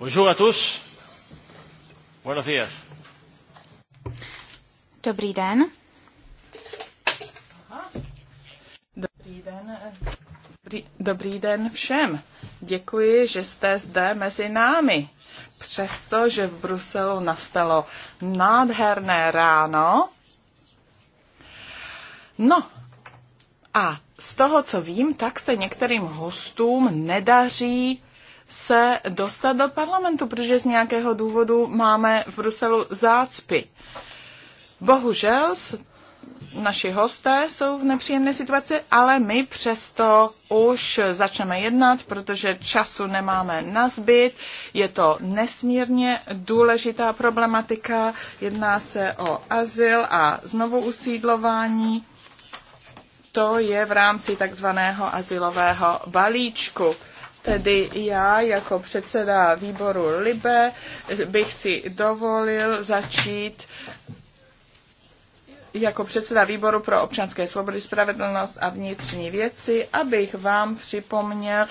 Bonjour à tous. Buenos días. Dobrý den. Dobrý den. Dobrý, dobrý den všem. Děkuji, že jste zde mezi námi. Přestože v Bruselu nastalo nádherné ráno. No, a z toho, co vím, tak se některým hostům nedaří se dostat do parlamentu, protože z nějakého důvodu máme v Bruselu zácpy. Bohužel naši hosté jsou v nepříjemné situaci, ale my přesto už začneme jednat, protože času nemáme na zbyt. Je to nesmírně důležitá problematika. Jedná se o azyl a znovu usídlování. To je v rámci takzvaného azylového balíčku. Tedy já jako předseda výboru Libe bych si dovolil začít jako předseda výboru pro občanské svobody, spravedlnost a vnitřní věci, abych vám připomněl,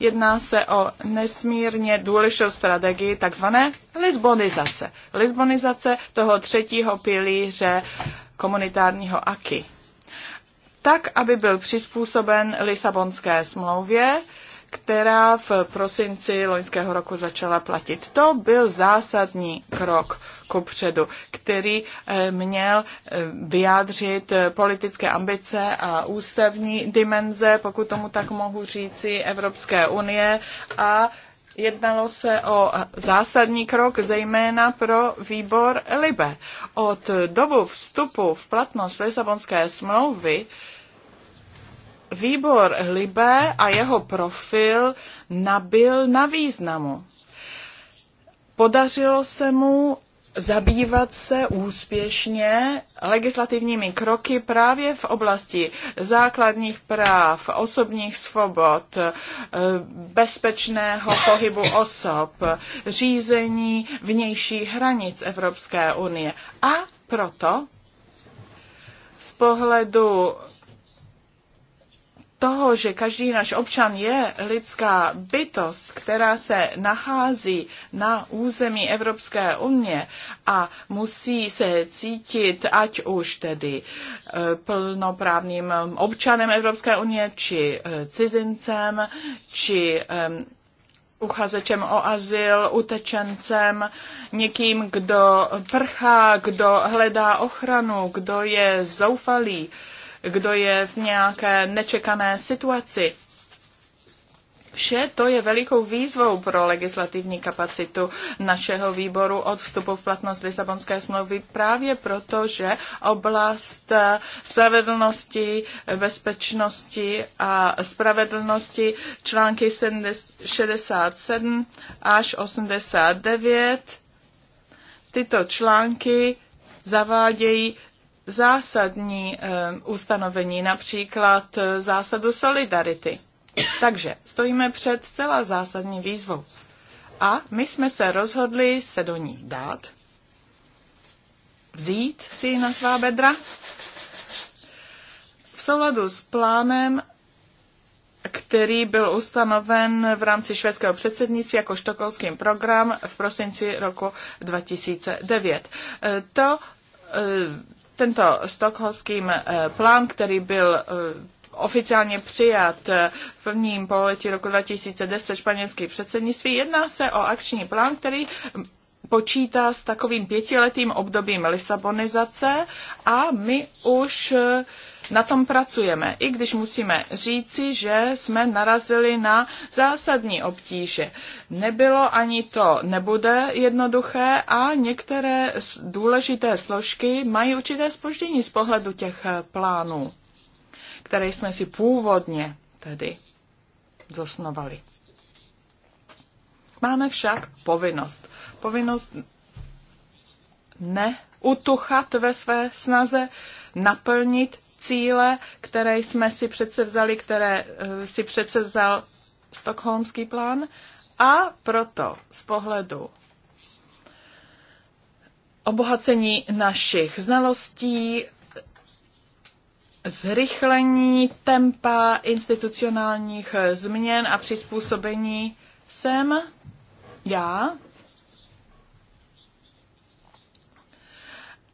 Jedná se o nesmírně důležitou strategii takzvané lisbonizace. Lisbonizace toho třetího pilíře komunitárního AKI tak, aby byl přizpůsoben Lisabonské smlouvě, která v prosinci loňského roku začala platit. To byl zásadní krok kopředu, který eh, měl eh, vyjádřit eh, politické ambice a ústavní dimenze, pokud tomu tak mohu říci, Evropské unie a Jednalo se o zásadní krok zejména pro výbor Libe. Od dobu vstupu v platnost Lisabonské smlouvy výbor Libe a jeho profil nabil na významu. Podařilo se mu zabývat se úspěšně legislativními kroky právě v oblasti základních práv, osobních svobod, eh, bezpečného pohybu osob, řízení vnějších hranic Evropské unie. A proto z pohledu toho, že každý náš občan je lidská bytost, která se nachází na území Evropské unie a musí se cítit, ať už tedy eh, plnoprávným občanem Evropské unie, či eh, cizincem, či uchazečem o azyl, utečencem, někým, kdo prchá, kdo hledá ochranu, kdo je zoufalý kdo je v nějaké nečekané situaci. Vše to je velikou výzvou pro legislativní kapacitu našeho výboru od vstupu v platnost Lisabonské smlouvy právě proto, že oblast spravedlnosti, bezpečnosti a spravedlnosti články 67 až 89 tyto články zavádějí zásadní eh, ustanovení, například eh, zásadu solidarity. Takže stojíme před zcela zásadní výzvou. A my jsme se rozhodli se do ní dát, vzít si ji na svá bedra. V souladu s plánem, který byl ustanoven v rámci švédského předsednictví jako štokolský program v prosinci roku 2009. Eh, to tento stokholský eh, plán, který byl eh, oficiálně přijat eh, v prvním pololetí roku 2010 španělský předsednictví, jedná se o akční plán, který hm, počítá s takovým pětiletým obdobím lisabonizace a my už na tom pracujeme, i když musíme říci, že jsme narazili na zásadní obtíže. Nebylo ani to nebude jednoduché a některé důležité složky mají určité spoždění z pohledu těch eh, plánů, které jsme si původně tedy zosnovali. Máme však povinnost. Povinnost neutuchat ve své snaze naplnit cíle, které jsme si přece vzali, které eh, si přece vzal stokholmský plán a proto z pohledu obohacení našich znalostí, zrychlení tempa institucionálních změn a přizpůsobení jsem já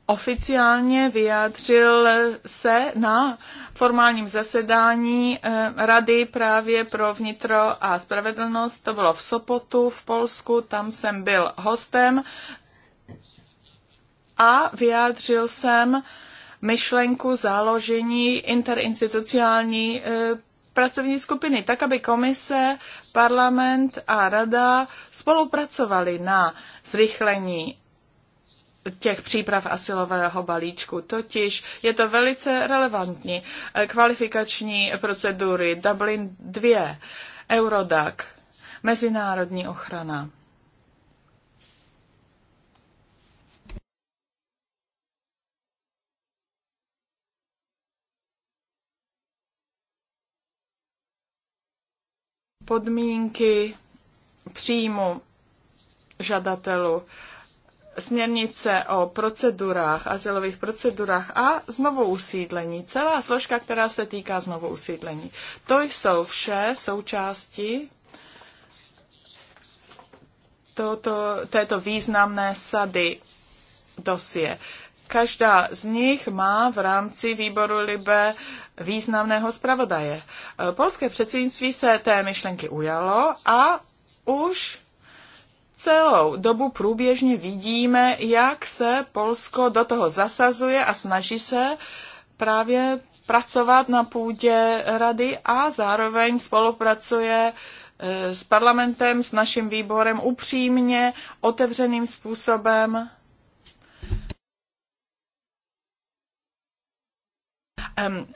oficiálně vyjádřil se na formálním zasedání eh, Rady právě pro vnitro a spravedlnost. To bylo v Sopotu v Polsku, tam jsem byl hostem a vyjádřil jsem myšlenku založení interinstitucionální eh, pracovní skupiny, tak aby komise, parlament a rada spolupracovali na zrychlení těch příprav asilového balíčku. Totiž je to velice relevantní. Kvalifikační procedury Dublin 2, Eurodac, mezinárodní ochrana. Podmínky příjmu žadatelů směrnice o procedurách, azylových procedurách a znovu usídlení, celá složka, která se týká znovu usídlení. To jsou vše součásti tohoto, této významné sady dosie. Každá z nich má v rámci výboru Libe významného zpravodaje. Polské předsednictví se té myšlenky ujalo a už celou dobu průběžně vidíme, jak se Polsko do toho zasazuje a snaží se právě pracovat na půdě rady a zároveň spolupracuje e, s parlamentem, s naším výborem upřímně, otevřeným způsobem.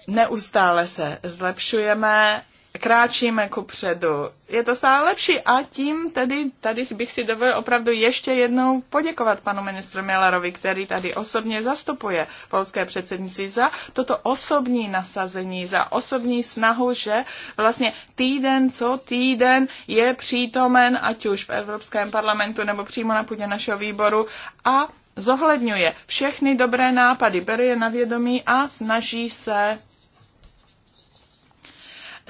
Neustále se zlepšujeme kráčíme ku předu. Je to stále lepší a tím tedy tady bych si dovolil opravdu ještě jednou poděkovat panu ministru Milarovi, který tady osobně zastupuje polské předsednictví za toto osobní nasazení, za osobní snahu, že vlastně týden co týden je přítomen, ať už v Evropském parlamentu nebo přímo na půdě našeho výboru a zohledňuje všechny dobré nápady, bere je na vědomí a snaží se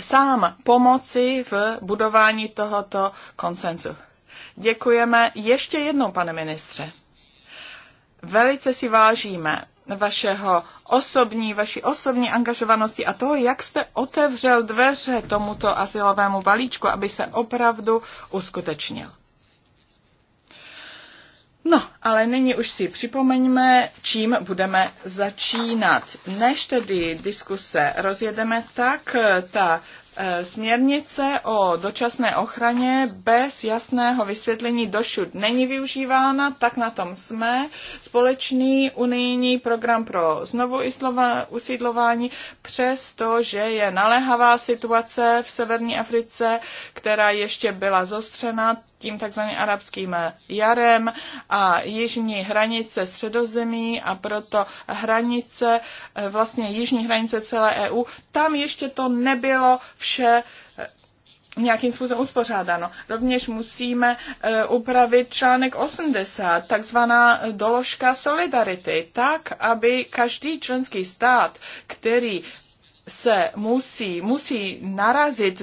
sám pomoci v budování tohoto konsenzu. Děkujeme ještě jednou, pane ministře. Velice si vážíme vašeho osobní, vaší osobní angažovanosti a toho, jak jste otevřel dveře tomuto asilovému balíčku, aby se opravdu uskutečnil. No, ale nyní už si připomeňme, čím budeme začínat. Než tedy diskuse rozjedeme, tak eh, ta eh, Směrnice o dočasné ochraně bez jasného vysvětlení došud není využívána, tak na tom jsme. Společný unijní program pro znovu usídlování, přestože je naléhavá situace v severní Africe, která ještě byla zostřena, tím takzvaným arabským jarem a jižní hranice středozemí a proto hranice, eh, vlastně jižní hranice celé EU, tam ještě to nebylo vše eh, nějakým způsobem uspořádáno. Rovněž musíme eh, upravit článek 80, takzvaná doložka solidarity, tak, aby každý členský stát, který se musí, musí narazit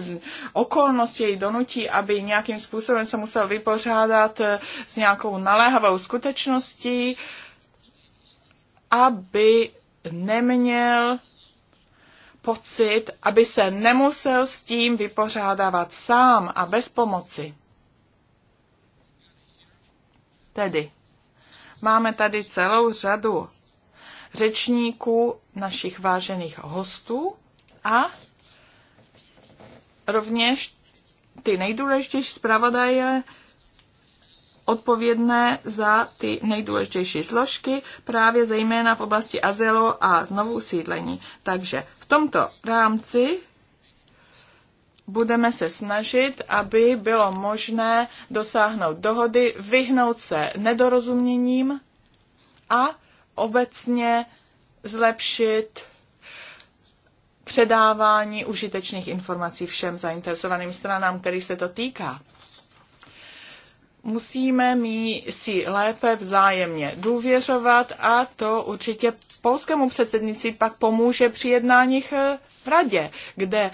okolnost její donutí, aby nějakým způsobem se musel vypořádat eh, s nějakou naléhavou skutečností, aby neměl pocit, aby se nemusel s tím vypořádávat sám a bez pomoci. Tedy, máme tady celou řadu řečníků, našich vážených hostů a rovněž ty nejdůležitější zpravodaje odpovědné za ty nejdůležitější složky, právě zejména v oblasti azylu a znovu usídlení. Takže v tomto rámci budeme se snažit, aby bylo možné dosáhnout dohody, vyhnout se nedorozuměním a obecně zlepšit předávání užitečných informací všem zainteresovaným stranám, který se to týká. Musíme mi si lépe vzájemně důvěřovat a to určitě polskému předsednici pak pomůže při jednáních v radě, kde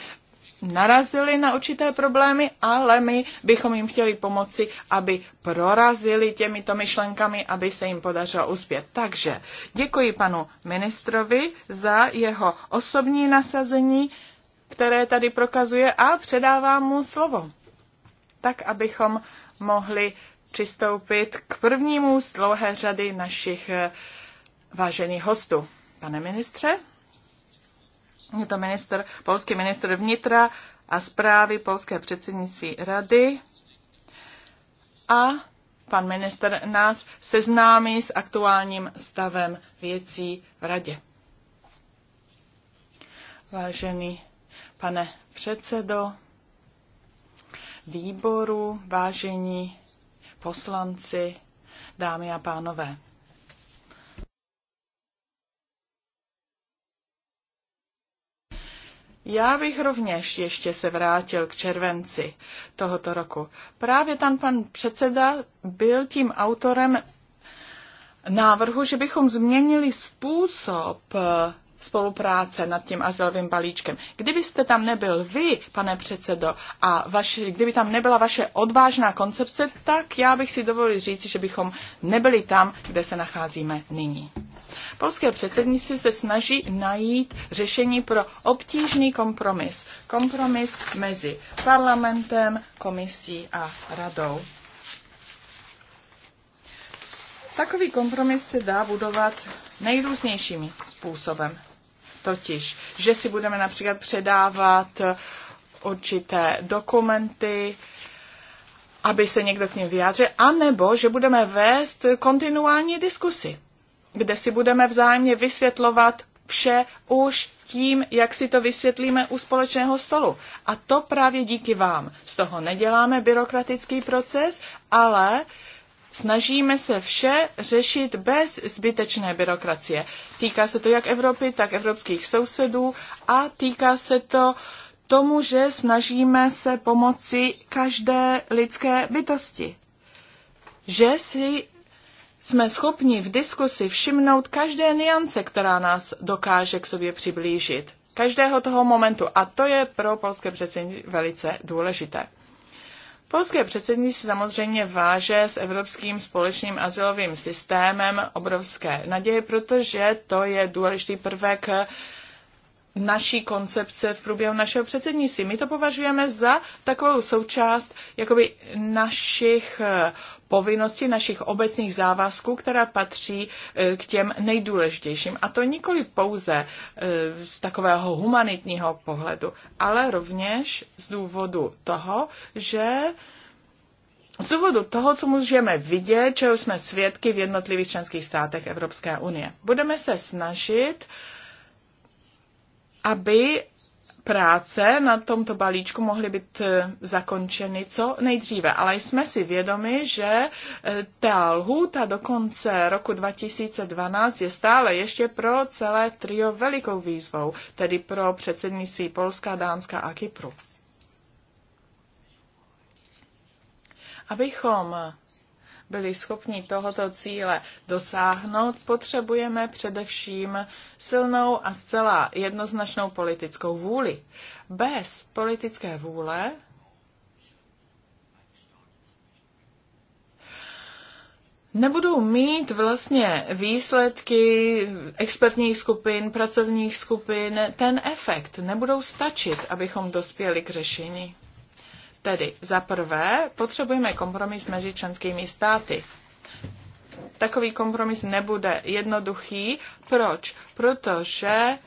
narazili na určité problémy, ale my bychom jim chtěli pomoci, aby prorazili těmito myšlenkami, aby se jim podařilo uspět. Takže děkuji panu ministrovi za jeho osobní nasazení, které tady prokazuje a předávám mu slovo, tak abychom mohli přistoupit k prvnímu z dlouhé řady našich eh, vážených hostů. Pane ministře? Je to minister, polský minister vnitra a zprávy polské předsednictví rady. A pan minister nás seznámí s aktuálním stavem věcí v radě. Vážený pane předsedo výboru, vážení poslanci, dámy a pánové. Já bych rovněž ještě se vrátil k červenci tohoto roku. Právě tam pan předseda byl tím autorem návrhu, že bychom změnili způsob spolupráce nad tím azylovým balíčkem. Kdybyste tam nebyl vy, pane předsedo, a vaši, kdyby tam nebyla vaše odvážná koncepce, tak já bych si dovolil říct, že bychom nebyli tam, kde se nacházíme nyní. Polské předsednictví se snaží najít řešení pro obtížný kompromis. Kompromis mezi parlamentem, komisí a radou. Takový kompromis se dá budovat nejrůznějšími způsobem totiž, že si budeme například předávat určité dokumenty, aby se někdo k ním vyjádřil, anebo že budeme vést kontinuální diskusy, kde si budeme vzájemně vysvětlovat vše už tím, jak si to vysvětlíme u společného stolu. A to právě díky vám. Z toho neděláme byrokratický proces, ale uh, Snažíme se vše řešit bez zbytečné byrokracie. Týká se to jak Evropy, tak evropských sousedů a týká se to tomu, že snažíme se pomoci každé lidské bytosti. Že si jsme schopni v diskusi všimnout každé niance, která nás dokáže k sobě přiblížit. Každého toho momentu. A to je pro polské předsednictví velice důležité. Polské se samozřejmě váže s evropským společným asilovým systémem obrovské naděje, protože to je důležitý prvek naší koncepce v průběhu našeho předsednictví. My to považujeme za takovou součást jakoby našich povinnosti, našich obecných závazků, která patří e, k těm nejdůležitějším. A to nikoli pouze e, z takového humanitního pohledu, ale rovněž z důvodu toho, že z důvodu toho, co můžeme vidět, čeho jsme svědky v jednotlivých členských státech Evropské unie. Budeme se snažit aby práce na tomto balíčku mohly být e, zakončeny co nejdříve. Ale jsme si vědomi, že e, ta lhůta do konce roku 2012 je stále ještě pro celé trio velikou výzvou, tedy pro předsednictví Polska, Dánska a Kypru. Abychom byli schopni tohoto cíle dosáhnout, potřebujeme především silnou a zcela jednoznačnou politickou vůli. Bez politické vůle nebudou mít vlastně výsledky expertních skupin, pracovních skupin, ten efekt nebudou stačit, abychom dospěli k řešení. Tedy za prvé potřebujeme kompromis mezi členskými státy. Takový kompromis nebude jednoduchý. Proč? Protože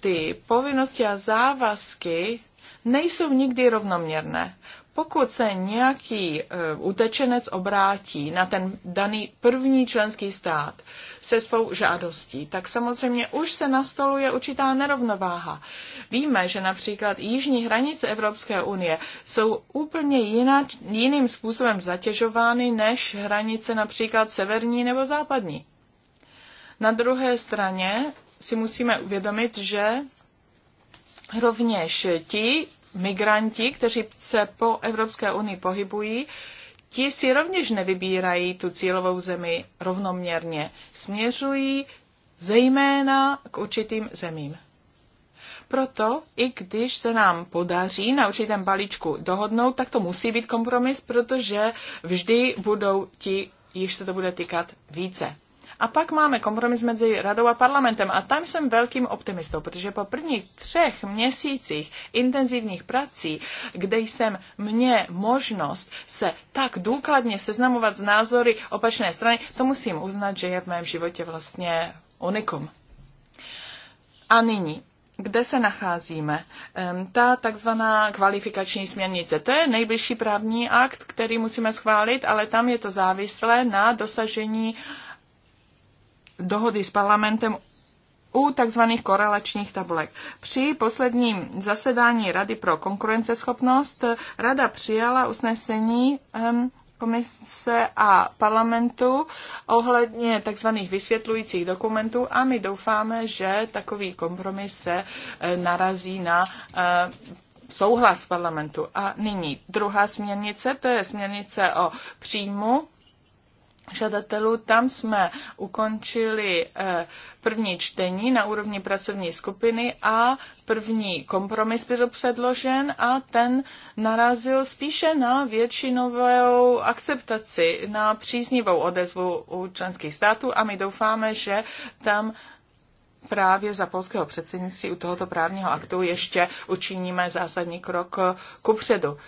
ty povinnosti a závazky nejsou nikdy rovnoměrné pokud se nějaký eh, utečenec obrátí na ten daný první členský stát se svou žádostí, tak samozřejmě už se nastoluje určitá nerovnováha. Víme, že například jižní hranice Evropské unie jsou úplně jiná, jiným způsobem zatěžovány než hranice například severní nebo západní. Na druhé straně si musíme uvědomit, že rovněž ti, migranti, kteří se po Evropské unii pohybují, ti si rovněž nevybírají tu cílovou zemi rovnoměrně. Směřují zejména k určitým zemím. Proto, i když se nám podaří na určitém balíčku dohodnout, tak to musí být kompromis, protože vždy budou ti, již se to bude týkat více. A pak máme kompromis mezi radou a parlamentem a tam jsem velkým optimistou, protože po prvních třech měsících intenzivních prací, kde jsem mě možnost se tak důkladně seznamovat s názory opačné strany, to musím uznat, že je v mém životě vlastně unikum. A nyní, kde se nacházíme? Ta takzvaná kvalifikační směrnice, to je nejbližší právní akt, který musíme schválit, ale tam je to závislé na dosažení uh, dohody s parlamentem u tzv. korelačních tabulek. Při posledním zasedání Rady pro konkurenceschopnost Rada přijala usnesení ehm, komise a parlamentu ohledně tzv. vysvětlujících dokumentů a my doufáme, že takový kompromis se eh, narazí na eh, souhlas parlamentu. A nyní druhá směrnice, to je směrnice o příjmu žadatelů. Tam jsme ukončili eh, první čtení na úrovni pracovní skupiny a první kompromis byl předložen a ten narazil spíše na většinovou akceptaci, na příznivou odezvu u členských států a my doufáme, že tam právě za polského předsednictví u tohoto právního aktu ještě učiníme zásadní krok kupředu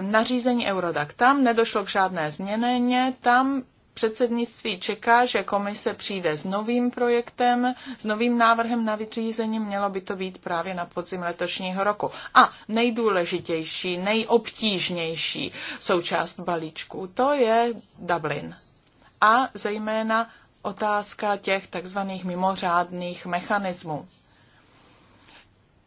nařízení Eurodac. Tam nedošlo k žádné změně, tam předsednictví čeká, že komise přijde s novým projektem, s novým návrhem na vytřízení, mělo by to být právě na podzim letošního roku. A nejdůležitější, nejobtížnější součást balíčku, to je Dublin. A zejména otázka těch takzvaných mimořádných mechanismů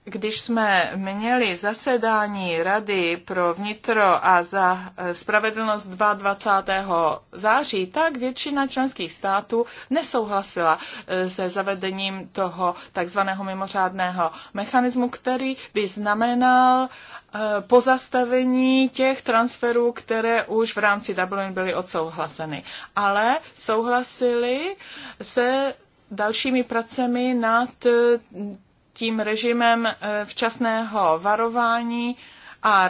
když jsme měli zasedání Rady pro vnitro a za eh, spravedlnost 22. září, tak většina členských států nesouhlasila eh, se zavedením toho takzvaného mimořádného mechanismu, který by znamenal eh, pozastavení těch transferů, které už v rámci Dublin byly odsouhlaseny. Ale souhlasili se dalšími pracemi nad tím režimem eh, včasného varování a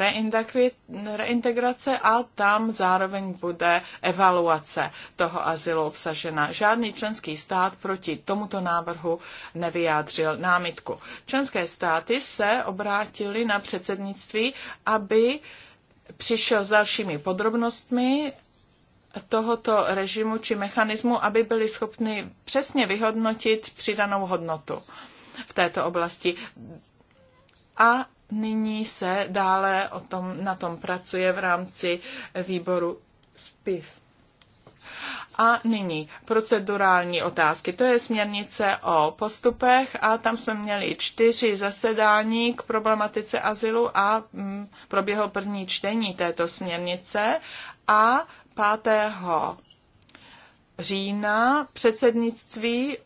reintegrace a tam zároveň bude evaluace toho azylu obsažena. Žádný členský stát proti tomuto návrhu nevyjádřil námitku. Členské státy se obrátili na předsednictví, aby přišel s dalšími podrobnostmi tohoto režimu či mechanismu, aby byli schopni přesně vyhodnotit přidanou hodnotu v této oblasti. A nyní se dále o tom, na tom pracuje v rámci výboru SPIF. A nyní procedurální otázky. To je směrnice o postupech a tam jsme měli čtyři zasedání k problematice azylu a mm, proběhlo první čtení této směrnice a 5. října předsednictví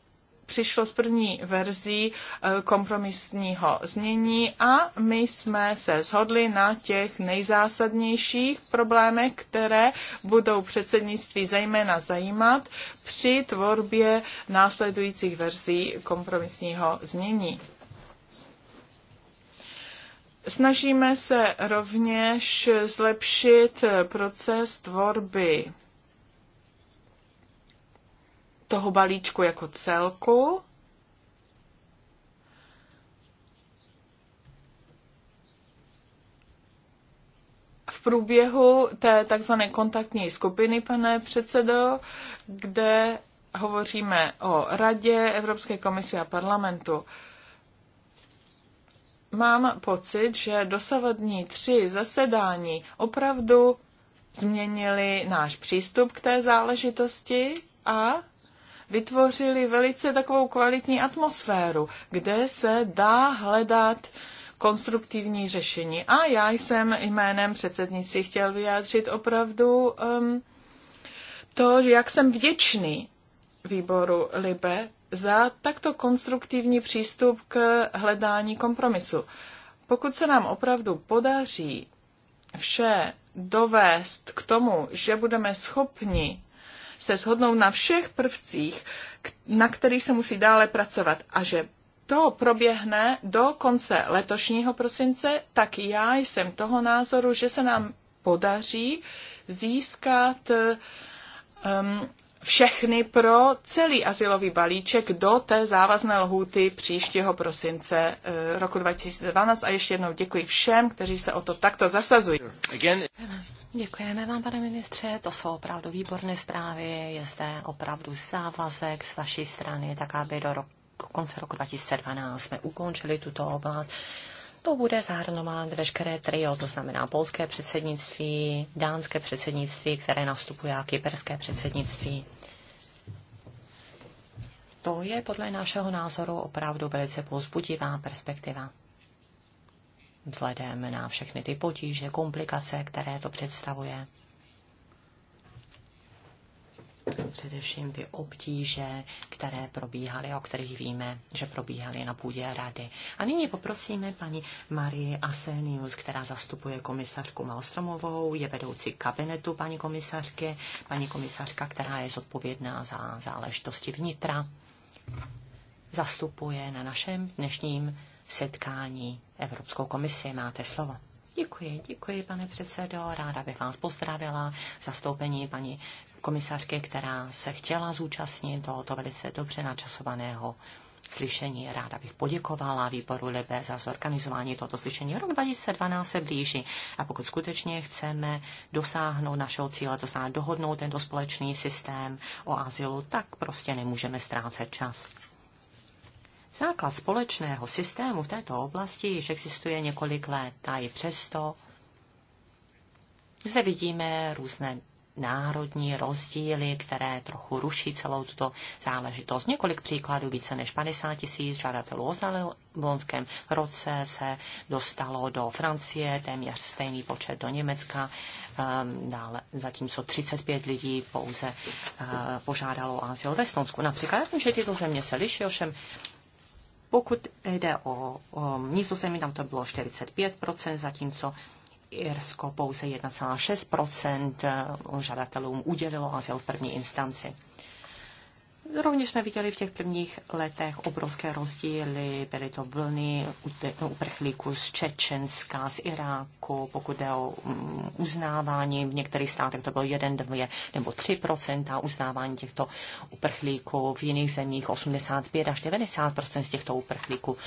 přišlo s první verzí eh, kompromisního znění a my jsme se shodli na těch nejzásadnějších problémech, které budou předsednictví zejména zajímat při tvorbě následujících verzí kompromisního znění. Snažíme se rovněž zlepšit proces tvorby toho balíčku jako celku. V průběhu té takzvané kontaktní skupiny, pane předsedo, kde hovoříme o Radě, Evropské komise a parlamentu. Mám pocit, že dosavadní tři zasedání opravdu změnili náš přístup k té záležitosti a vytvořili velice takovou kvalitní atmosféru, kde se dá hledat konstruktivní řešení. A já jsem jménem předsednictví chtěl vyjádřit opravdu um, to, jak jsem vděčný výboru Libe za takto konstruktivní přístup k hledání kompromisu. Pokud se nám opravdu podaří vše dovést k tomu, že budeme schopni se shodnou na všech prvcích, na kterých se musí dále pracovat a že to proběhne do konce letošního prosince, tak já jsem toho názoru, že se nám podaří získat um, všechny pro celý asilový balíček do té závazné lhůty příštího prosince uh, roku 2012. A ještě jednou děkuji všem, kteří se o to takto zasazují. Again. Děkujeme vám, pane ministře, to jsou opravdu výborné zprávy, je zde opravdu závazek z vaší strany, tak aby do roku, konce roku 2012 jsme ukončili tuto oblast. To bude zahrnovat veškeré trio, to znamená polské předsednictví, dánské předsednictví, které nastupuje a kyperské předsednictví. To je podle našeho názoru opravdu velice pozbudivá perspektiva vzhledem na všechny ty potíže, komplikace, které to představuje. Především ty obtíže, které probíhaly, o kterých víme, že probíhaly na půdě rady. A nyní poprosíme paní Marie Asenius, která zastupuje komisařku Malstromovou, je vedoucí kabinetu paní komisařky, paní komisařka, která je zodpovědná za záležitosti vnitra. Zastupuje na našem dnešním setkání Evropskou komisi. Máte slovo. Děkuji, děkuji, pane předsedo. Ráda bych vás pozdravila. Zastoupení paní komisařky, která se chtěla zúčastnit tohoto velice dobře načasovaného slyšení. Ráda bych poděkovala výboru Libe za zorganizování tohoto slyšení. Rok 2012 se blíží a pokud skutečně chceme dosáhnout našeho cíle, to znamená dohodnout tento společný systém o azylu, tak prostě nemůžeme ztrácet čas. Základ společného systému v této oblasti již existuje několik let a i přesto zde vidíme různé národní rozdíly, které trochu ruší celou tuto záležitost. Několik příkladů, více než 50 tisíc žadatelů o loňském roce se dostalo do Francie, téměř stejný počet do Německa, um, dále, zatímco 35 lidí pouze uh, požádalo o azyl ve Slonsku. Například, že tyto země se liší, ovšem pokud jde o, o Nizozemí, tam to bylo 45%, zatímco Irsko pouze 1,6% eh, žadatelům udělilo azyl v první instanci. Rovněž jsme viděli v těch prvních letech obrovské rozdíly, byly to vlny uprchlíků z Čečenska, z Iráku, pokud jde o mm, uznávání, v některých státech to bylo 1, 2 nebo 3 uznávání těchto uprchlíků, v jiných zemích 85 až 90 z těchto uprchlíků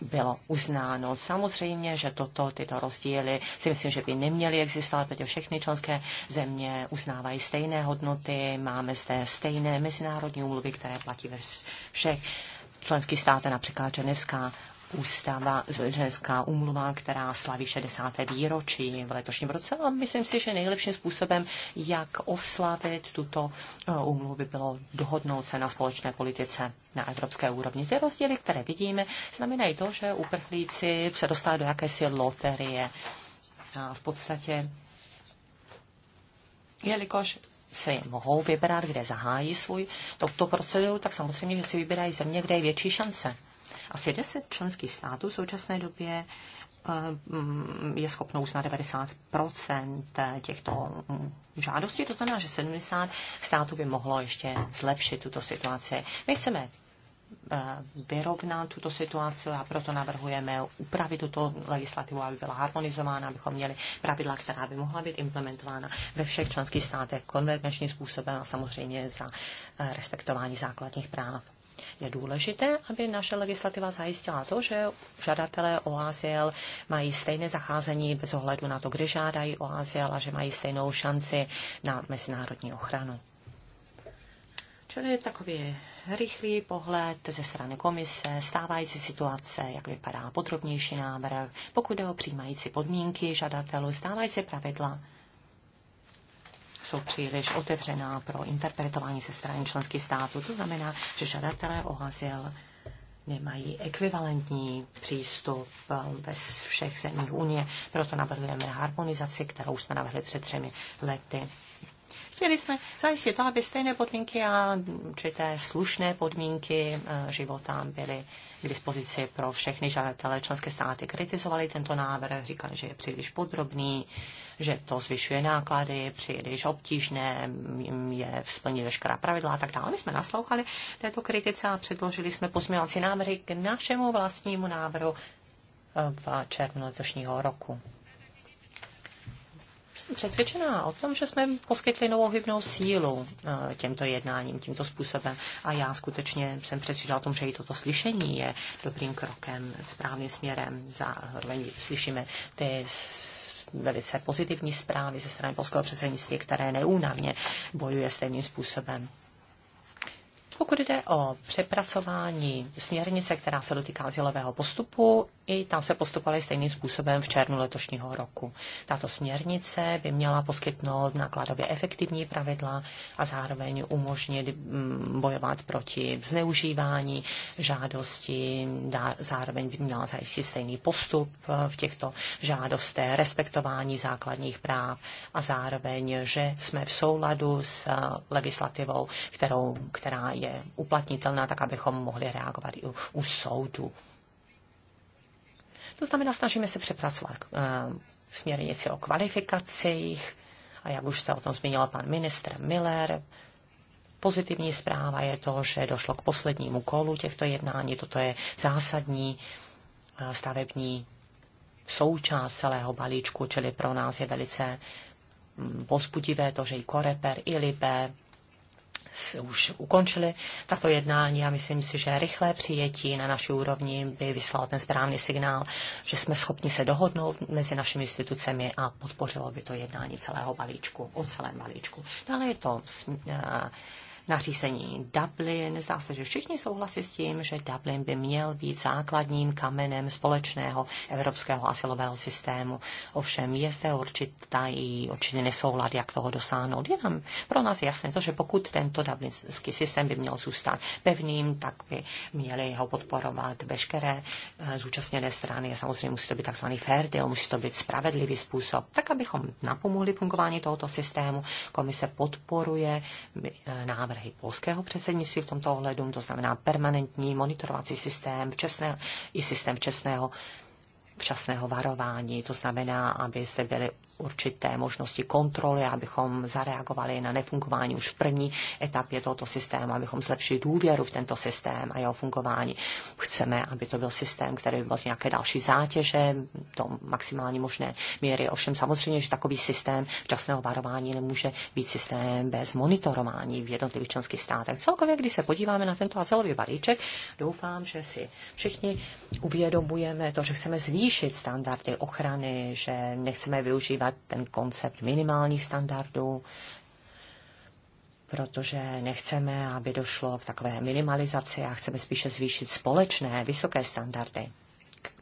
bylo uznáno. Samozřejmě, že toto, tyto rozdíly si myslím, že by neměly existovat, protože všechny členské země uznávají stejné hodnoty, máme zde stejné mezinárodní úmluvy, smlouvy, které platí ve všech členských státech, například Ženevská ústava, ženská umluva, která slaví 60. výročí v letošním roce a myslím si, že nejlepším způsobem, jak oslavit tuto umluvu, eh, by bylo dohodnout se na společné politice na evropské úrovni. Ty rozdíly, které vidíme, znamenají to, že uprchlíci se dostali do jakési loterie. A v podstatě, jelikož si mohou vybrat, kde zahájí svůj touto proceduru, tak samozřejmě, že si vybírají země, kde je větší šance. Asi 10 členských států v současné době eh, je schopno uznat 90 těchto mm, žádostí. To znamená, že 70 států by mohlo ještě zlepšit tuto situaci. My chceme Eh, vyrovnat tuto situaci a proto navrhujeme upravit tuto legislativu, aby byla harmonizována, abychom měli pravidla, která by mohla být implementována ve všech členských státech konvergenčním způsobem a samozřejmě za eh, respektování základních práv. Je důležité, aby naše legislativa zajistila to, že žadatelé o azyl mají stejné zacházení bez ohledu na to, kde žádají o azyl a že mají stejnou šanci na mezinárodní ochranu. Čili takový rychlý pohled ze strany komise, stávající situace, jak vypadá podrobnější návrh, pokud jde o přijímající podmínky žadatelů, stávající pravidla jsou příliš otevřená pro interpretování ze strany členských států. To znamená, že žadatelé o azyl nemají ekvivalentní přístup um, ve všech zemích Unie. Proto navrhujeme harmonizaci, kterou jsme navrhli před třemi lety. Chtěli jsme zajistit to, aby stejné podmínky a určité slušné podmínky e, života byly k dispozici pro všechny žadatele. Členské státy kritizovali tento návrh, říkali, že je příliš podrobný, že to zvyšuje náklady, je příliš obtížné, je splnit veškerá pravidla a tak dále. My jsme naslouchali této kritice a předložili jsme pozměňovací návrhy k našemu vlastnímu návrhu e, v červnu letošního roku jsem přesvědčená o tom, že jsme poskytli novou hybnou sílu eh, těmto jednáním, tímto způsobem. A já skutečně jsem přesvědčená o tom, že i toto slyšení je dobrým krokem, správným směrem. Zároveň slyšíme ty velice pozitivní zprávy ze strany polského předsednictví, které neúnavně bojuje stejným způsobem. Pokud jde o přepracování směrnice, která se dotýká asilového postupu, i tam se postupovali stejným způsobem v červnu letošního roku. Tato směrnice by měla poskytnout nákladově efektivní pravidla a zároveň umožnit mm, bojovat proti zneužívání žádosti, zároveň by měla zajistit stejný postup e, v těchto žádostech, respektování základních práv a zároveň, že jsme v souladu s e, legislativou, kterou, která je je uplatnitelná, tak abychom mohli reagovat i u, u soudu. To znamená, snažíme se přepracovat uh, směrnici o kvalifikacích a jak už se o tom zmínil pan ministr Miller, Pozitivní zpráva je to, že došlo k poslednímu kolu těchto jednání. Toto je zásadní eh, stavební součást celého balíčku, čili pro nás je velice mm, pozbudivé to, že i Koreper, i Libe už ukončili tato jednání a myslím si, že rychlé přijetí na naší úrovni by vyslalo ten správný signál, že jsme schopni se dohodnout mezi našimi institucemi a podpořilo by to jednání celého balíčku, o celém balíčku. Dále je to eh, nařízení Dublin. Zdá se, že všichni souhlasí s tím, že Dublin by měl být základním kamenem společného evropského asilového systému. Ovšem je zde určitá i určitý nesoulad, jak toho dosáhnout. Je nám pro nás jasné to, že pokud tento dublinský systém by měl zůstat pevným, tak by měly ho podporovat veškeré eh, zúčastněné strany. A samozřejmě musí to být takzvaný fair deal, musí to být spravedlivý způsob, tak abychom napomohli fungování tohoto systému. Komise podporuje eh, návrh návrhy polského předsednictví v tomto ohledu, to znamená permanentní monitorovací systém, včasné, i systém včasného včasného varování, to znamená, aby zde byly určité možnosti kontroly, abychom zareagovali na nefungování už v první etapě tohoto systému, abychom zlepšili důvěru v tento systém a jeho fungování. Chceme, aby to byl systém, který by byl z nějaké další zátěže, to maximální možné míry. Ovšem samozřejmě, že takový systém včasného varování nemůže být systém bez monitorování v jednotlivých členských státech. Celkově, když se podíváme na tento azylový balíček, doufám, že si všichni uvědomujeme to, že chceme zvýšit standardy ochrany, že nechceme využívat používat ten koncept minimálních standardů, protože nechceme, aby došlo k takové minimalizaci a chceme spíše zvýšit společné vysoké standardy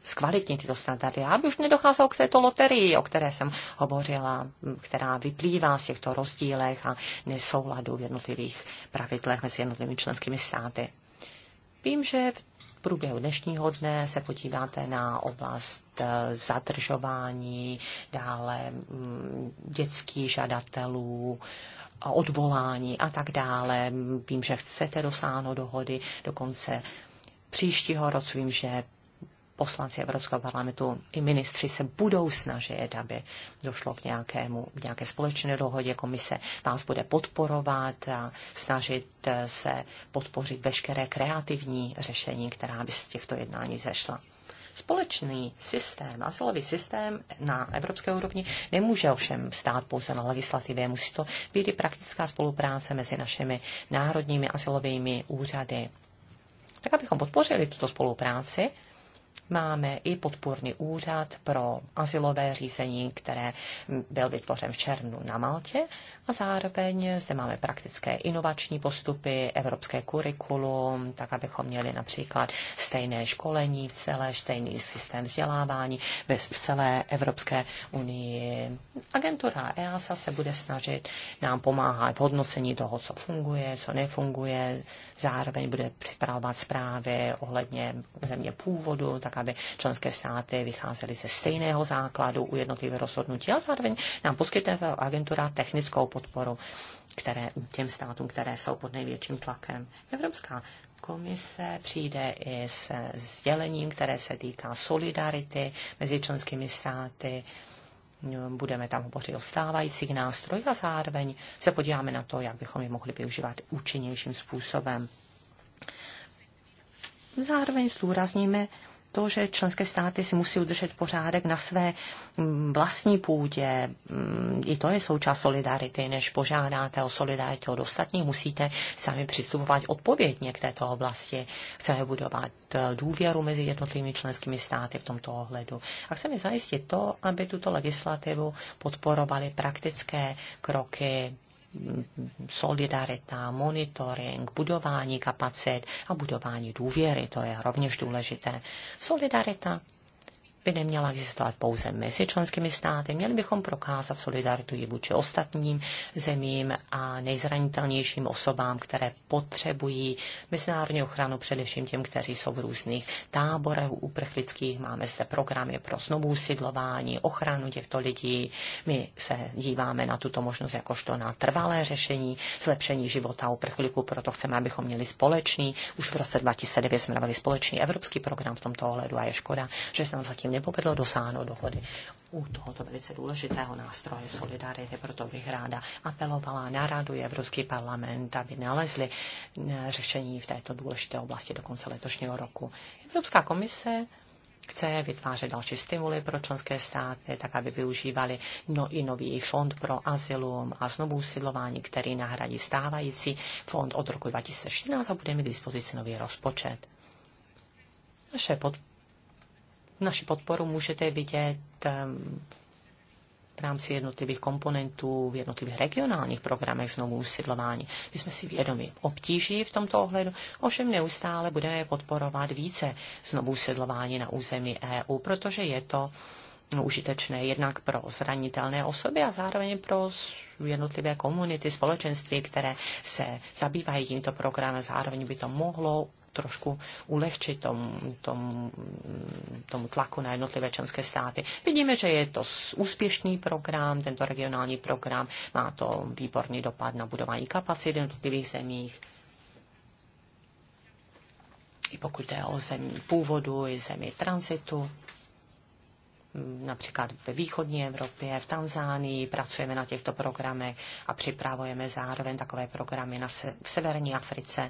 zkvalitnit tyto standardy, aby už nedocházelo k této loterii, o které jsem hovořila, která vyplývá z těchto rozdílech a nesouladů v jednotlivých pravidlech mezi jednotlivými členskými státy. Vím, že průběhu dnešního dne se podíváte na oblast eh, zadržování, dále mm, dětských žadatelů, odvolání a tak dále. Vím, že chcete dosáhnout dohody do konce příštího roku. Vím, že poslanci Evropského parlamentu i ministři se budou snažit, aby došlo k nějakému, k nějaké společné dohodě. Komise vás bude podporovat a snažit se podpořit veškeré kreativní řešení, která by z těchto jednání zešla společný systém, asilový systém na evropské úrovni nemůže ovšem stát pouze na legislativě. Musí to být i praktická spolupráce mezi našimi národními asilovými úřady. Tak abychom podpořili tuto spolupráci, máme i podpůrný úřad pro asilové řízení, které byl vytvořen v červnu na Maltě a zároveň zde máme praktické inovační postupy, evropské kurikulum, tak abychom měli například stejné školení v celé, stejný systém vzdělávání ve celé Evropské unii. Agentura EASA se bude snažit nám pomáhat v hodnocení toho, co funguje, co nefunguje, Zároveň bude připravovat zprávy ohledně země původu, tak aby členské státy vycházely ze stejného základu u jednotlivých rozhodnutí a zároveň nám poskytne agentura technickou podporu které, těm státům, které jsou pod největším tlakem. Evropská komise přijde i s sdělením, které se týká solidarity mezi členskými státy, budeme tam hovořit o stávajících nástroj a zároveň se podíváme na to, jak bychom je mohli využívat účinnějším způsobem. Zároveň zdůrazníme to, že členské státy si musí udržet pořádek na své mm, vlastní půdě. Mm, I to je součást solidarity. Než požádáte o solidaritu od ostatních, musíte sami přistupovat odpovědně k této oblasti. Chceme budovat eh, důvěru mezi jednotlivými členskými státy v tomto ohledu. A chceme zajistit to, aby tuto legislativu podporovali praktické kroky solidarita, monitoring, budování kapacit a budování důvěry, to je rovněž důležité. Solidarita by neměla existovat pouze mezi členskými státy. Měli bychom prokázat solidaritu i vůči ostatním zemím a nejzranitelnějším osobám, které potřebují mezinárodní ochranu, především těm, kteří jsou v různých táborech uprchlických. Máme zde programy pro znovu usidlování, ochranu těchto lidí. My se díváme na tuto možnost jakožto na trvalé řešení, zlepšení života uprchlíků, proto chceme, abychom měli společný. Už v roce 2009 jsme dali společný evropský program v tomto ohledu a je škoda, že se nám zatím nepovedlo dosáhnout dohody u tohoto velice důležitého nástroje solidarity. Proto bych ráda apelovala na radu Evropský parlament, aby nalezli eh, řešení v této důležité oblasti do konce letošního roku. Evropská komise chce vytvářet další stimuly pro členské státy, tak aby využívali no i nový fond pro asilum a znovu usidlování, který nahradí stávající fond od roku 2014 a bude mít k dispozici nový rozpočet. Naše podpora Naši podporu můžete vidět ehm, v rámci jednotlivých komponentů, v jednotlivých regionálních programech znovu usidlování. My jsme si vědomi obtíží v tomto ohledu, ovšem neustále budeme podporovat více znovu usidlování na území EU, protože je to no, užitečné jednak pro zranitelné osoby a zároveň pro jednotlivé komunity, společenství, které se zabývají tímto programem. Zároveň by to mohlo trošku ulehčit tom tom tomu tlaku na jednotlivé členské státy. Vidíme, že je to úspěšný program, tento regionální program, má to výborný dopad na budování kapacit v jednotlivých zemích. I pokud jde o zemí původu, i zemi transitu, například ve východní Evropě, v Tanzánii, pracujeme na těchto programech a připravujeme zároveň takové programy na se, v severní Africe,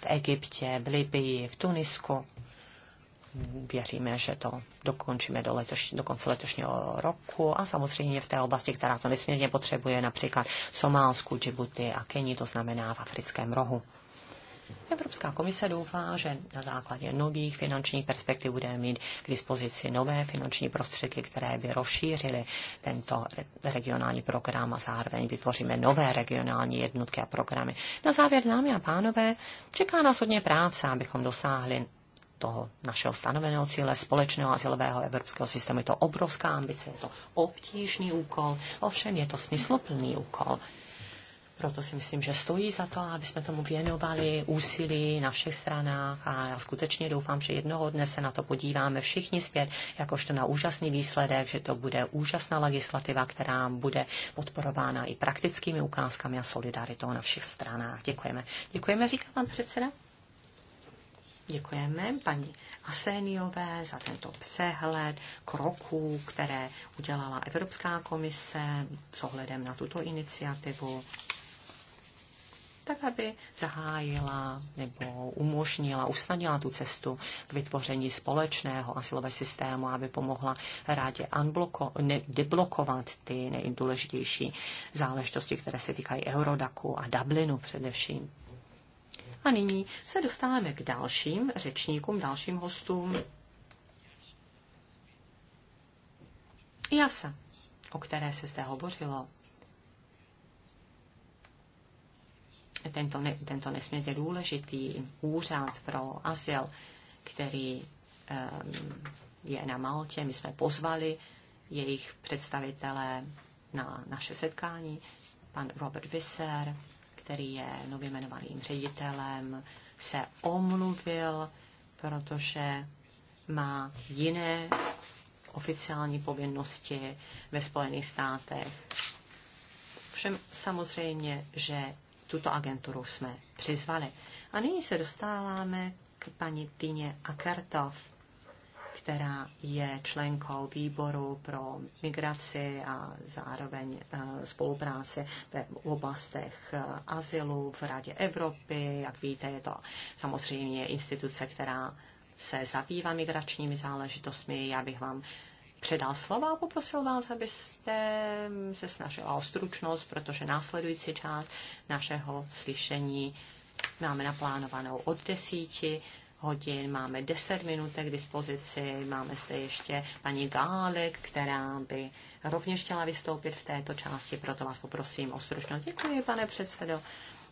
v Egyptě, v Libii, v Tunisku. Věříme, že to dokončíme do, letoš, do konce letošního roku a samozřejmě v té oblasti, která to nesmírně potřebuje, například Somálsku, Džibuti a Keni, to znamená v africkém rohu. Evropská komise doufá, že na základě nových finančních perspektiv bude mít k dispozici nové finanční prostředky, které by rozšířily tento regionální program a zároveň vytvoříme nové regionální jednotky a programy. Na závěr, dámy a pánové, čeká nás hodně práce, abychom dosáhli toho našeho stanoveného cíle společného asilového evropského systému. Je to obrovská ambice, je to obtížný úkol, ovšem je to smysluplný úkol. Proto si myslím, že stojí za to, aby jsme tomu věnovali úsilí na všech stranách a já skutečně doufám, že jednoho dne se na to podíváme všichni zpět, jakožto na úžasný výsledek, že to bude úžasná legislativa, která bude podporována i praktickými ukázkami a solidaritou na všech stranách. Děkujeme. Děkujeme, říká pan předseda. Děkujeme paní Aseniové za tento přehled kroků, které udělala Evropská komise s ohledem na tuto iniciativu tak aby zahájila nebo umožnila, usnadnila tu cestu k vytvoření společného asilového systému, aby pomohla rádě unbloko, ne, deblokovat ty nejdůležitější záležitosti, které se týkají Eurodaku a Dublinu především. A nyní se dostáváme k dalším řečníkům, dalším hostům. Jasa, o které se zde hovořilo. tento, ne, tento nesmírně důležitý úřad pro azyl, který um, je na Maltě. My jsme pozvali jejich představitele na naše setkání. Pan Robert Visser, který je nově jmenovaným ředitelem, se omluvil, protože má jiné oficiální povinnosti ve Spojených státech. Všem samozřejmě, že tuto agenturu jsme přizvali. A nyní se dostáváme k paní Tyně Akertov, která je členkou výboru pro migraci a zároveň eh, spolupráci v oblastech eh, azylu v Radě Evropy. Jak víte, je to samozřejmě instituce, která se zabývá migračními záležitostmi. Já bych vám předal slova a poprosil vás, abyste se snažila o stručnost, protože následující část našeho slyšení máme naplánovanou od desíti hodin, máme deset minut k dispozici, máme zde ještě paní Gálek, která by rovněž chtěla vystoupit v této části, proto vás poprosím o stručnost. Děkuji, pane předsedo.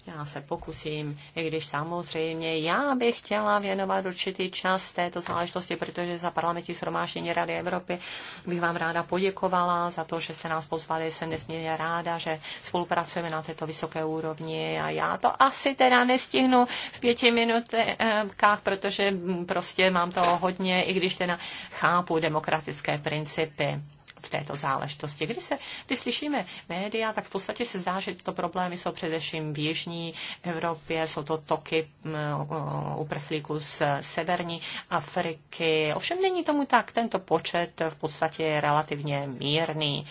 Já se pokusím, i když samozřejmě já bych chtěla věnovat určitý čas této záležitosti, protože za parlamentní shromáždění Rady Evropy bych vám ráda poděkovala za to, že jste nás pozvali. Jsem nesmírně ráda, že spolupracujeme na této vysoké úrovni a já to asi teda nestihnu v pěti minutkách, protože prostě mám toho hodně, i když teda chápu demokratické principy v této záležitosti. Když, se, když slyšíme média, tak v podstatě se zdá, že tyto problémy jsou především v Jižní Evropě, jsou to toky mm, uprchlíků z Severní Afriky. Ovšem není tomu tak, tento počet v podstatě je relativně mírný.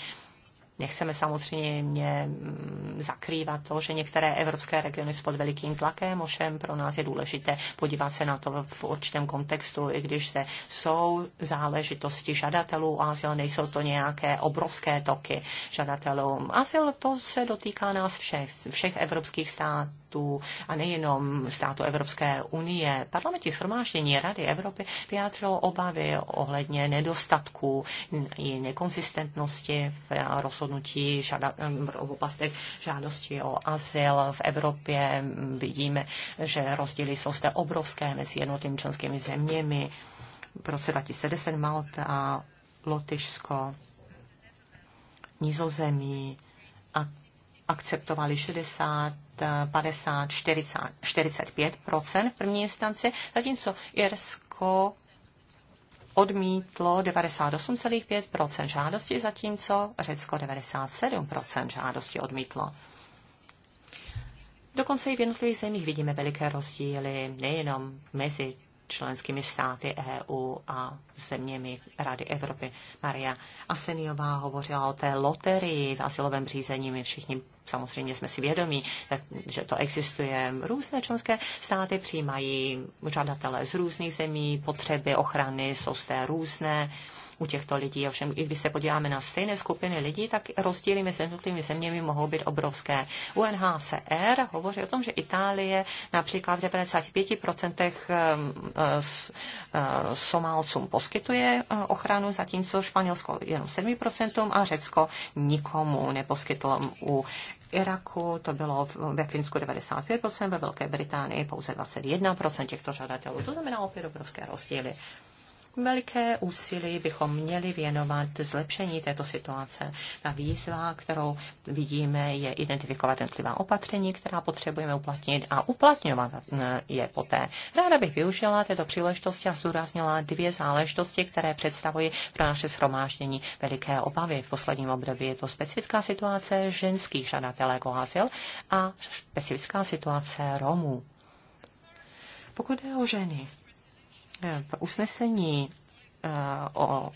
Nechceme samozřejmě mm, zakrývat to, že některé evropské regiony jsou pod velikým tlakem, ovšem pro nás je důležité podívat se na to v určitém kontextu, i když se jsou záležitosti žadatelů o azyl, nejsou to nějaké obrovské toky žadatelů. Azyl to se dotýká nás všech, všech evropských států států a nejenom států Evropské unie. Parlamentní schromáždění Rady Evropy vyjádřilo obavy ohledně nedostatků i nekonsistentnosti v rozhodnutí žada, v oblastech žádosti o azyl v Evropě. Vidíme, že rozdíly jsou zde obrovské mezi jednotlivými členskými zeměmi. V roce 2010 Malta, Lotyšsko, Nizozemí a akceptovali 60 50, 40, 45 v první instanci, zatímco Irsko odmítlo 98,5 žádosti, zatímco Řecko 97 žádosti odmítlo. Dokonce i v jednotlivých zemích vidíme veliké rozdíly nejenom mezi členskými státy EU a zeměmi Rady Evropy. Maria Aseniová hovořila o té loterii v asilovém řízení. My všichni samozřejmě jsme si vědomí, že to existuje. Různé členské státy přijímají žadatele z různých zemí, potřeby ochrany jsou z té různé u těchto lidí. Ovšem, i když se podíváme na stejné skupiny lidí, tak rozdíly mezi jednotlivými zeměmi mohou být obrovské. UNHCR hovoří o tom, že Itálie například v 95% eh, eh, eh, Somálcům poskytuje ochranu, zatímco Španělsko jenom 7% a Řecko nikomu neposkytlo u Iraku to bylo ve Finsku 95%, ve Velké Británii pouze 21% těchto žadatelů. To znamená opět obrovské rozdíly. Veliké úsilí bychom měli věnovat zlepšení této situace. Ta výzva, kterou vidíme, je identifikovat jednotlivá opatření, která potřebujeme uplatnit a uplatňovat eh, je poté. Ráda bych využila této příležitosti a zdůraznila dvě záležitosti, které představují pro naše shromáždění veliké obavy. V posledním období je to specifická situace ženských žadatelek o azyl a specifická situace Romů. Pokud je o ženy, Eh, v usnesení eh, o,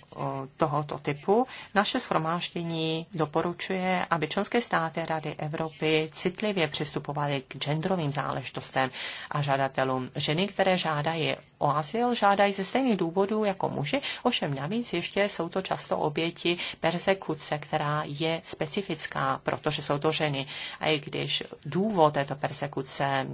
tohoto typu. Naše schromáždění doporučuje, aby členské státy Rady Evropy citlivě přistupovaly k genderovým záležitostem a žadatelům. Ženy, které žádají o azyl žádají ze stejných důvodů jako muži, ovšem navíc ještě jsou to často oběti persekuce, která je specifická, protože jsou to ženy. A i když důvod této persekuce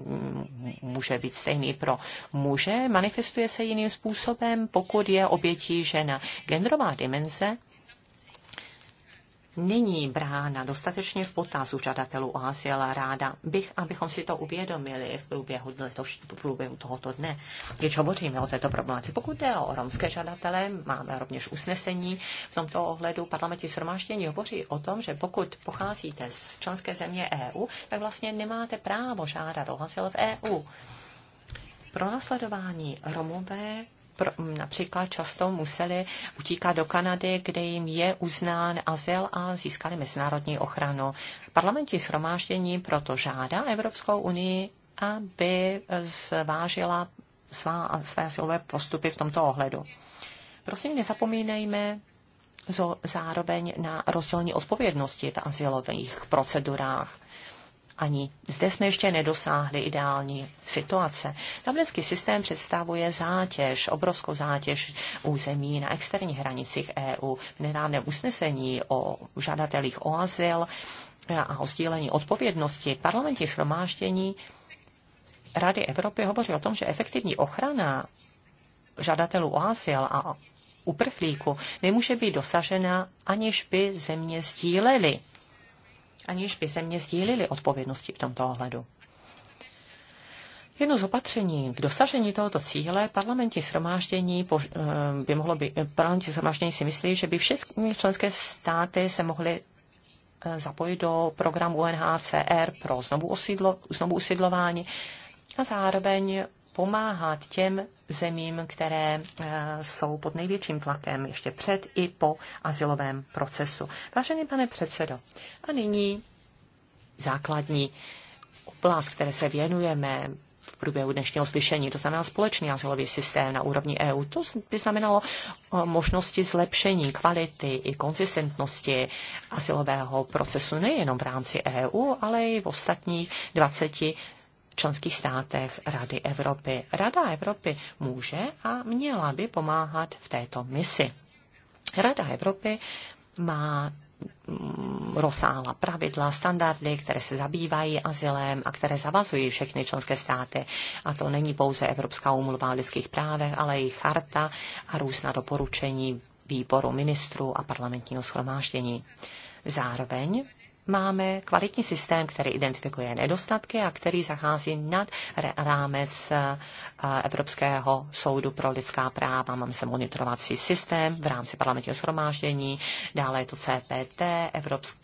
může být stejný pro muže, manifestuje se jiným způsobem, pokud je obětí žena. Genderová dimenze není brána dostatečně v potaz u žadatelů o azyl a ráda bych, abychom si to uvědomili v průběhu, letoš, v průběhu tohoto dne, když hovoříme o této problematice. Pokud jde o romské žadatele, máme rovněž usnesení v tomto ohledu. Parlamenti shromáždění hovoří o tom, že pokud pocházíte z členské země EU, tak vlastně nemáte právo žádat o azyl v EU. Pro následování Romové pro, například často museli utíkat do Kanady, kde jim je uznán azyl a získali mezinárodní ochranu. Parlamentní shromáždění proto žádá Evropskou unii, aby zvážila svá, své silové postupy v tomto ohledu. Prosím, nezapomínejme zároveň na rozdílní odpovědnosti v azylových procedurách ani zde jsme ještě nedosáhli ideální situace. Dublinský systém představuje zátěž, obrovskou zátěž území na externích hranicích EU. V nedávném usnesení o žadatelích o azyl a o sdílení odpovědnosti parlamentní shromáždění Rady Evropy hovoří o tom, že efektivní ochrana žadatelů o azyl a uprchlíku nemůže být dosažena, aniž by země sdílely aniž by země sdílili odpovědnosti v tomto ohledu. Jedno z opatření k dosažení tohoto cíle parlamentní shromáždění eh, by mohlo by, parlamentní shromáždění si myslí, že by všechny členské státy se mohly eh, zapojit do programu UNHCR pro znovu, osídlo, znovu usídlování a zároveň pomáhat těm zemím, které eh, jsou pod největším tlakem ještě před i po asilovém procesu. Vážený pane předsedo, a nyní základní oblast, které se věnujeme v průběhu dnešního slyšení, to znamená společný asilový systém na úrovni EU. To by znamenalo eh, možnosti zlepšení kvality i konzistentnosti asilového procesu nejenom v rámci EU, ale i v ostatních 20 členských státech Rady Evropy. Rada Evropy může a měla by pomáhat v této misi. Rada Evropy má mm, rozsáhla pravidla, standardy, které se zabývají azylem a které zavazují všechny členské státy. A to není pouze Evropská úmluva o lidských právech, ale i charta a různá doporučení výboru ministrů a parlamentního schromáždění. Zároveň máme kvalitní systém, který identifikuje nedostatky a který zachází nad rámec eh, Evropského soudu pro lidská práva. Mám se monitorovací systém v rámci parlamentního shromáždění, dále je to CPT, Evropský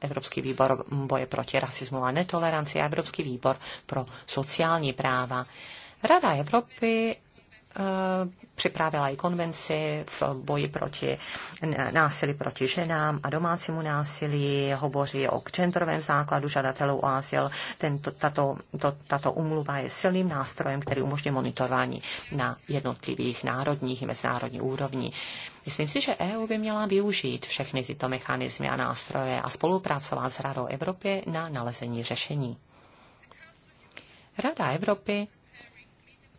Evropský výbor boje proti rasismu a netoleranci a Evropský výbor pro sociální práva. Rada Evropy Eh, připravila i konvenci v boji proti násilí proti ženám a domácímu násilí, hovoří o genderovém základu žadatelů o azyl. Tento, tato, to, tato umluva je silným nástrojem, který umožňuje monitorování na jednotlivých národních i mezinárodní úrovni. Myslím si, že EU by měla využít všechny tyto mechanismy a nástroje a spolupracovat s Radou Evropy na nalezení řešení. Rada Evropy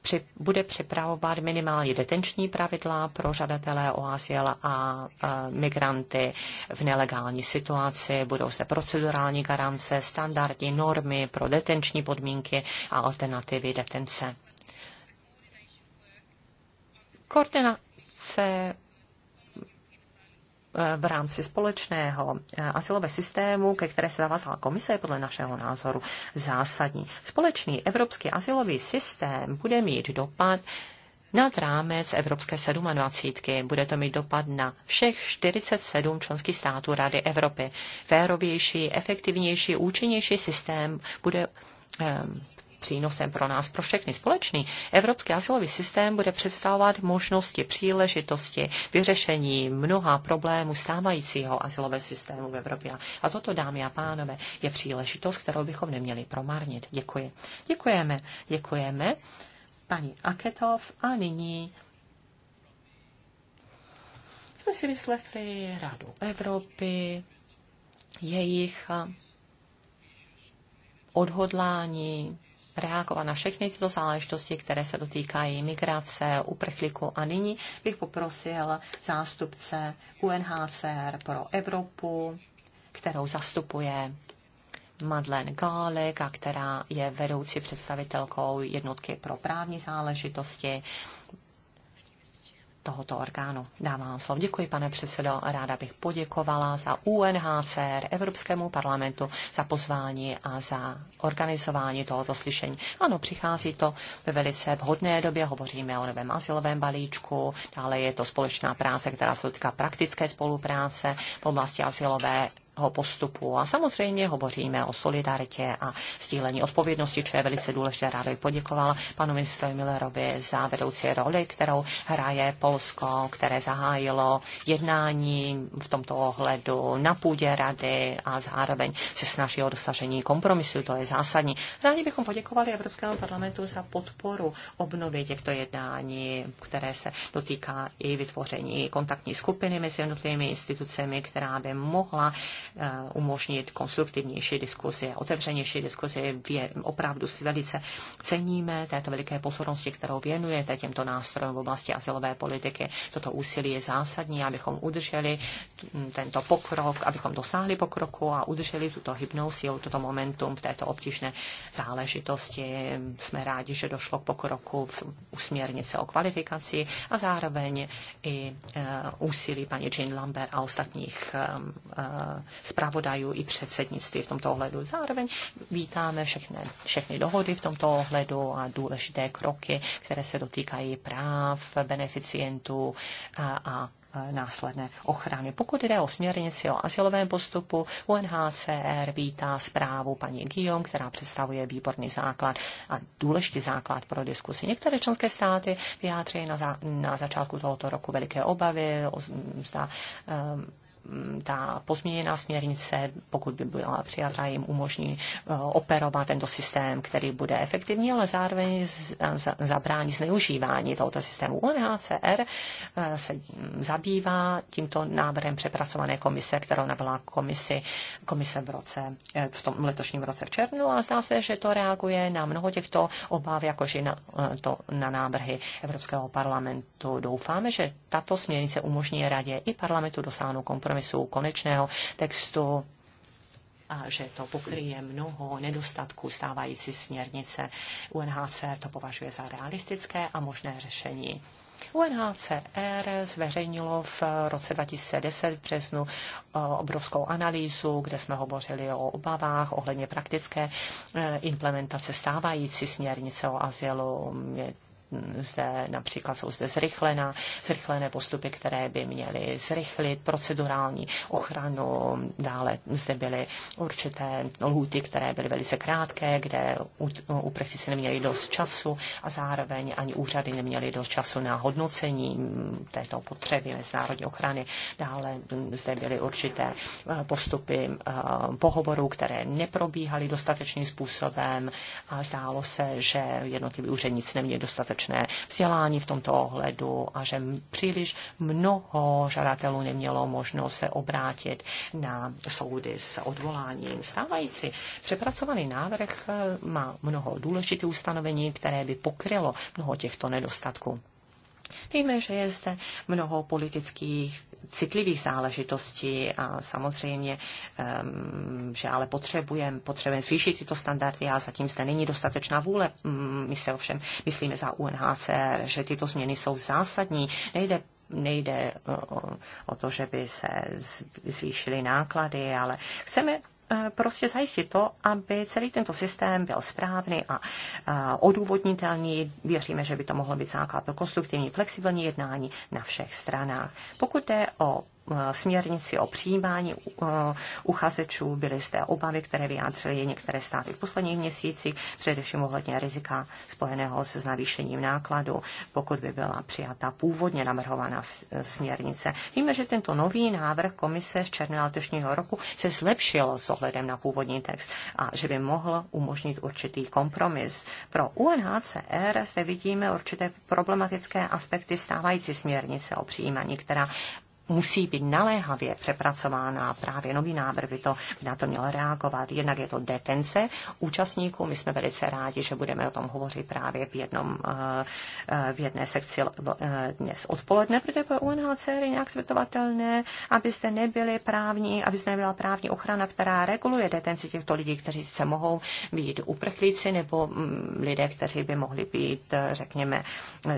při, bude připravovat minimální detenční pravidla pro žadatele o azyl a migranty v nelegální situaci. Budou se procedurální garance, standardy, normy pro detenční podmínky a alternativy detence. Koordinace v rámci společného eh, asilové systému, ke které se zavázala komise, je podle našeho názoru zásadní. Společný evropský asilový systém bude mít dopad nad rámec Evropské 27. Bude to mít dopad na všech 47 členských států Rady Evropy. Férovější, efektivnější, účinnější systém bude um, přínosem pro nás, pro všechny společný. Evropský asilový systém bude představovat možnosti, příležitosti, vyřešení mnoha problémů stávajícího asilového systému v Evropě. A toto, dámy a pánové, je příležitost, kterou bychom neměli promarnit. Děkuji. Děkujeme. Děkujeme. Paní Aketov a nyní jsme si vyslechli Radu Evropy, jejich odhodlání reagovat na všechny tyto záležitosti, které se dotýkají migrace, uprchlíků. A nyní bych poprosil zástupce UNHCR pro Evropu, kterou zastupuje Madeleine Gálek, a která je vedoucí představitelkou jednotky pro právní záležitosti tohoto orgánu. Dávám slovo. Děkuji, pane předsedo. Ráda bych poděkovala za UNHCR, Evropskému parlamentu, za pozvání a za organizování tohoto slyšení. Ano, přichází to ve velice vhodné době. Hovoříme o novém asilovém balíčku, dále je to společná práce, která se týká praktické spolupráce v oblasti asilové postupu. A samozřejmě hovoříme o solidaritě a sdílení odpovědnosti, co je velice důležité. Ráda bych poděkovala panu ministrovi Millerovi za vedoucí roli, kterou hraje Polsko, které zahájilo jednání v tomto ohledu na půdě rady a zároveň se snaží o dosažení kompromisu. To je zásadní. Rádi bychom poděkovali Evropskému parlamentu za podporu obnovy těchto jednání, které se dotýká i vytvoření kontaktní skupiny mezi jednotlivými institucemi, která by mohla uh, Eh, umožnit konstruktivnější diskuzi, otevřenější diskuzi. Opravdu si velice ceníme této veliké pozornosti, kterou věnujete těmto nástrojům v oblasti asilové politiky. Toto úsilí je zásadní, abychom udrželi tento pokrok, abychom dosáhli pokroku a udrželi tuto hybnou sílu, tuto momentum v této obtížné záležitosti. Jsme rádi, že došlo k pokroku v usměrnice o kvalifikaci a zároveň i eh, úsilí paní Jean Lambert a ostatních eh, zpravodajů i předsednictví v tomto ohledu. Zároveň vítáme všechny, všechny dohody v tomto ohledu a důležité kroky, které se dotýkají práv beneficientů a, a následné ochrany. Pokud jde o směrnici o asilovém postupu, UNHCR vítá zprávu paní Guillaume, která představuje výborný základ a důležitý základ pro diskusi. Některé členské státy vyjádřily na, za, na začátku tohoto roku veliké obavy, o, zda um, Mm, ta pozměněná směrnice, pokud by byla přijata, jim umožní eh, operovat tento systém, který bude efektivní, ale zároveň zabrání zneužívání tohoto systému. UNHCR eh, se mm, zabývá tímto návrhem přepracované komise, kterou nabyla komisi, komise v, roce, eh, v tom letošním roce v červnu a zdá se, že to reaguje na mnoho těchto obáv, jakože na, to, na návrhy Evropského parlamentu. Doufáme, že tato směrnice umožní radě i parlamentu dosáhnout kompromisu kompromisu, konečného textu a že to pokryje mnoho nedostatků stávající směrnice. UNHCR to považuje za realistické a možné řešení. UNHCR zveřejnilo v roce 2010 v březnu eh, obrovskou analýzu, kde jsme hovořili o obavách ohledně praktické eh, implementace stávající směrnice o azylu. Je zde například jsou zde zrychlená, zrychlené postupy, které by měly zrychlit procedurální ochranu. Dále zde byly určité lhuty, které byly velice krátké, kde si neměli dost času a zároveň ani úřady neměly dost času na hodnocení této potřeby mezinárodní ochrany. Dále mm, zde byly určité eh, postupy eh, pohovorů, které neprobíhaly dostatečným způsobem a zdálo se, že jednotliví úředníci neměli dostatek nedostatečné vzdělání v tomto ohledu a že příliš mnoho žadatelů nemělo možnost se obrátit na soudy s odvoláním. Stávající přepracovaný návrh má mnoho důležitých ustanovení, které by pokrylo mnoho těchto nedostatků. Víme, že je zde mnoho politických citlivých záležitostí a samozřejmě, um, že ale potřebujeme, potřebujem zvýšit tyto standardy a zatím zde není dostatečná vůle. Mm, my se ovšem myslíme za UNHCR, že tyto změny jsou zásadní. Nejde nejde eh, o, o to, že by se zvýšily náklady, ale chceme Eh, prostě zajistit to, aby celý tento systém byl správný a eh, odůvodnitelný. Věříme, že by to mohlo být základ pro konstruktivní, flexibilní jednání na všech stranách. Pokud jde o Eh, směrnici o přijímání eh, uchazečů. Byly zde obavy, které vyjádřily některé státy v posledních měsících, především ohledně rizika spojeného se navýšením nákladu, pokud by byla přijata původně navrhovaná eh, směrnice. Víme, že tento nový návrh komise z června letošního roku se zlepšil s ohledem na původní text a že by mohl umožnit určitý kompromis. Pro UNHCR zde vidíme určité problematické aspekty stávající směrnice o přijímání, která musí být naléhavě přepracována. Právě nový návrh by, to, by na to měl reagovat. Jednak je to detence účastníků. My jsme velice rádi, že budeme o tom hovořit právě v, jednom, eh, eh, v jedné sekci eh, dnes odpoledne, protože pro UNHCR je nějak světovatelné, abyste nebyli právní, abyste nebyla právní ochrana, která reguluje detenci těchto lidí, kteří se mohou být uprchlíci nebo mm, lidé, kteří by mohli být, řekněme,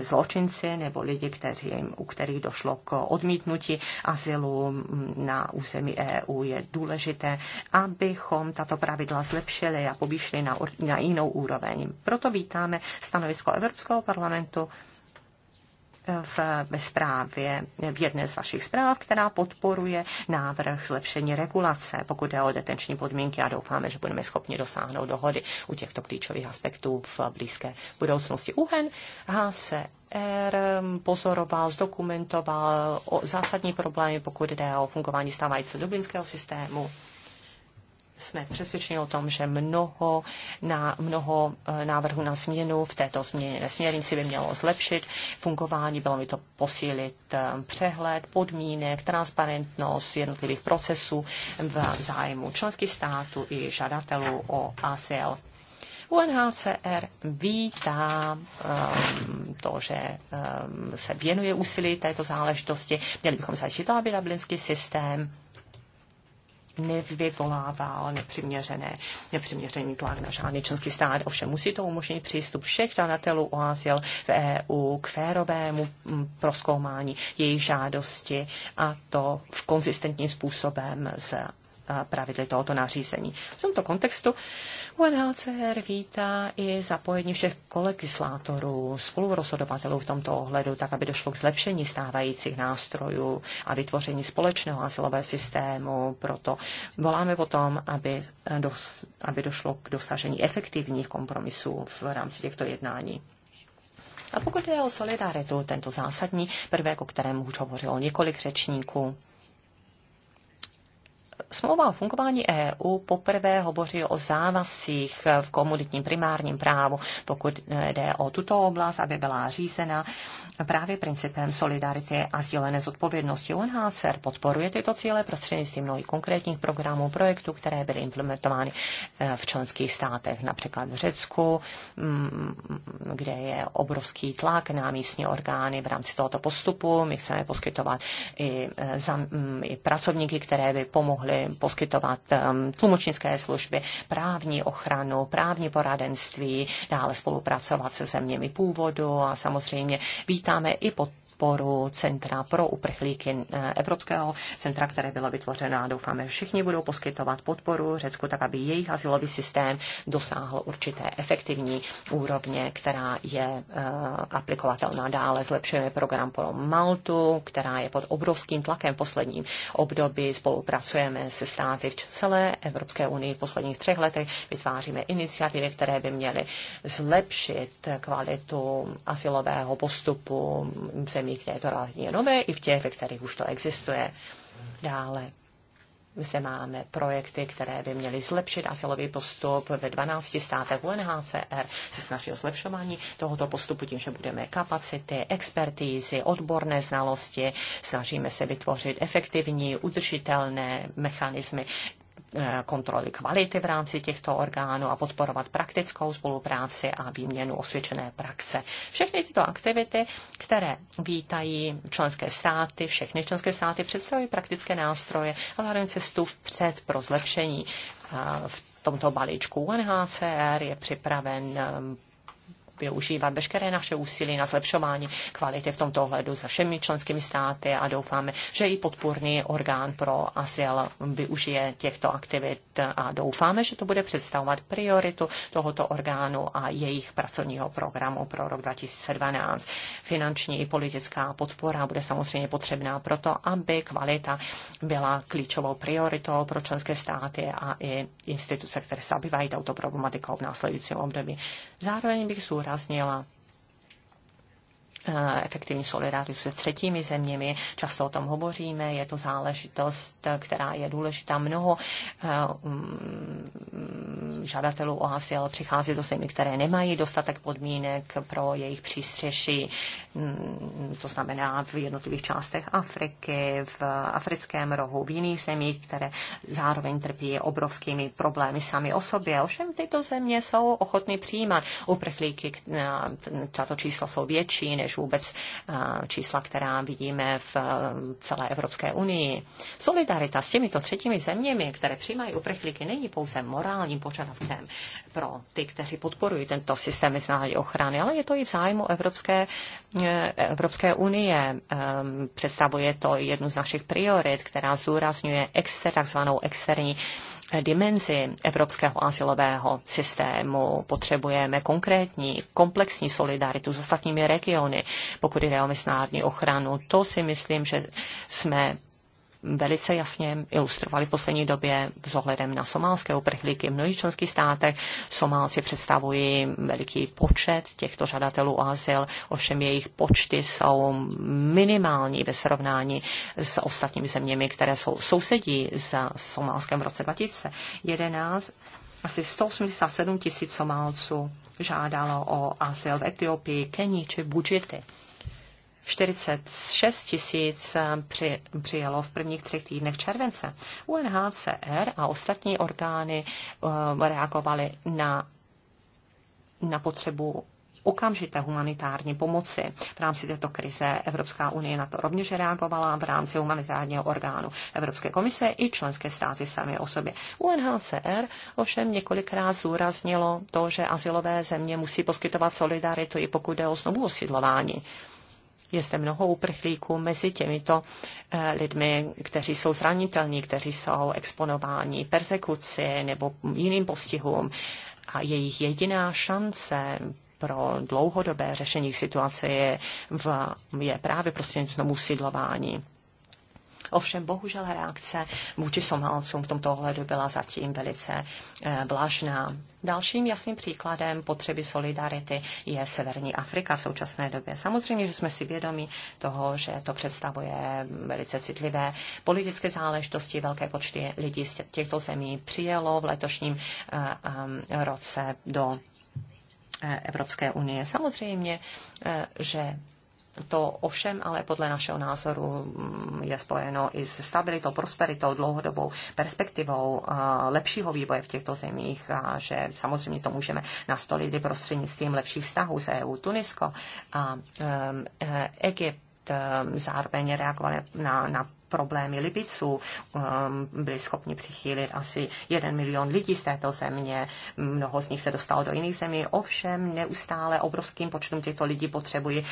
zločinci nebo lidi, kteří, u kterých došlo k odmítnutí azylu na území EU je důležité, abychom tato pravidla zlepšili a povýšili na, na jinou úroveň. Proto vítáme stanovisko Evropského parlamentu v, ve zprávě, v jedné z vašich zpráv, která podporuje návrh zlepšení regulace, pokud jde o detenční podmínky a doufáme, že budeme schopni dosáhnout dohody u těchto klíčových aspektů v blízké budoucnosti. UNHCR pozoroval, zdokumentoval zásadní problémy, pokud jde o fungování stávajícího dublinského systému jsme přesvědčeni o tom, že mnoho, na, mnoho eh, návrhů na změnu v této změně směrnici by mělo zlepšit fungování, bylo by to posílit eh, přehled, podmínek, transparentnost jednotlivých procesů v zájmu členských států i žadatelů o ASL. UNHCR vítá um, to, že um, se věnuje úsilí této záležitosti. Měli bychom zajistit to, aby dublinský systém nevyvolával nepřiměřené, nepřiměřený tlak na žádný členský stát. Ovšem musí to umožnit přístup všech žadatelů o azyl v EU k férovému mm, proskoumání jejich žádosti a to v konzistentním způsobem s pravidly tohoto nařízení. V tomto kontextu UNHCR vítá i zapojení všech kolegislátorů, spolurozhodovatelů v tomto ohledu, tak aby došlo k zlepšení stávajících nástrojů a vytvoření společného asilového systému. Proto voláme potom, aby, eh, dos, aby došlo k dosažení efektivních kompromisů v rámci těchto jednání. A pokud jde o solidaritu, tento zásadní prvek, o kterém už hovořilo několik řečníků, smlouva o fungování EU poprvé hovoří o závazcích v komunitním primárním právu, pokud jde o tuto oblast, aby byla řízena právě principem solidarity a sdílené zodpovědnosti. UNHCR podporuje tyto cíle prostřednictvím mnohých konkrétních programů, projektů, které byly implementovány eh, v členských státech, například v Řecku, mm, kde je obrovský tlak na místní orgány v rámci tohoto postupu. My chceme poskytovat i, eh, za, mm, i pracovníky, které by pomohly mohli poskytovat um, tlumočnické služby, právní ochranu, právní poradenství, dále spolupracovat se zeměmi původu a samozřejmě vítáme i pod podporu Centra pro uprchlíky eh, Evropského centra, které bylo vytvořeno a doufáme, že všichni budou poskytovat podporu Řecku tak, aby jejich asilový systém dosáhl určité efektivní úrovně, která je eh, aplikovatelná dále. Zlepšujeme program pro Maltu, která je pod obrovským tlakem v posledním období. Spolupracujeme se státy v celé Evropské unii v posledních třech letech. Vytváříme iniciativy, které by měly zlepšit kvalitu asilového postupu zemí zemích, kde je to relativně nové, i v těch, ve kterých už to existuje. Dále zde máme projekty, které by měly zlepšit asilový postup ve 12 státech UNHCR. Se snaží o zlepšování tohoto postupu tím, že budeme kapacity, expertízy, odborné znalosti. Snažíme se vytvořit efektivní, udržitelné mechanismy Eh, kontroly kvality v rámci těchto orgánů a podporovat praktickou spolupráci a výměnu osvědčené praxe. Všechny tyto aktivity, které vítají členské státy, všechny členské státy představují praktické nástroje a zároveň cestu vpřed pro zlepšení eh, v tomto balíčku UNHCR je připraven eh, využívat veškeré naše úsilí na zlepšování kvality v tomto ohledu se všemi členskými státy a doufáme, že i podpůrný orgán pro asil využije těchto aktivit a doufáme, že to bude představovat prioritu tohoto orgánu a jejich pracovního programu pro rok 2012. Finanční i politická podpora bude samozřejmě potřebná proto, aby kvalita byla klíčovou prioritou pro členské státy a i instituce, které se zabývají touto problematikou v následujícím období. Zároveň bych zúraznila Eh, efektivní solidaritu se třetími zeměmi. Často o tom hovoříme, je to záležitost, která je důležitá. Mnoho eh, mm, žadatelů o asyl přichází do zemí, které nemají dostatek podmínek pro jejich přístřeší, mm, to znamená v jednotlivých částech Afriky, v africkém rohu, v jiných zemích, které zároveň trpí obrovskými problémy sami o sobě. Ovšem tyto země jsou ochotny přijímat uprchlíky, tato čísla jsou větší než než vůbec eh, čísla, která vidíme v eh, celé Evropské unii. Solidarita s těmito třetími zeměmi, které přijímají uprchlíky, není pouze morálním požadavkem pro ty, kteří podporují tento systém mezinárodní ochrany, ale je to i v zájmu Evropské, eh, Evropské unie. Představuje to jednu z našich priorit, která zdůrazňuje tzv. takzvanou externí dimenzi evropského asilového systému. Potřebujeme konkrétní, komplexní solidaritu s ostatními regiony, pokud jde o mezinárodní ochranu. To si myslím, že jsme velice jasně ilustrovali v poslední době s ohledem na somálské uprchlíky. V mnohých členských státech Somálci představují veliký počet těchto žadatelů o azyl, ovšem jejich počty jsou minimální ve srovnání s ostatními zeměmi, které jsou sousedí s Somálskem v roce 2011. Asi 187 tisíc Somálců žádalo o azyl v Etiopii, Kenii či Budžity. 46 tisíc eh, při, přijelo v prvních třech týdnech července. UNHCR a ostatní orgány uh, reagovaly na, na potřebu okamžité humanitární pomoci. V rámci této krize Evropská unie na to rovněž reagovala v rámci humanitárního orgánu Evropské komise i členské státy sami o sobě. UNHCR ovšem několikrát zúraznilo to, že asilové země musí poskytovat solidaritu i pokud jde o znovu osidlování. Je zde mnoho uprchlíků mezi těmito eh, lidmi, kteří jsou zranitelní, kteří jsou exponováni persekuci nebo jiným postihům. A jejich jediná šance pro dlouhodobé řešení situace je, v, je právě prostřednictvím usídlování. Ovšem bohužel reakce vůči Somálcům v tomto ohledu byla zatím velice eh, vlažná. Dalším jasným příkladem potřeby solidarity je Severní Afrika v současné době. Samozřejmě, že jsme si vědomi toho, že to představuje velice citlivé politické záležitosti. Velké počty lidí z těchto zemí přijelo v letošním eh, eh, roce do Evropské unie. Samozřejmě, že to ovšem ale podle našeho názoru mm, je spojeno i s stabilitou, prosperitou, dlouhodobou perspektivou lepšího vývoje v těchto zemích a že samozřejmě to můžeme nastolit i prostřednictvím lepších vztahů s EU, Tunisko a e, Egypt zároveň reagovali na, na problémy Libiců. Ehm, byli schopni přichýlit asi jeden milion lidí z této země, mnoho z nich se dostalo do jiných zemí, ovšem neustále obrovským počtem těchto lidí potřebují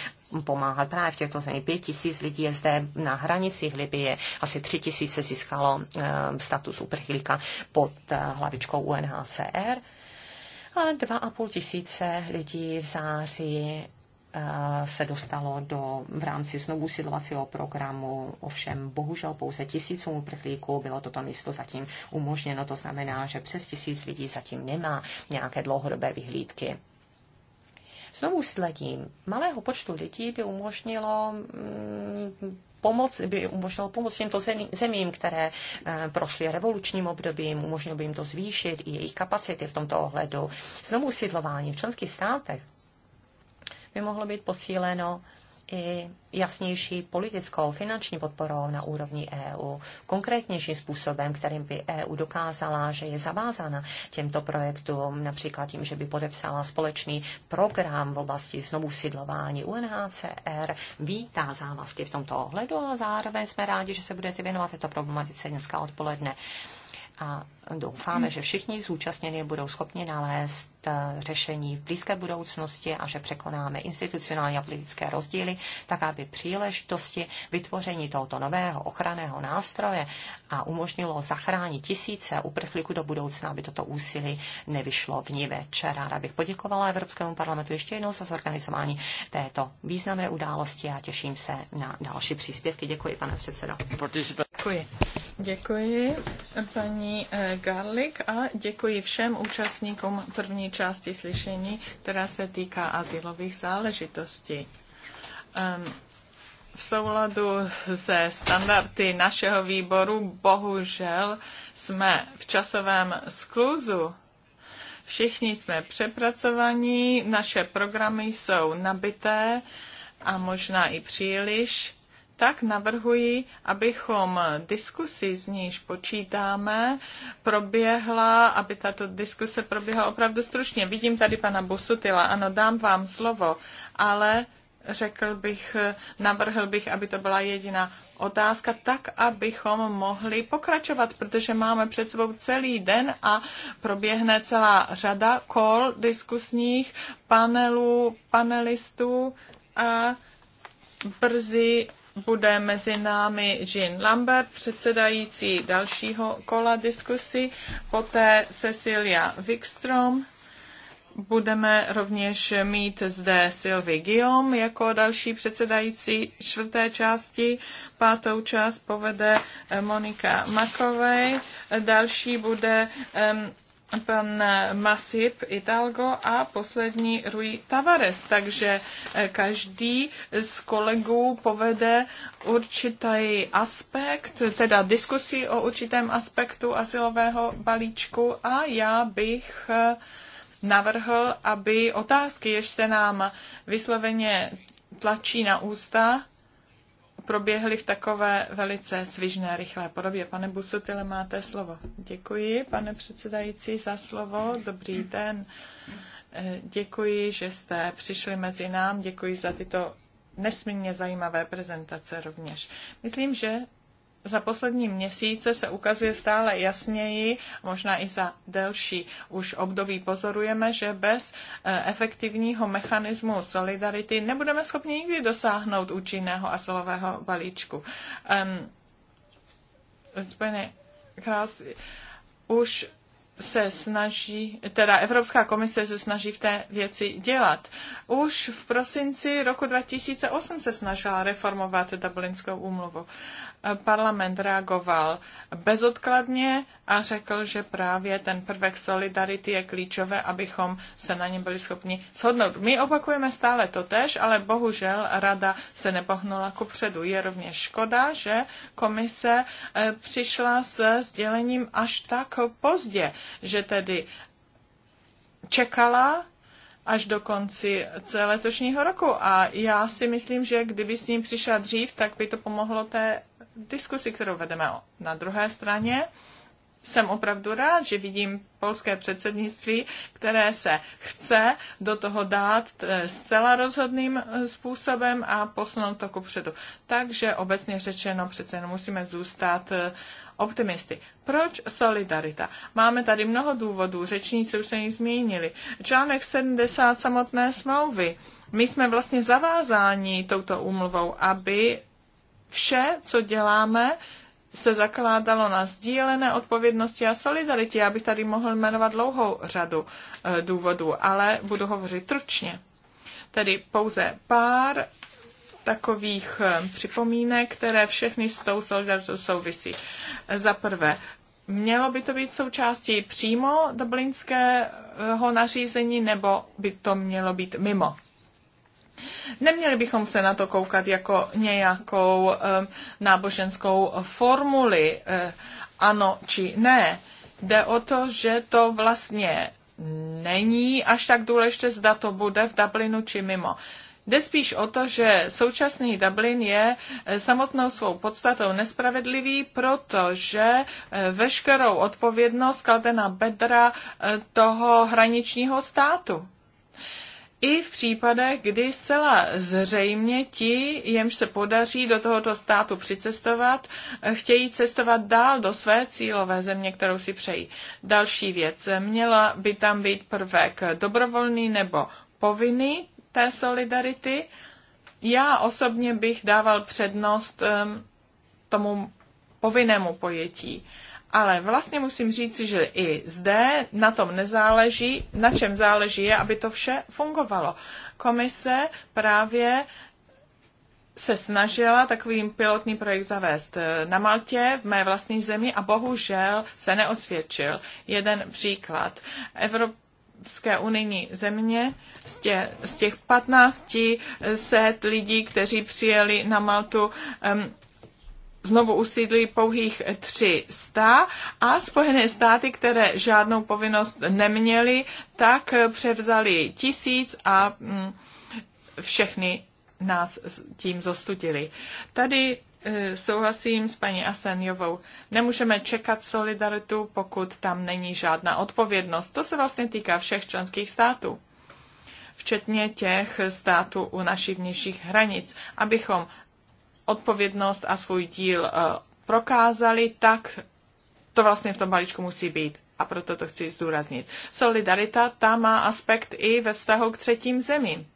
pomáhat právě v těchto zemích. Pět tisíc lidí je zde na hranicích Libie, asi tři tisíce získalo ehm, status uprchlíka pod eh, hlavičkou UNHCR a dva a půl tisíce lidí v září Eh, se dostalo do, v rámci znovu sídlovacího programu, ovšem bohužel pouze tisícům uprchlíků bylo toto místo zatím umožněno, to znamená, že přes tisíc lidí zatím nemá nějaké dlouhodobé vyhlídky. Znovu sledím, malého počtu lidí by umožnilo mm, pomoc, by umožnilo pomoc těmto zemím, které eh, prošly revolučním obdobím, umožnilo by jim to zvýšit i jejich kapacity v tomto ohledu. Znovu sídlování v členských státech by mohlo být posíleno i jasnější politickou finanční podporou na úrovni EU, konkrétnějším způsobem, kterým by EU dokázala, že je zavázána těmto projektům, například tím, že by podepsala společný program v oblasti znovu sídlování UNHCR, vítá závazky v tomto ohledu a zároveň jsme rádi, že se budete věnovat této problematice dneska odpoledne a doufáme, hmm. že všichni zúčastnění budou schopni nalézt eh, řešení v blízké budoucnosti a že překonáme institucionální a politické rozdíly, tak aby příležitosti vytvoření tohoto nového ochranného nástroje a umožnilo zachránit tisíce uprchlíků do budoucna, aby toto úsilí nevyšlo v ní večer. Ráda bych poděkovala Evropskému parlamentu ještě jednou za zorganizování této významné události a těším se na další příspěvky. Děkuji, pane předsedo. Děkuji. Děkuji paní eh, Garlik a děkuji všem účastníkům první části slyšení, která se týká asilových záležitostí. Ehm, v souladu se standardy našeho výboru bohužel jsme v časovém skluzu. Všichni jsme přepracovaní, naše programy jsou nabité a možná i příliš tak navrhuji, abychom diskusi, z níž počítáme, proběhla, aby tato diskuse proběhla opravdu stručně. Vidím tady pana Busutila, ano, dám vám slovo, ale řekl bych, navrhl bych, aby to byla jediná otázka, tak abychom mohli pokračovat, protože máme před sebou celý den a proběhne celá řada kol diskusních panelů, panelistů a brzy bude mezi námi Jean Lambert, předsedající dalšího kola diskusy, poté Cecilia Wikström. Budeme rovněž mít zde Sylvie Guillaume jako další předsedající čtvrté části. Pátou část povede Monika Makovej, další bude um, pan Masip Hidalgo a poslední Rui Tavares. Takže eh, každý z kolegů povede určitý aspekt, teda diskusi o určitém aspektu asilového balíčku a já bych eh, navrhl, aby otázky, jež se nám vysloveně tlačí na ústa, proběhly v takové velice svižné, rychlé podobě. Pane Busutile, máte slovo. Děkuji, pane předsedající, za slovo. Dobrý den. Eh, děkuji, že jste přišli mezi nám. Děkuji za tyto nesmírně zajímavé prezentace rovněž. Myslím, že za poslední měsíce se ukazuje stále jasněji, možná i za delší už období pozorujeme, že bez eh, efektivního mechanismu solidarity nebudeme schopni nikdy dosáhnout účinného asilového balíčku. Um, Spojené království už se snaží, teda Evropská komise se snaží v té věci dělat. Už v prosinci roku 2008 se snažila reformovat Dublinskou úmluvu parlament reagoval bezodkladně a řekl, že právě ten prvek solidarity je klíčové, abychom se na něm byli schopni shodnout. My opakujeme stále to tež, ale bohužel rada se nepohnula ku předu. Je rovněž škoda, že komise e, přišla s sdělením až tak pozdě, že tedy čekala až do konci celé letošního roku. A já si myslím, že kdyby s ním přišla dřív, tak by to pomohlo té diskusi, kterou vedeme na druhé straně, jsem opravdu rád, že vidím polské předsednictví, které se chce do toho dát eh, zcela rozhodným eh, způsobem a posunout to ku předu. Takže obecně řečeno přece jenom musíme zůstat eh, optimisty. Proč solidarita? Máme tady mnoho důvodů, řečníci už se jich zmínili. Článek 70 samotné smlouvy. My jsme vlastně zavázáni touto úmluvou, aby Vše, co děláme, se zakládalo na sdílené odpovědnosti a solidaritě. Já bych tady mohl jmenovat dlouhou řadu eh, důvodů, ale budu hovořit tručně. Tedy pouze pár takových eh, připomínek, které všechny s tou solidaritou souvisí. Za prvé, mělo by to být součástí přímo dublinského nařízení, nebo by to mělo být mimo Neměli bychom se na to koukat jako nějakou eh, náboženskou formuli, eh, ano či ne. Jde o to, že to vlastně není až tak důležité, zda to bude v Dublinu či mimo. Jde spíš o to, že současný Dublin je eh, samotnou svou podstatou nespravedlivý, protože veškerou odpovědnost klade na bedra toho hraničního státu i v případech, kdy zcela zřejmě ti, jemž se podaří do tohoto státu přicestovat, chtějí cestovat dál do své cílové země, kterou si přejí. Další věc. Měla by tam být prvek dobrovolný nebo povinný té solidarity. Já osobně bych dával přednost tomu povinnému pojetí ale vlastně musím říci, že i zde na tom nezáleží, na čem záleží je, aby to vše fungovalo. Komise právě se snažila takovým pilotní projekt zavést eh, na Maltě, v mé vlastní zemi, a bohužel se neosvědčil. Jeden příklad. Evropské unijní země z těch, z těch 15 set lidí, kteří přijeli na Maltu, um, znovu usídlí pouhých 300 a Spojené státy, které žádnou povinnost neměly, tak převzali tisíc a mm, všechny nás tím zostudili. Tady e, souhlasím s paní Asenjovou. Nemůžeme čekat solidaritu, pokud tam není žádná odpovědnost. To se vlastně týká všech členských států včetně těch států u našich vnějších hranic, abychom odpovědnost a svůj díl eh, prokázali, tak to vlastně v tom balíčku musí být. A proto to chci zdůraznit. Solidarita, ta má aspekt i ve vztahu k třetím zemím.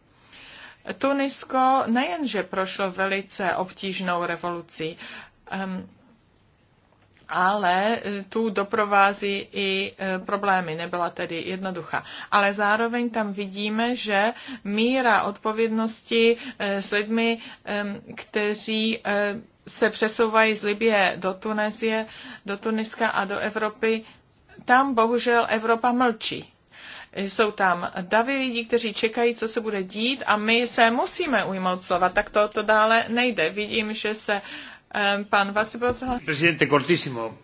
Tunisko nejenže prošlo velice obtížnou revoluci. Ehm, ale eh, tu doprovází i eh, problémy, nebyla tedy jednoduchá. Ale zároveň tam vidíme, že míra odpovědnosti eh, s lidmi, kteří se přesouvají z Libie do Tunezie, do Tuniska a do Evropy, tam bohužel Evropa mlčí. Jsou tam davy lidí, kteří čekají, co se bude dít a my se musíme ujmout slova, tak to, to dále nejde. Vidím, že se uh, Eh, pan Vasibro Prezidente, cortísimo.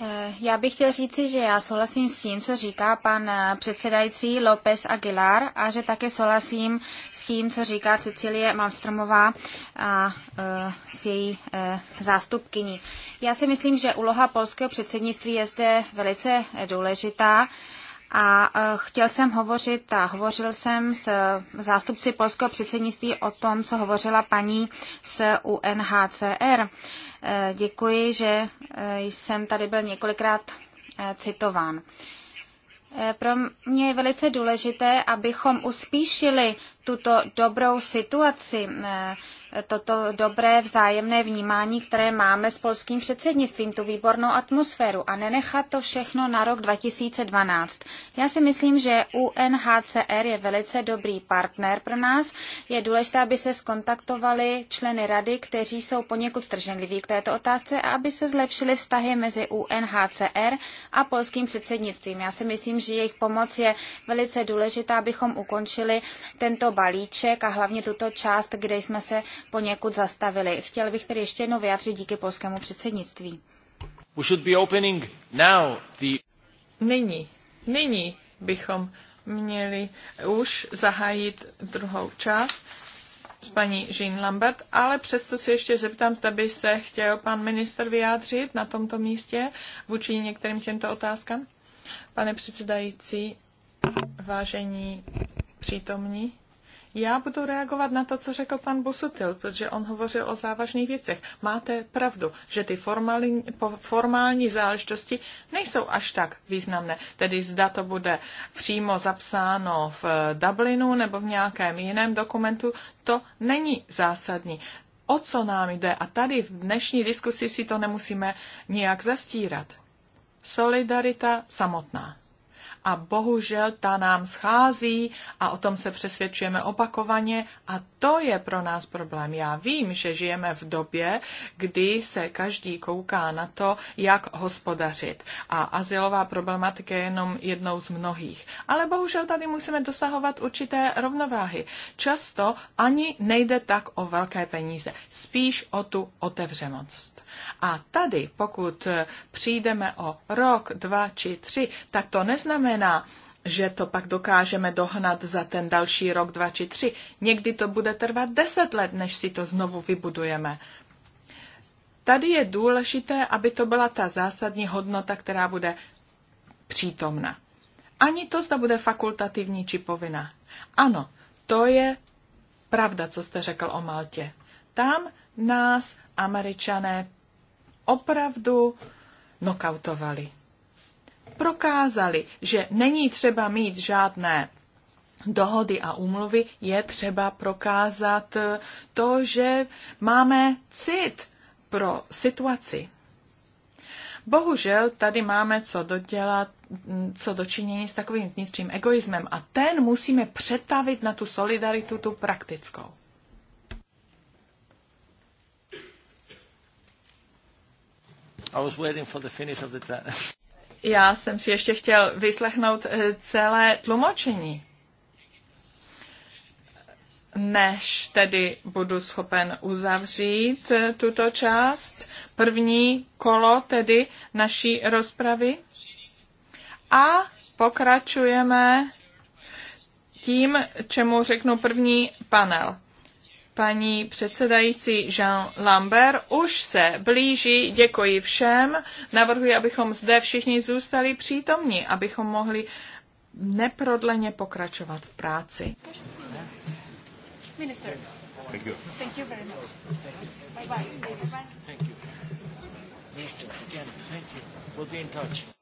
Eh, já bych chtěl říci, že já souhlasím s tím, co říká pan eh, předsedající López Aguilar a že také souhlasím s tím, co říká Cecilie Malmstromová a s její zástupkyní. Já si myslím, že úloha polského předsednictví je zde velice důležitá. A e, chtěl jsem hovořit a hovořil jsem s zástupci polského předsednictví o tom, co hovořila paní z UNHCR. E, děkuji, že e, jsem tady byl několikrát citován. Pro mě je velice důležité, abychom uspíšili tuto dobrou situaci toto dobré vzájemné vnímání, které máme s polským předsednictvím, tu výbornou atmosféru a nenechat to všechno na rok 2012. Já si myslím, že UNHCR je velice dobrý partner pro nás. Je důležité, aby se skontaktovali členy rady, kteří jsou poněkud strženliví k této otázce a aby se zlepšily vztahy mezi UNHCR a polským předsednictvím. Já si myslím, že jejich pomoc je velice důležitá, abychom ukončili tento balíček a hlavně tuto část, kde jsme se poněkud zastavily. Chtěl bych tedy ještě jednou vyjádřit díky polskému předsednictví. Nyní, nyní bychom měli už zahájit druhou část s paní Jean Lambert, ale přesto se ještě zeptám, zda by se chtěl pan minister vyjádřit na tomto místě vůči některým těmto otázkám. Pane předsedající, vážení přítomní, já budu reagovat na to, co řekl pan Busutil, protože on hovořil o závažných věcech. Máte pravdu, že ty formální, formální záležitosti nejsou až tak významné. Tedy zda to bude přímo zapsáno v Dublinu nebo v nějakém jiném dokumentu, to není zásadní. O co nám jde? A tady v dnešní diskusi si to nemusíme nijak zastírat. Solidarita samotná a bohužel ta nám schází a o tom se přesvědčujeme opakovaně a to je pro nás problém. Já vím, že žijeme v době, kdy se každý kouká na to, jak hospodařit a asilová problematika je jenom jednou z mnohých. Ale bohužel tady musíme dosahovat určité rovnováhy. Často ani nejde tak o velké peníze, spíš o tu otevřenost. A tady, pokud přijdeme o rok, dva či tři, tak to neznamená, že to pak dokážeme dohnat za ten další rok, dva či tři. Někdy to bude trvat deset let, než si to znovu vybudujeme. Tady je důležité, aby to byla ta zásadní hodnota, která bude přítomna. Ani to, zda bude fakultativní či povinná. Ano, to je pravda, co jste řekl o Maltě. Tam nás američané opravdu nokautovali. Prokázali, že není třeba mít žádné dohody a úmluvy, je třeba prokázat to, že máme cit pro situaci. Bohužel tady máme co dodělat, co dočinění s takovým vnitřním egoismem a ten musíme přetavit na tu solidaritu, tu praktickou. I was waiting for the finish of the Já jsem si ještě chtěl vyslechnout eh, celé tlumočení, než tedy budu schopen uzavřít eh, tuto část, první kolo tedy naší rozpravy. A pokračujeme tím, čemu řeknu první panel. Paní předsedající Jean Lambert už se blíží. Děkuji všem. Navrhuji, abychom zde všichni zůstali přítomní, abychom mohli neprodleně pokračovat v práci. Minister. Thank you. Thank you very much. Bye bye. Thank you. Minister, again, thank you. We'll be in touch.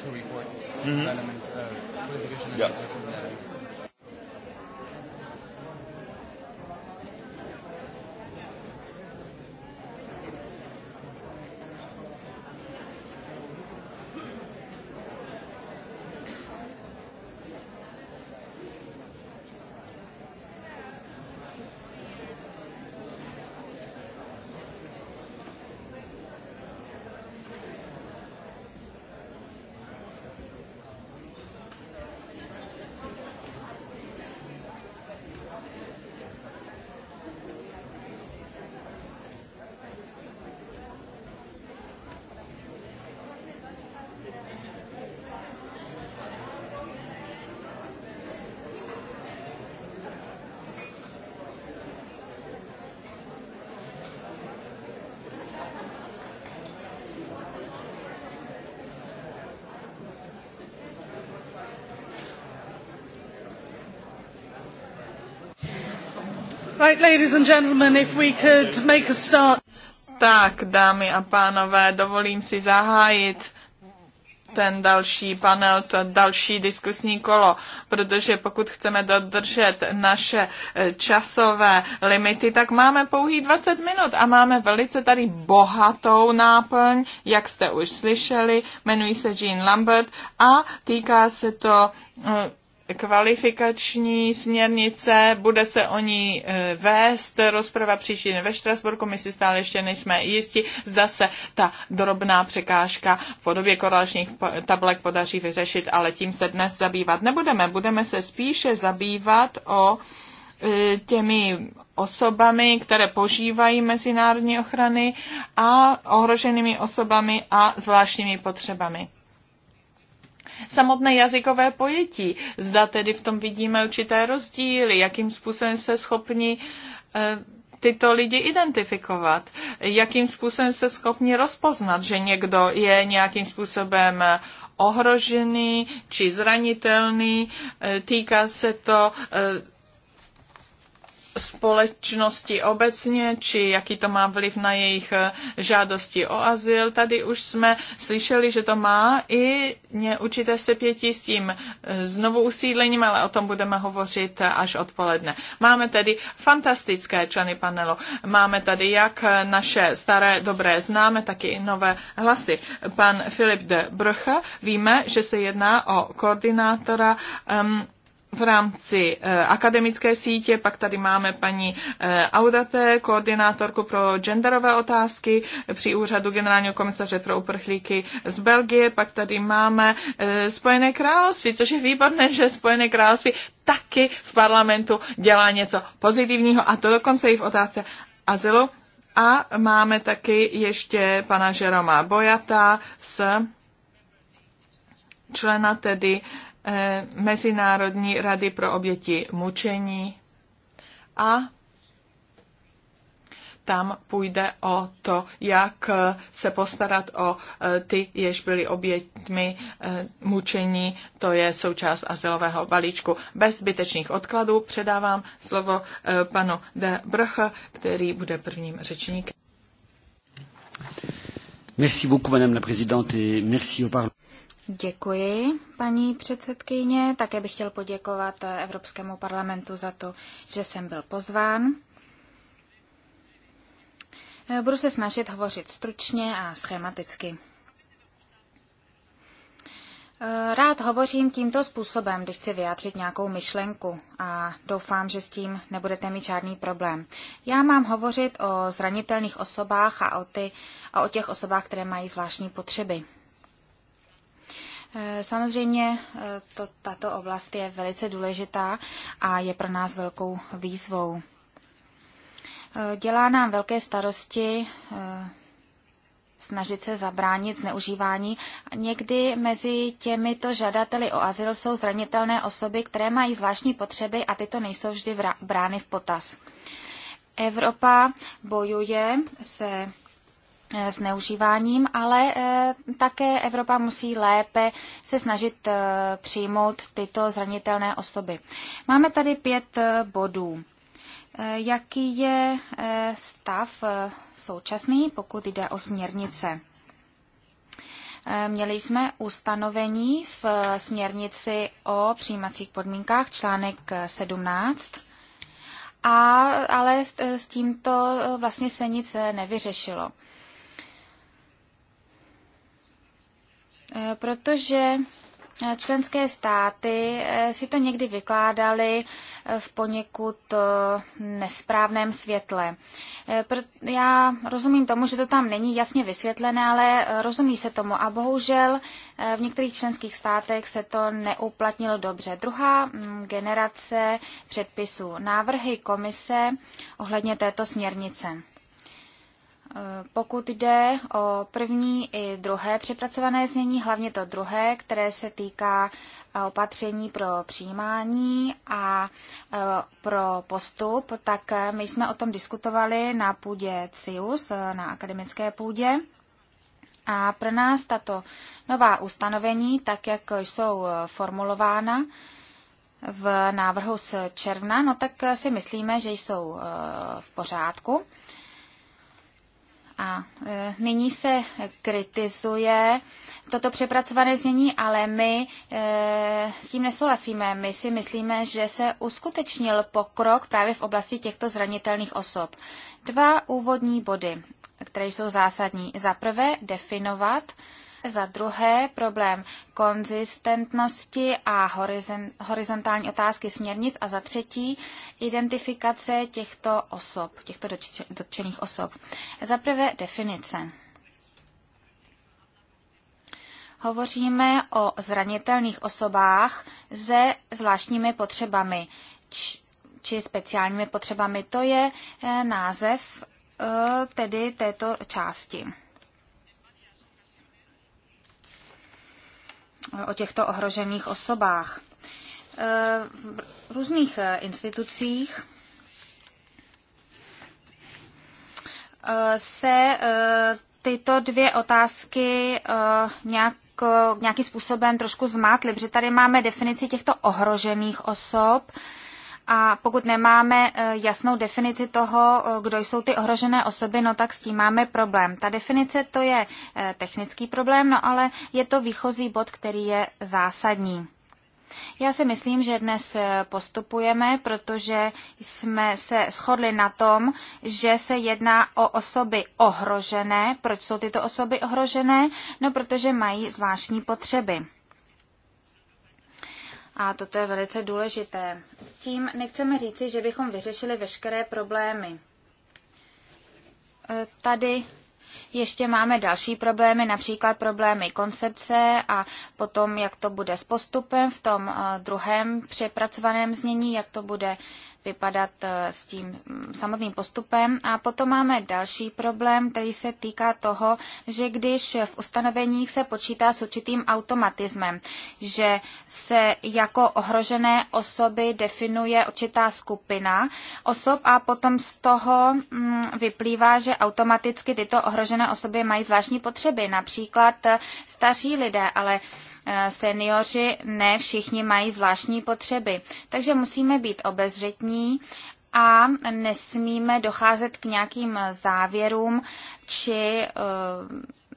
two reports. Mm-hmm. Tak, dámy a pánové, dovolím si zahájit ten další panel, to další diskusní kolo, protože pokud chceme dodržet naše eh, časové limity, tak máme pouhý 20 minut a máme velice tady bohatou náplň, jak jste už slyšeli, jmenuji se Jean Lambert a týká se to eh, kvalifikační směrnice, bude se o ní e, vést rozprava příští ve Štrasburku. My si stále ještě nejsme jisti, zda se ta drobná překážka v podobě korelačních tablek podaří vyřešit, ale tím se dnes zabývat nebudeme. Budeme se spíše zabývat o e, těmi osobami, které požívají mezinárodní ochrany a ohroženými osobami a zvláštními potřebami samotné jazykové pojetí. Zda tedy v tom vidíme určité rozdíly, jakým způsobem se schopni eh, tyto lidi identifikovat, jakým způsobem se schopni rozpoznat, že někdo je nějakým způsobem eh, ohrožený či zranitelný. Eh, týká se to společnosti obecně, či jaký to má vliv na jejich eh, žádosti o azyl. Tady už jsme slyšeli, že to má i určité sepětí s tím eh, znovu usídlením, ale o tom budeme hovořit eh, až odpoledne. Máme tedy fantastické členy panelu. Máme tady jak naše staré dobré známe, tak i nové hlasy. Pan Filip de Brcha, víme, že se jedná o koordinátora um, v rámci eh, akademické sítě, pak tady máme paní eh, Audate, koordinátorku pro genderové otázky při úřadu generálního komisaře pro uprchlíky z Belgie, pak tady máme eh, Spojené království, což je výborné, že Spojené království taky v parlamentu dělá něco pozitivního a to dokonce i v otázce azylu. A máme taky ještě pana Žeroma Bojata s člena tedy uh, Eh, Mezinárodní rady pro oběti mučení a tam půjde o to, jak se postarat o eh, ty, jež byly obětmi eh, mučení, to je součást azylového balíčku. Bez zbytečných odkladů předávám slovo panu de Brch, který bude prvním řečníkem. Merci beaucoup, madame la présidente, et merci au Parlement. Děkuji, paní předsedkyně. Také bych chtěl poděkovat Evropskému parlamentu za to, že jsem byl pozván. Budu se snažit hovořit stručně a schematicky. Rád hovořím tímto způsobem, když chci vyjádřit nějakou myšlenku a doufám, že s tím nebudete mít žádný problém. Já mám hovořit o zranitelných osobách a o, ty, a o těch osobách, které mají zvláštní potřeby. Eh, samozřejmě eh, to, tato oblast je velice důležitá a je pro nás velkou výzvou. Eh, dělá nám velké starosti snažit se zabránit zneužívání. Někdy mezi těmito žadateli o azyl jsou zranitelné osoby, které mají zvláštní potřeby a tyto nejsou vždy brány v potaz. Evropa bojuje se Eh, zneužíváním, ale eh, také Evropa musí lépe se snažit eh, přijmout tyto zranitelné osoby. Máme tady pět bodů. Jaký je stav současný, pokud jde o směrnice? Měli jsme ustanovení v směrnici o přijímacích podmínkách článek 17, a, ale s tímto vlastně se nic nevyřešilo. Eh, protože eh, členské státy eh, si to někdy vykládaly v poněkud nesprávném světle. Já rozumím tomu, že to tam není jasně vysvětlené, ale rozumí se tomu a bohužel v některých členských státech se to neuplatnilo dobře. Druhá mm, generace předpisů. Návrhy komise ohledně této směrnice. Pokud jde o první i druhé přepracované znění, hlavně to druhé, které se týká eh, opatření pro přijímání a eh, pro postup, tak eh, my jsme o tom diskutovali na půdě CIUS, na akademické půdě. A pro nás tato nová ustanovení, tak jak jsou formulována v návrhu z června, no tak si myslíme, že jsou v pořádku. A e, nyní se kritizuje toto přepracované znění, ale my e, s tím nesouhlasíme. My si myslíme, že se uskutečnil pokrok právě v oblasti těchto zranitelných osob. Dva úvodní body, které jsou zásadní. Za prvé definovat e, za druhé problém konzistentnosti a horizontální otázky směrnic. A za třetí identifikace těchto osob, těchto dotčených osob. Za prvé definice. Hovoříme o zranitelných osobách se zvláštními potřebami či speciálními potřebami. To je eh, název eh, tedy této části. o těchto ohrožených osobách. E, v různých e, institucích e, se tyto dvě otázky nějak nějakým způsobem trošku zmátli, protože tady máme definici těchto ohrožených osob a pokud nemáme e, jasnou definici toho, e, kdo jsou ty ohrožené osoby, no tak s tím máme problém. Ta definice to je e, technický problém, no ale je to výchozí bod, který je zásadní. Já si myslím, že dnes postupujeme, protože jsme se shodli na tom, že se jedná o osoby ohrožené. Proč jsou tyto osoby ohrožené? No, protože mají zvláštní potřeby. A toto je velice důležité. Tím nechceme říci, že bychom vyřešili veškeré problémy. E, tady ještě máme další problémy, například problémy koncepce a potom, jak to bude s postupem v tom e, druhém přepracovaném znění, jak to bude vypadat eh, s tím mm, samotným postupem. A potom máme další problém, který se týká toho, že když v ustanoveních se počítá s určitým automatismem, že se jako ohrožené osoby definuje určitá skupina osob a potom z toho mm, vyplývá, že automaticky tyto ohrožené osoby mají zvláštní potřeby, například eh, staří lidé, ale Eh, seniori ne všichni mají zvláštní potřeby. Takže musíme být obezřetní a nesmíme docházet k nějakým závěrům, či eh,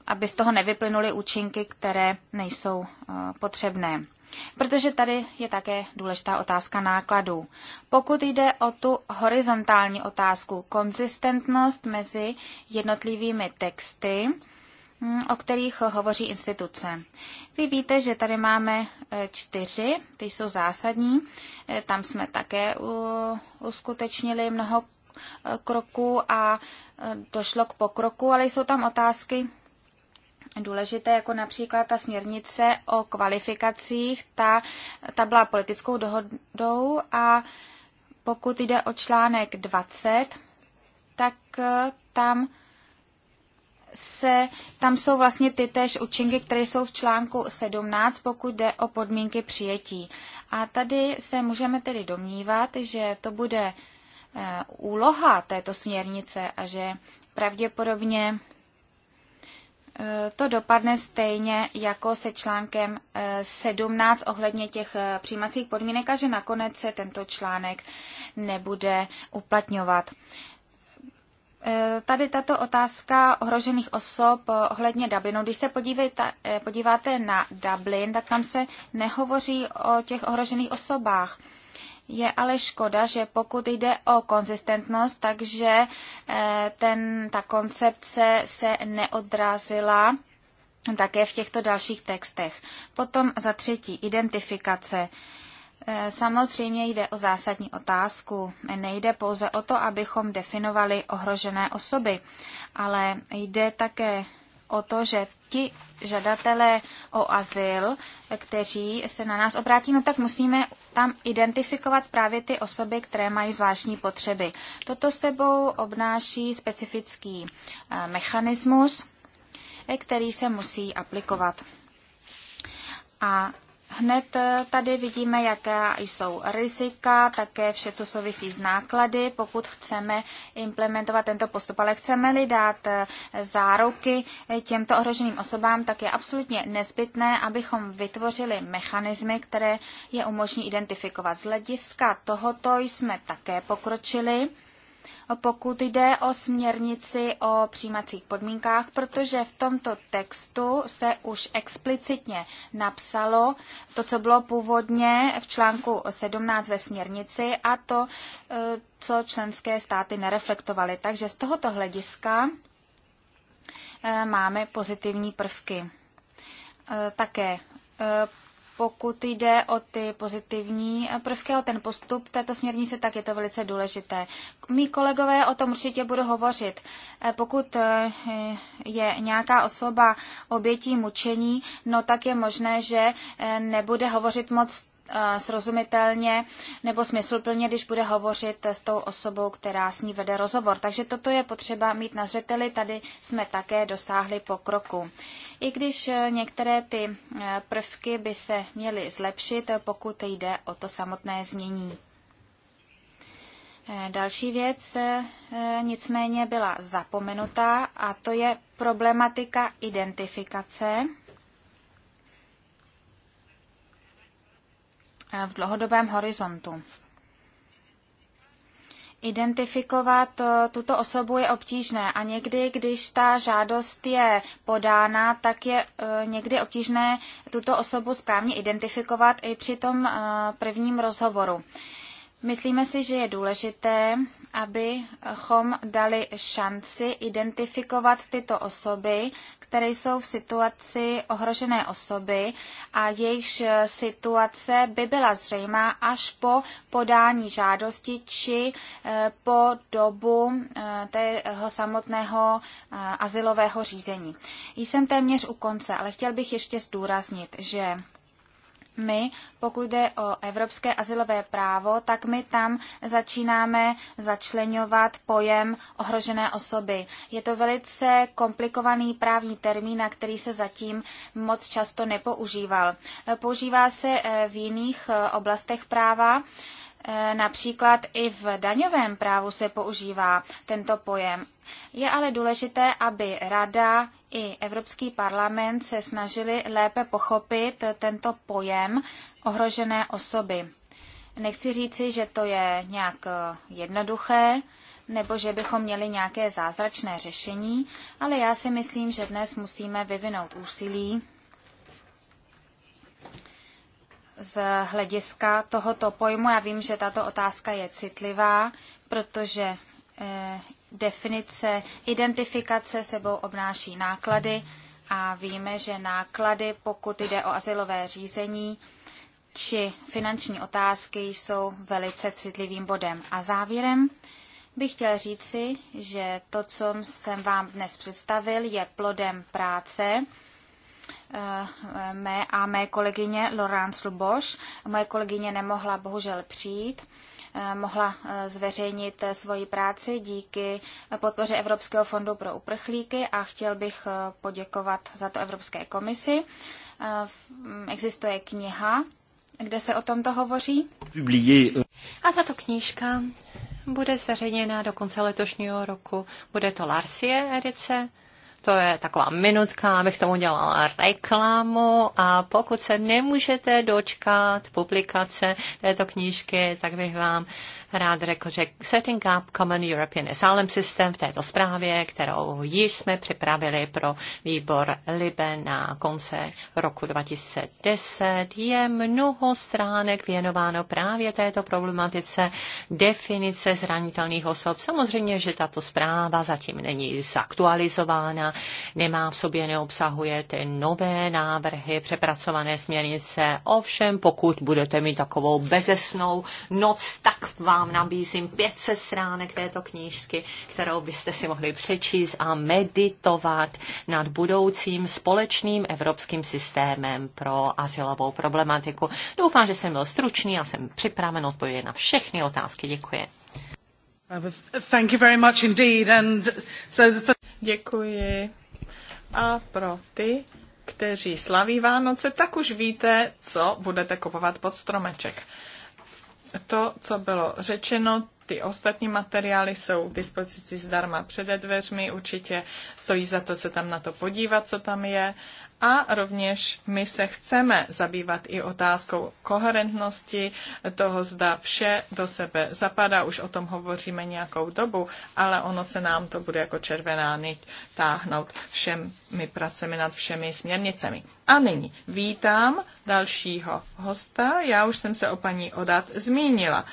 aby z toho nevyplynuly účinky, které nejsou eh, potřebné. Protože tady je také důležitá otázka nákladů. Pokud jde o tu horizontální otázku, konzistentnost mezi jednotlivými texty, Hmm, o kterých hovoří instituce. Vy víte, že tady máme e, čtyři, ty jsou zásadní. E, tam jsme také uskutečnili mnoho e, kroků a došlo k pokroku, ale jsou tam otázky důležité, jako například ta směrnice o kvalifikacích, ta, ta byla politickou dohodou a pokud jde o článek 20, tak tam se, tam jsou vlastně ty též účinky, které jsou v článku 17, pokud jde o podmínky přijetí. A tady se můžeme tedy domnívat, že to bude eh, úloha této směrnice a že pravděpodobně eh, to dopadne stejně jako se článkem 17 eh, ohledně těch přijímacích podmínek a že nakonec se tento článek nebude uplatňovat. Eh, tady tato otázka ohrožených osob eh, ohledně Dublinu. Když se podívejte, eh, podíváte na Dublin, tak tam se nehovoří o těch ohrožených osobách. Je ale škoda, že pokud jde o konzistentnost, takže ten, ta koncepce se neodrazila také v těchto dalších textech. Potom za třetí, identifikace. Eh, samozřejmě jde o zásadní otázku. Nejde pouze o to, abychom definovali ohrožené osoby, ale jde také o to, že ti žadatelé o azyl, eh, kteří se na nás obrátí, no tak musíme tam identifikovat právě ty osoby, které mají zvláštní potřeby. Toto sebou obnáší specifický eh, mechanismus, který se musí aplikovat. A Hned eh, tady vidíme, jaká jsou rizika, také vše, co souvisí s náklady, pokud chceme implementovat tento postup. Ale chceme-li dát eh, záruky eh, těmto ohroženým osobám, tak je absolutně nezbytné, abychom vytvořili mechanismy, které je umožní identifikovat. Z hlediska tohoto jsme také pokročili pokud jde o směrnici o přijímacích podmínkách, protože v tomto textu se už explicitně napsalo to, co bylo původně v článku 17 ve směrnici a to, e, co členské státy nereflektovaly. Takže z tohoto hlediska e, máme pozitivní prvky. E, také pokud jde o ty pozitivní prvky, o ten postup této směrnice, tak je to velice důležité. Mí kolegové o tom určitě budou hovořit. Eh, pokud eh, je nějaká osoba obětí mučení, no tak je možné, že eh, nebude hovořit moc Eh, srozumitelně nebo smysluplně, když bude hovořit s tou osobou, která s ní vede rozhovor. Takže toto je potřeba mít na zřeteli, tady jsme také dosáhli pokroku. I když eh, některé ty eh, prvky by se měly zlepšit, pokud jde o to samotné znění. Další věc nicméně byla zapomenutá a to je problematika identifikace Eh, v dlouhodobém horizontu. Identifikovat eh, tuto osobu je obtížné a někdy, když ta žádost je podána, tak je eh, někdy obtížné tuto osobu správně identifikovat i při tom prvním rozhovoru. Myslíme si, že je důležité abychom dali šanci identifikovat tyto osoby, které jsou v situaci ohrožené osoby a jejichž situace by byla zřejmá až po podání žádosti či eh, po dobu eh, tého samotného eh, asilového řízení. Jsem téměř u konce, ale chtěl bych ještě zdůraznit, že my, pokud jde o evropské asilové právo, tak my tam začínáme začlenovat pojem ohrožené osoby. Je to velice komplikovaný právní termín, na který se zatím moc často nepoužíval. Používá se eh, v jiných eh, oblastech práva, eh, Například i v daňovém právu se používá tento pojem. Je ale důležité, aby rada i Evropský parlament se snažili lépe pochopit tento pojem ohrožené osoby. Nechci říci, že to je nějak eh, jednoduché, nebo že bychom měli nějaké zázračné řešení, ale já si myslím, že dnes musíme vyvinout úsilí z hlediska tohoto pojmu. Já vím, že tato otázka je citlivá, protože eh, definice identifikace sebou obnáší náklady a víme, že náklady, pokud jde o asilové řízení či finanční otázky, jsou velice citlivým bodem. A závěrem bych chtěl říci, že to, co jsem vám dnes představil, je plodem práce eh, mé a mé kolegyně Laurence Luboš. Moje kolegyně nemohla bohužel přijít mohla eh, zveřejnit eh, svoji práci díky podpoře Evropského fondu pro uprchlíky a chtěl bych eh, poděkovat za to Evropské komisi. Mm, existuje kniha, kde se o tomto hovoří. A tato knížka bude zveřejněna do konce letošního roku. Bude to Larsie edice to je taková minutka, abych tomu dělala reklamu a pokud se nemůžete dočkat publikace této knížky, tak bych vám rád řekl, že Setting Up Common European Asylum System v této zprávě, kterou již jsme připravili pro výbor Libe na konce roku 2010, je mnoho stránek věnováno právě této problematice definice zranitelných osob. Samozřejmě, že tato zpráva zatím není zaktualizována, nemá v sobě, neobsahuje ty nové návrhy, přepracované směrnice. Ovšem, pokud budete mít takovou bezesnou noc, tak vám nabízím 500 stránek této knížky, kterou byste si mohli přečíst a meditovat nad budoucím společným evropským systémem pro asilovou problematiku. Doufám, že jsem byl stručný a jsem připraven odpovědět na všechny otázky. Děkuji. Thank you very much indeed. And so the Děkuji. A pro ty, kteří slaví Vánoce, tak už víte, co budete kupovat pod stromeček. To, co bylo řečeno, ty ostatní materiály jsou k dispozici zdarma přede dveřmi, určitě stojí za to se tam na to podívat, co tam je a rovněž my se chceme zabývat i otázkou koherentnosti toho, zda vše do sebe zapadá. Už o tom hovoříme nějakou dobu, ale ono se nám to bude jako červená niť táhnout všemi pracemi nad všemi směrnicemi. A nyní vítám dalšího hosta. Já už jsem se o paní Odat zmínila.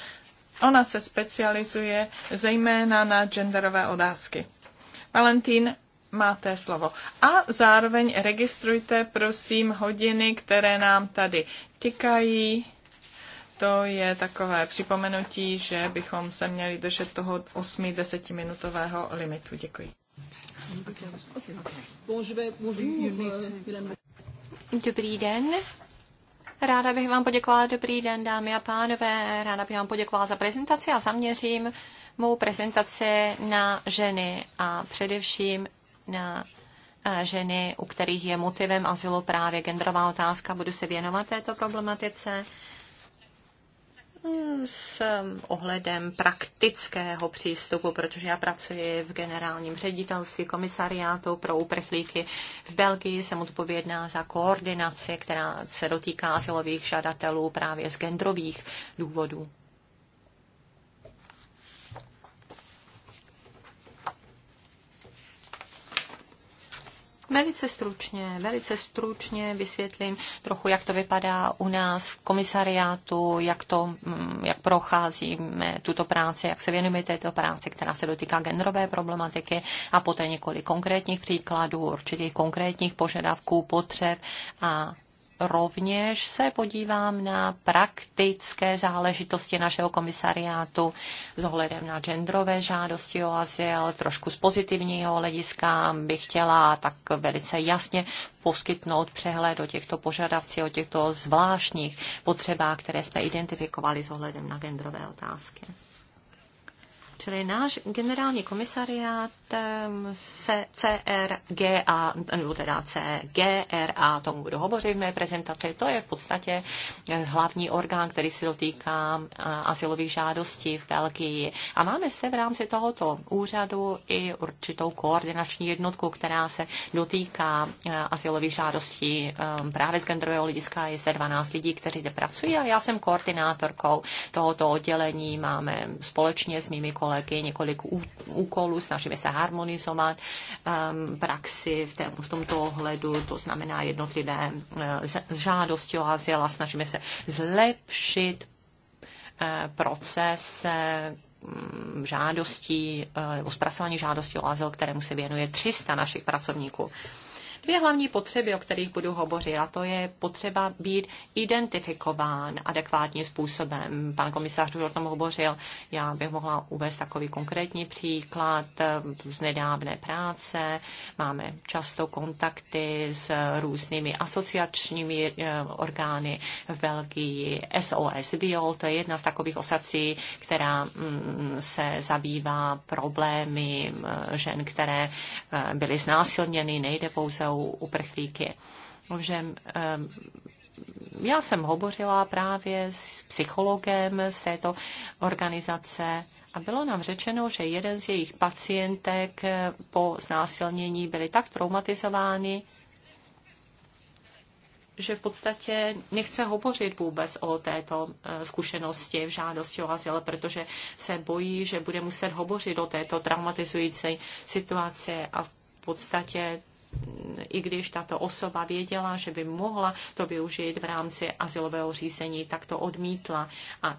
Ona se specializuje zejména na genderové otázky. Valentín máte slovo. A zároveň registrujte, prosím, hodiny, které nám tady tikají. To je takové připomenutí, že bychom se měli držet toho 8-10 minutového limitu. Děkuji. Dobrý den. Ráda bych vám poděkovala. Dobrý den, dámy a pánové. Ráda bych vám poděkovala za prezentaci a zaměřím mou prezentaci na ženy a především na eh, ženy, u kterých je motivem azylu právě genderová otázka. Budu se věnovat této problematice mm, s ohledem praktického přístupu, protože já pracuji v generálním ředitelství komisariátu pro uprchlíky v Belgii. Jsem odpovědná za koordinaci, která se dotýká asilových žadatelů právě z genderových důvodů. Velice stručně, velice stručně vysvětlím trochu, jak to vypadá u nás v komisariátu, jak, to, mm, jak procházíme tuto práci, jak se věnujeme této práci, která se dotýká genderové problematiky a poté několik konkrétních příkladů, určitých konkrétních požadavků, potřeb a rovněž se podívám na praktické záležitosti našeho komisariátu s ohledem na genderové žádosti o azyl. Trošku z pozitivního hlediska bych chtěla tak velice jasně poskytnout přehled o těchto požadavcích, o těchto zvláštních potřebách, které jsme identifikovali s ohledem na genderové otázky. Čili náš generální komisariát se CRGA, nebo teda CGRA, tomu budu hovořit v mé prezentaci, to je v podstatě hlavní orgán, který se dotýká asilových žádostí v Belgii. A máme zde v rámci tohoto úřadu i určitou koordinační jednotku, která se dotýká asilových žádostí právě z genderového lidiska. Je zde 12 lidí, kteří zde pracují a já jsem koordinátorkou tohoto oddělení. Máme společně s mými kolegy několik úkolů, snažíme se harmonizovat um, praxi v, té, v tomto ohledu, to znamená jednotlivé uh, žádosti o azyl a snažíme se zlepšit uh, proces um, žádostí nebo zpracování žádostí o azyl, kterému se věnuje 300 našich pracovníků. Uh, Dvě hlavní potřeby, o kterých budu hovořit, a to je potřeba být identifikován adekvátním způsobem. Pan komisář už o tom hovořil, já bych mohla uvést takový konkrétní příklad z nedávné práce. Máme často kontakty s různými asociačními eh, orgány v Belgii, SOS Viol, to je jedna z takových osací, která mm, se zabývá problémy eh, žen, které eh, byly znásilněny. Nejde pouze o jsou uprchlíky. Ovšem, ehm, já jsem hovořila právě s psychologem z této organizace a bylo nám řečeno, že jeden z jejich pacientek po znásilnění byli tak traumatizováni, že v podstatě nechce hovořit vůbec o této eh, zkušenosti v žádosti o azyl, protože se bojí, že bude muset hovořit o této traumatizující situaci a v podstatě i když tato osoba věděla, že by mohla to využít v rámci asilového řízení, tak to odmítla. A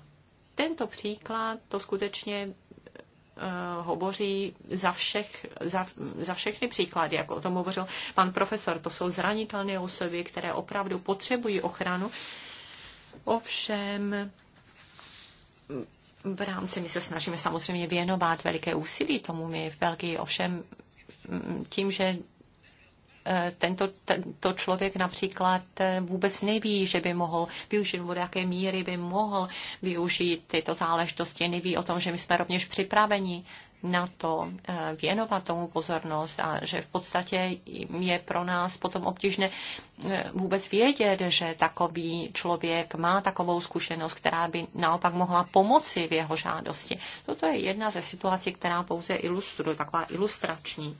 tento příklad to skutečně uh, hovoří za, všech, za, za všechny příklady, jak o tom hovořil pan profesor. To jsou zranitelné osoby, které opravdu potřebují ochranu. Ovšem, v rámci my se snažíme samozřejmě věnovat veliké úsilí tomu. My v Belgii ovšem tím, že Eh, tento, tento člověk například eh, vůbec neví, že by mohl využít, nebo do jaké míry by mohl využít tyto záležitosti, neví o tom, že my jsme rovněž připraveni na to eh, věnovat tomu pozornost a že v podstatě je pro nás potom obtížné vůbec vědět, že takový člověk má takovou zkušenost, která by naopak mohla pomoci v jeho žádosti. Toto je jedna ze situací, která pouze ilustruje, taková ilustrační.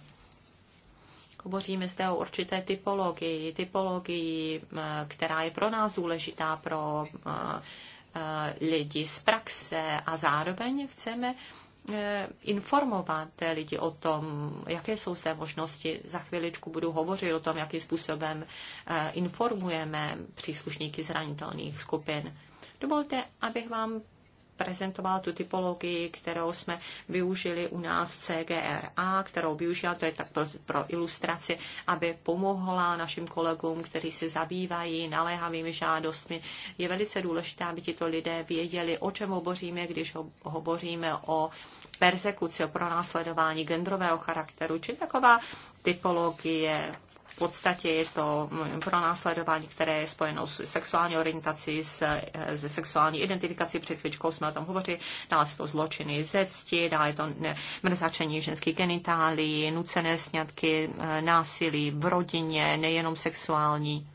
Hovoříme zde o určité typologii, typologii, která je pro nás důležitá, pro lidi z praxe a zároveň chceme e, informovat lidi o tom, jaké jsou zde možnosti. Za chviličku budu hovořit o tom, jakým způsobem e, informujeme příslušníky zranitelných skupin. Dovolte, abych vám prezentoval tu typologii, kterou jsme využili u nás v CGRA, kterou využila, to je tak pro, pro ilustraci, aby pomohla našim kolegům, kteří se zabývají naléhavými žádostmi. Je velice důležité, aby tito lidé věděli, o čem hovoříme, když ho, hovoříme o persekuci, o pronásledování genderového charakteru, či taková typologie v podstatě je to pronásledování, které je spojeno s sexuální orientací, s, s sexuální identifikací. Před chvíličkou jsme o tom hovořili. Dále jsou to zločiny ze vsti, dále je to mrzačení ženských genitálií, nucené sňatky, e, násilí v rodině, nejenom sexuální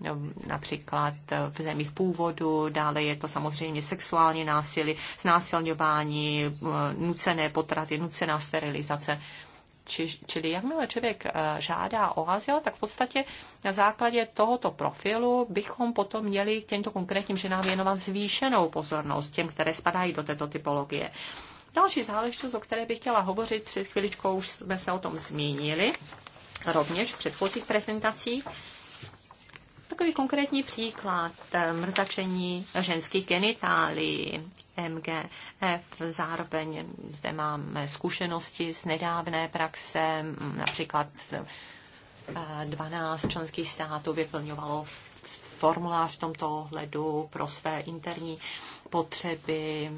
no, například e, v zemích původu, dále je to samozřejmě sexuální násilí, znásilňování, e, nucené potraty, nucená sterilizace. Či, čili jakmile člověk eh, žádá o azyl, tak v podstatě na základě tohoto profilu bychom potom měli k těmto konkrétním ženám věnovat zvýšenou pozornost, těm, které spadají do této typologie. Další záležitost, o které bych chtěla hovořit, před chviličkou už jsme se o tom zmínili, rovněž v předchozích prezentacích, Takový konkrétní příklad eh, mrzačení ženských genitálií MGF. Zároveň zde máme zkušenosti z nedávné praxe, například 12 eh, členských států vyplňovalo formulář v tomto ohledu pro své interní potřeby.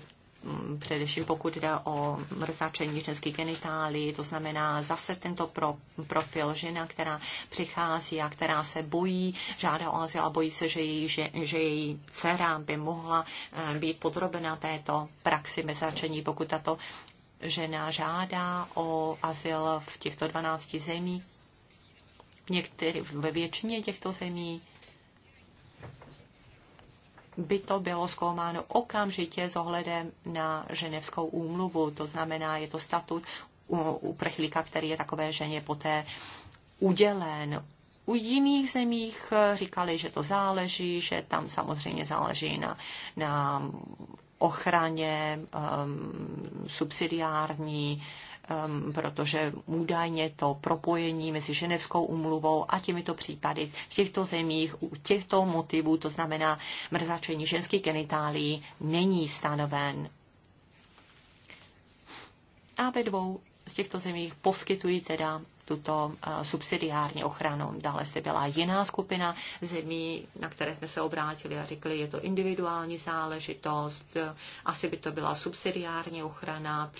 Mm, především pokud jde o mrzačení ženských genitálí, to znamená zase tento pro, profil žena, která přichází a která se bojí, žádá o azyl a bojí se, že její, že, že její dcera by mohla eh, být podrobena této praxi mrzačení, pokud tato žena žádá o azyl v těchto 12 zemích. Některý, ve většině těchto zemí by to bylo zkoumáno okamžitě s ohledem na ženevskou úmluvu. To znamená, je to statut uprchlíka, který je takové ženě poté udělen. U jiných zemích eh, říkali, že to záleží, že tam samozřejmě záleží na, na ochraně um, subsidiární um, protože údajně to propojení mezi ženevskou umluvou a těmito případy v těchto zemích u těchto motivů, to znamená mrzačení ženských genitálií, není stanoven. A ve dvou z těchto zemích poskytují teda tuto uh, subsidiární ochranu. Dále jste byla jiná skupina zemí, na které jsme se obrátili a řekli, je to individuální záležitost, asi by to byla subsidiární ochrana,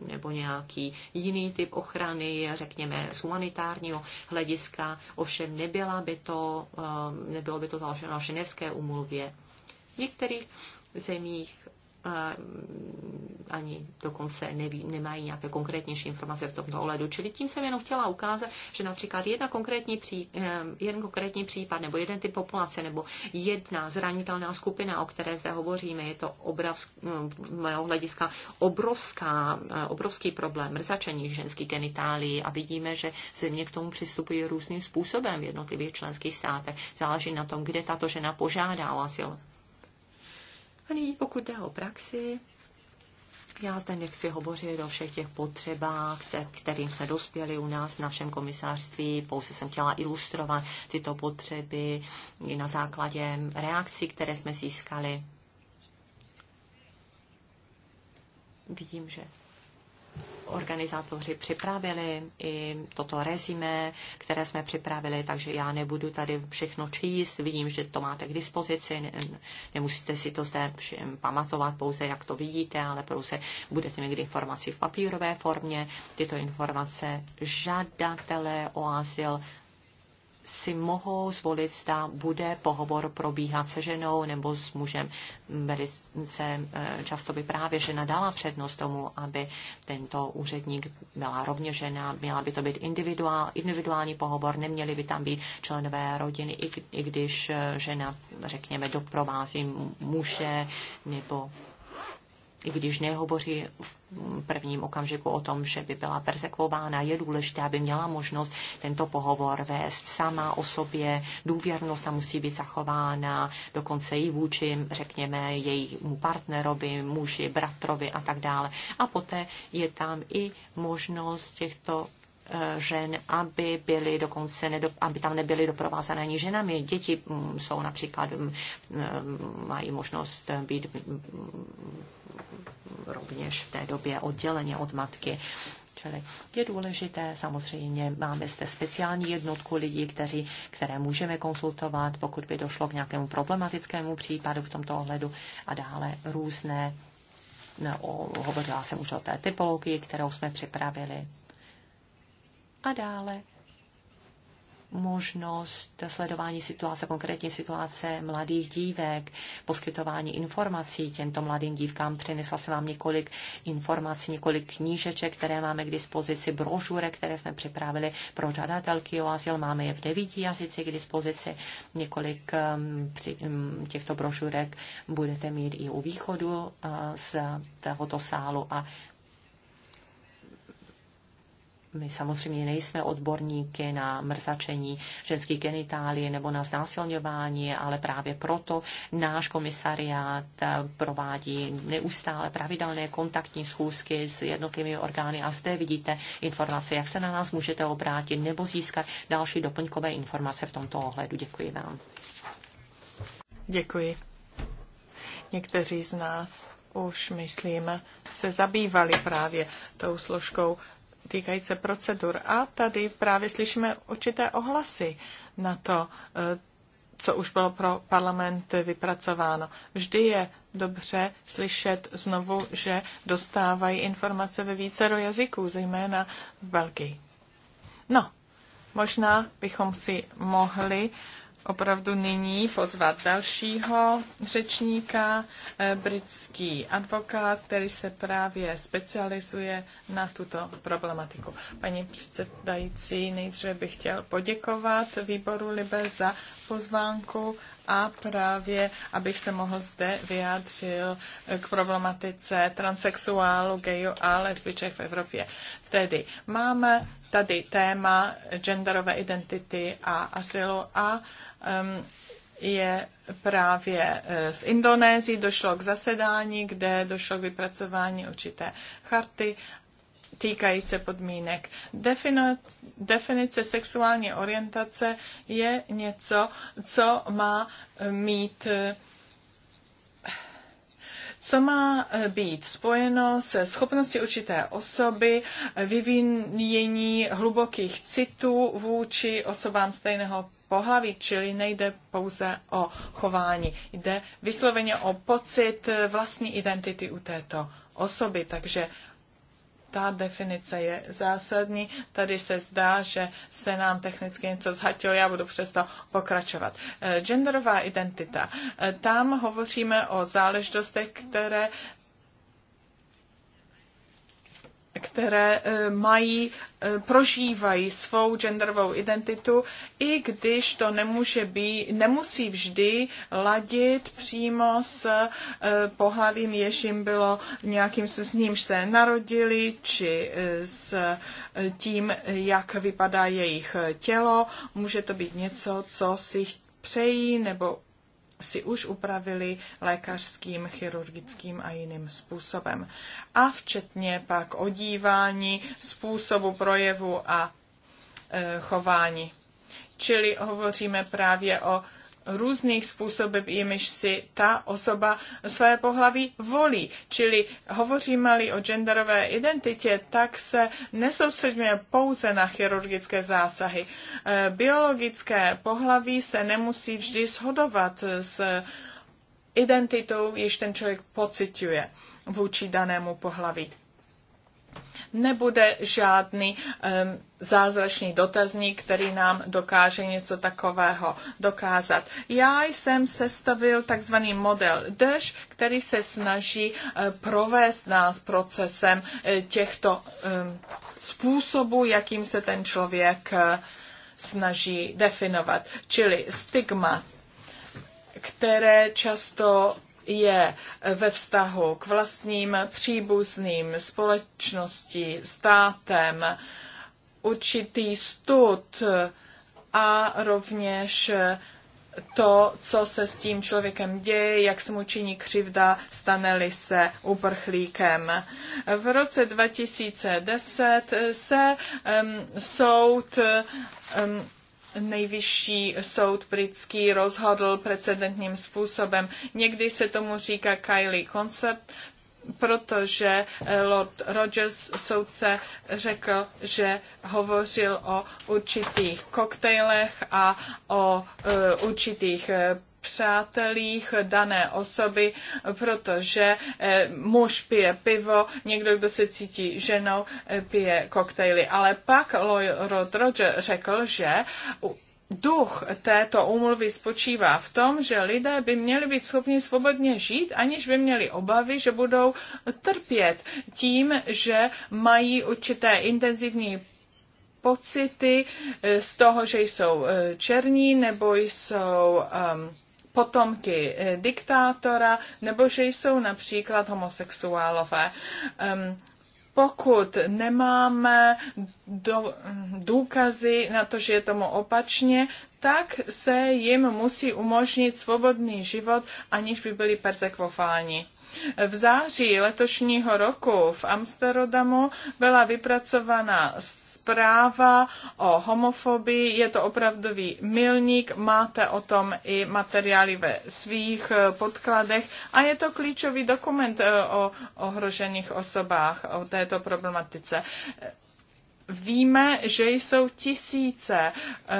nebo nějaký jiný typ ochrany, řekněme z humanitárního hlediska, ovšem nebyla by to, eh, nebylo by to založeno na ženevské umluvě. V některých zemích ani dokonce neví, nemají nějaké konkrétnější informace v tomto ohledu. Čili tím jsem jenom chtěla ukázat, že například jedna konkrétní pří, eh, jeden konkrétní případ nebo jeden typ populace nebo jedna zranitelná skupina, o které zde hovoříme, je to obrovsk, hm, mého hlediska obrovská, eh, obrovský problém mrzačení ženských genitálií a vidíme, že země k tomu přistupují různým způsobem v jednotlivých členských státech. Záleží na tom, kde tato žena požádá o asil. A nyní pokud jde o praxi, já zde nechci hovořit o všech těch potřebách, kterým jsme dospěli u nás v našem komisářství. Pouze jsem chtěla ilustrovat tyto potřeby i na základě reakcí, které jsme získali. Vidím, že organizátoři připravili i toto rezime, které jsme připravili, takže já nebudu tady všechno číst, vidím, že to máte k dispozici, ne, nemusíte si to zde pamatovat pouze, jak to vidíte, ale pouze budete mít informaci v papírové formě. Tyto informace žadatelé o asil si mohou zvolit, zda bude pohovor probíhat se ženou nebo s mužem. Velice eh, často by právě žena dala přednost tomu, aby tento úředník byla rovně žena, měla by to být individuál, individuální pohovor, neměli by tam být členové rodiny, i, i když eh, žena, řekněme, doprovází muže nebo i když nehovoří v prvním okamžiku o tom, že by byla persekvována, je důležité, aby měla možnost tento pohovor vést sama o sobě. Důvěrnost tam musí být zachována, dokonce i vůči, řekněme, jejímu partnerovi, muži, bratrovi a tak dále. A poté je tam i možnost těchto Eh, žen, aby, byly dokonce aby tam nebyly doprovázané ani ženami. Děti mm, jsou například, mm, mm, mají možnost být rovněž v té době odděleně od matky. Čili je důležité, samozřejmě máme zde speciální jednotku lidí, kteří, které můžeme konsultovat, pokud by došlo k nějakému problematickému případu v tomto ohledu a dále různé. No, hovořila jsem už o té typologii, kterou jsme připravili a dále možnost sledování situace, konkrétní situace mladých dívek, poskytování informací těmto mladým dívkám. Přinesla se vám několik informací, několik knížeček, které máme k dispozici, brožure, které jsme připravili pro žadatelky o azyl. Máme je v devíti jazyci k dispozici. Několik um, při, um, těchto brožurek budete mít i u východu uh, z tohoto sálu a my samozřejmě nejsme odborníky na mrzačení ženských genitálií nebo na znásilňování, ale právě proto náš komisariát eh, provádí neustále pravidelné kontaktní schůzky s jednotlivými orgány a zde vidíte informace, jak se na nás můžete obrátit nebo získat další doplňkové informace v tomto ohledu. Děkuji vám. Děkuji. Někteří z nás už, myslím, se zabývali právě tou složkou týkající se procedur. A tady právě slyšíme určité ohlasy na to, eh, co už bylo pro parlament vypracováno. Vždy je dobře slyšet znovu, že dostávají informace ve více jazyků, zejména v Belgii. No, možná bychom si mohli opravdu nyní pozvat dalšího řečníka, eh, britský advokát, který se právě specializuje na tuto problematiku. Paní předsedající, nejdříve bych chtěl poděkovat výboru Libe za pozvánku a právě, abych se mohl zde vyjádřil eh, k problematice transexuálu, gejů a lesbiček v Evropě. Tedy máme tady téma genderové identity a asilu a um, je právě e, v Indonésii došlo k zasedání, kde došlo k vypracování určité charty týkají se podmínek. Definice, definice sexuální orientace je něco, co má mít uh, co má eh, být spojeno se schopností určité osoby eh, vyvíjení hlubokých citů vůči osobám stejného pohlaví, čili nejde pouze o chování, jde vysloveně o pocit eh, vlastní identity u této osoby, takže ta definice je zásadní. Tady se zdá, že se nám technicky něco zhatilo, já budu přesto pokračovat. Eh, genderová identita. Eh, tam hovoříme o záležitostech, které které eh, mají, eh, prožívají svou genderovou identitu, i když to nemůže být, nemusí vždy ladit přímo s eh, pohlavím, jež jim bylo nějakým, s nímž se narodili, či s tím, jak vypadá jejich tělo. Může to být něco, co si přejí nebo si už upravili lékařským, chirurgickým a jiným způsobem. A včetně pak odívání, způsobu projevu a e, chování. Čili hovoříme právě o různých způsoby, jimiž si ta osoba své pohlaví volí. Čili hovoříme-li o genderové identitě, tak se nesoustředíme pouze na chirurgické zásahy. E, biologické pohlaví se nemusí vždy shodovat s identitou, již ten člověk pociťuje vůči danému pohlaví. Nebude žádný um, zázračný dotazník, který nám dokáže něco takového dokázat. Já jsem sestavil takzvaný model DEŠ, který se snaží uh, provést nás procesem uh, těchto um, způsobů, jakým se ten člověk uh, snaží definovat. Čili stigma, které často je ve vztahu k vlastním příbuzným, společnosti, státem, určitý stud a rovněž to, co se s tím člověkem děje, jak se mu činí křivda, stane-li se uprchlíkem. V roce 2010 se um, soud um, nejvyšší soud britský rozhodl precedentním způsobem. Někdy se tomu říká Kylie concept, protože eh, Lord Rogers soudce řekl, že hovořil o určitých koktejlech a o eh, určitých eh, přátelích dané osoby, protože eh, muž pije pivo, někdo, kdo se cítí ženou, eh, pije koktejly. Ale pak Lloyd Roger řekl, že duch této úmluvy spočívá v tom, že lidé by měli být schopni svobodně žít, aniž by měli obavy, že budou trpět tím, že mají určité intenzivní pocity eh, z toho, že jsou černí nebo jsou um, potomky eh, diktátora, nebo že jsou například homosexuálové. Um, pokud nemáme do, hm, důkazy na to, že je tomu opačně, tak se jim musí umožnit svobodný život, aniž by byli persekvováni. V září letošního roku v Amsterdamu byla vypracovaná zpráva o homofobii. Je to opravdový milník, máte o tom i materiály ve svých eh, podkladech a je to klíčový dokument eh, o ohrožených osobách, o této problematice. Víme, že jsou tisíce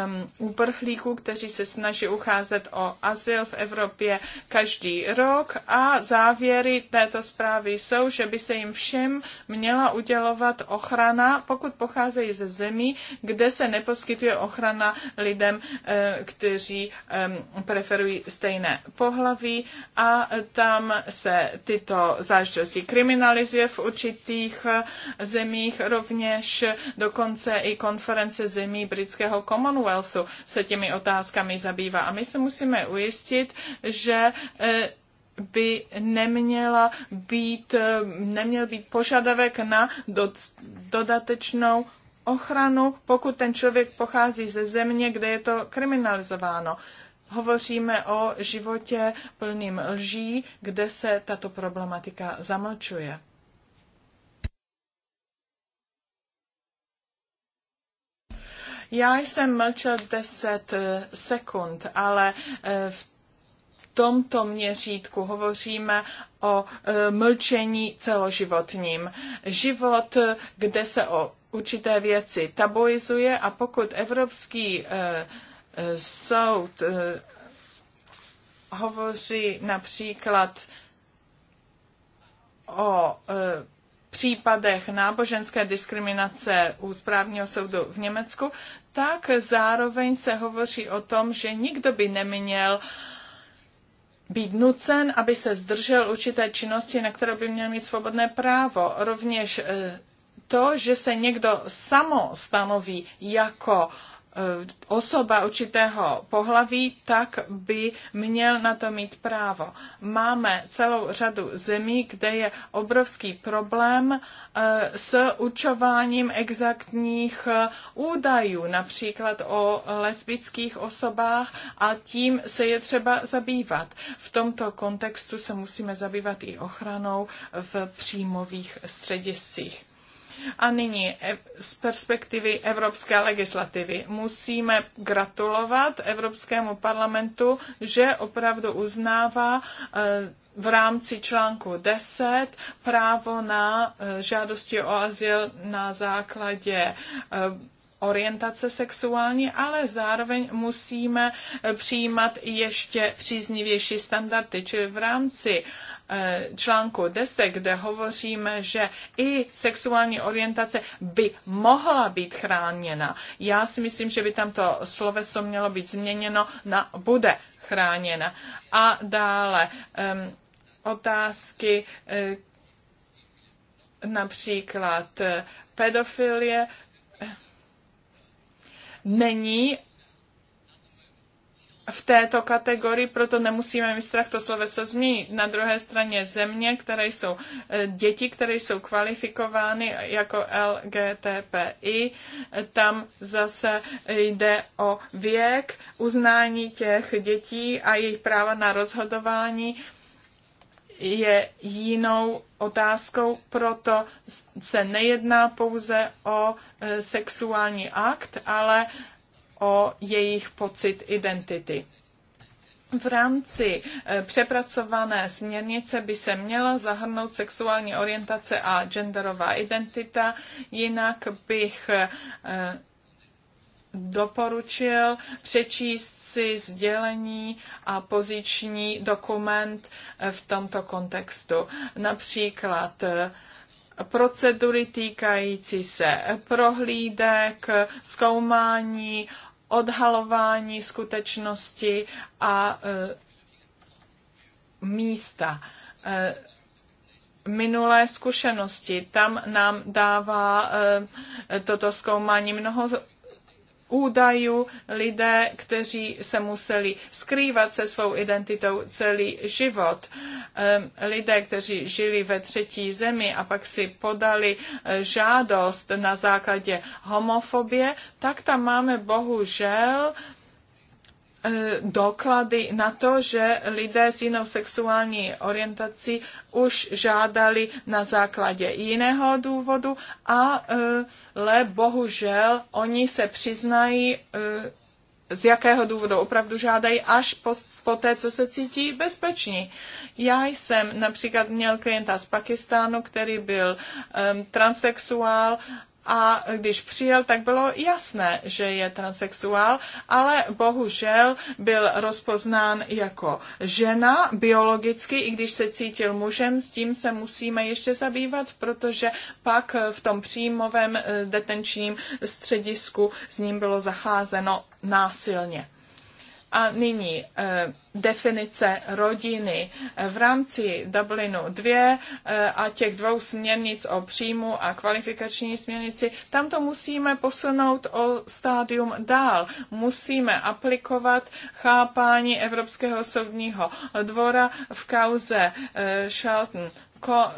um, uprchlíků, kteří se snaží ucházet o azyl v Evropě každý rok a závěry této zprávy jsou, že by se jim všem měla udělovat ochrana, pokud pocházejí ze zemí, kde se neposkytuje ochrana lidem, uh, kteří um, preferují stejné pohlaví a tam se tyto záležitosti kriminalizuje v určitých uh, zemích rovněž dokonce i konference zemí britského Commonwealthu se těmi otázkami zabývá. A my se musíme ujistit, že e, by neměla být, e, neměl být požadavek na dodatečnou ochranu, pokud ten člověk pochází ze země, kde je to kriminalizováno. Hovoříme o životě plným lží, kde se tato problematika zamlčuje. Já jsem mlčel 10 eh, sekund, ale eh, v tomto měřítku hovoříme o eh, mlčení celoživotním. Život, kde se o určité věci tabuizuje a pokud Evropský soud hovoří například o případech náboženské diskriminace u správního soudu v Německu, tak zároveň se hovoří o tom, že nikdo by neměl být nucen, aby se zdržel určité činnosti, na kterou by měl mít svobodné právo. Rovněž eh, to, že se někdo samo stanoví jako uh, Eh, osoba určitého pohlaví, tak by měl na to mít právo. Máme celou řadu zemí, kde je obrovský problém eh, s učováním exaktních eh, údajů, například o lesbických osobách a tím se je třeba zabývat. V tomto kontextu se musíme zabývat i ochranou v příjmových střediscích. A nyní e, z perspektivy evropské legislativy musíme gratulovat Evropskému parlamentu, že opravdu uznává e, v rámci článku 10 právo na e, žádosti o azyl na základě orientace sexuální, ale zároveň musíme přijímat ještě příznivější standardy, čili v rámci eh, článku 10, kde hovoříme, že i sexuální orientace by mohla být chráněna. Já si myslím, že by tam to sloveso mělo být změněno na bude chráněna. A dále um, otázky um, například eh, pedofilie, není v této kategorii, proto nemusíme mít strach to sloveso změnit. Na druhé straně země, které jsou eh, děti, které jsou kvalifikovány jako LGTPI, tam zase jde o věk, uznání těch dětí a jejich práva na rozhodování je jinou otázkou, proto se nejedná pouze o e, sexuální akt, ale o jejich pocit identity. V rámci e, přepracované směrnice by se měla zahrnout sexuální orientace a genderová identita, jinak bych e, doporučil přečíst si sdělení a poziční dokument v tomto kontextu. Například eh, procedury týkající se prohlídek, zkoumání, odhalování skutečnosti a eh, místa eh, minulé zkušenosti. Tam nám dává toto zkoumání mnoho údajů, lidé, kteří se museli skrývat se svou identitou celý život, ehm, lidé, kteří žili ve třetí zemi a pak si podali eh, žádost na základě homofobie, tak tam máme bohužel E, doklady na to, že lidé s jinou sexuální orientací už žádali na základě jiného důvodu, a e, le bohužel oni se přiznají e, z jakého důvodu opravdu žádají až po, po té, co se cítí bezpeční. Já jsem například měl klienta z Pakistánu, který byl um, transexuál a když přijel, tak bylo jasné, že je transexuál, ale bohužel byl rozpoznán jako žena biologicky, i když se cítil mužem, s tím se musíme ještě zabývat, protože pak v tom příjmovém eh, detenčním středisku s ním bylo zacházeno násilně. A nyní eh, definice rodiny v rámci Dublinu 2 eh, a těch dvou směrnic o příjmu a kvalifikační směrnici, tam to musíme posunout o stádium dál. Musíme aplikovat chápání Evropského soudního dvora v kauze eh, Shelton.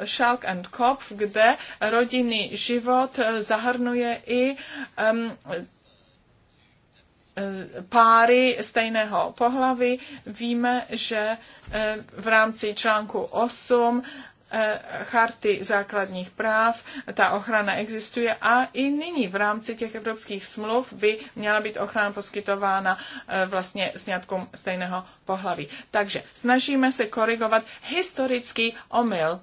Shalk and Kopf, kde rodinný život zahrnuje i um, Eh, páry stejného pohlavy. Víme, že eh, v rámci článku 8 eh, charty základních práv, ta ochrana existuje a i nyní v rámci těch evropských smluv by měla být ochrana poskytována vlastně sňatkům stejného pohlaví. Takže snažíme se korigovat historický omyl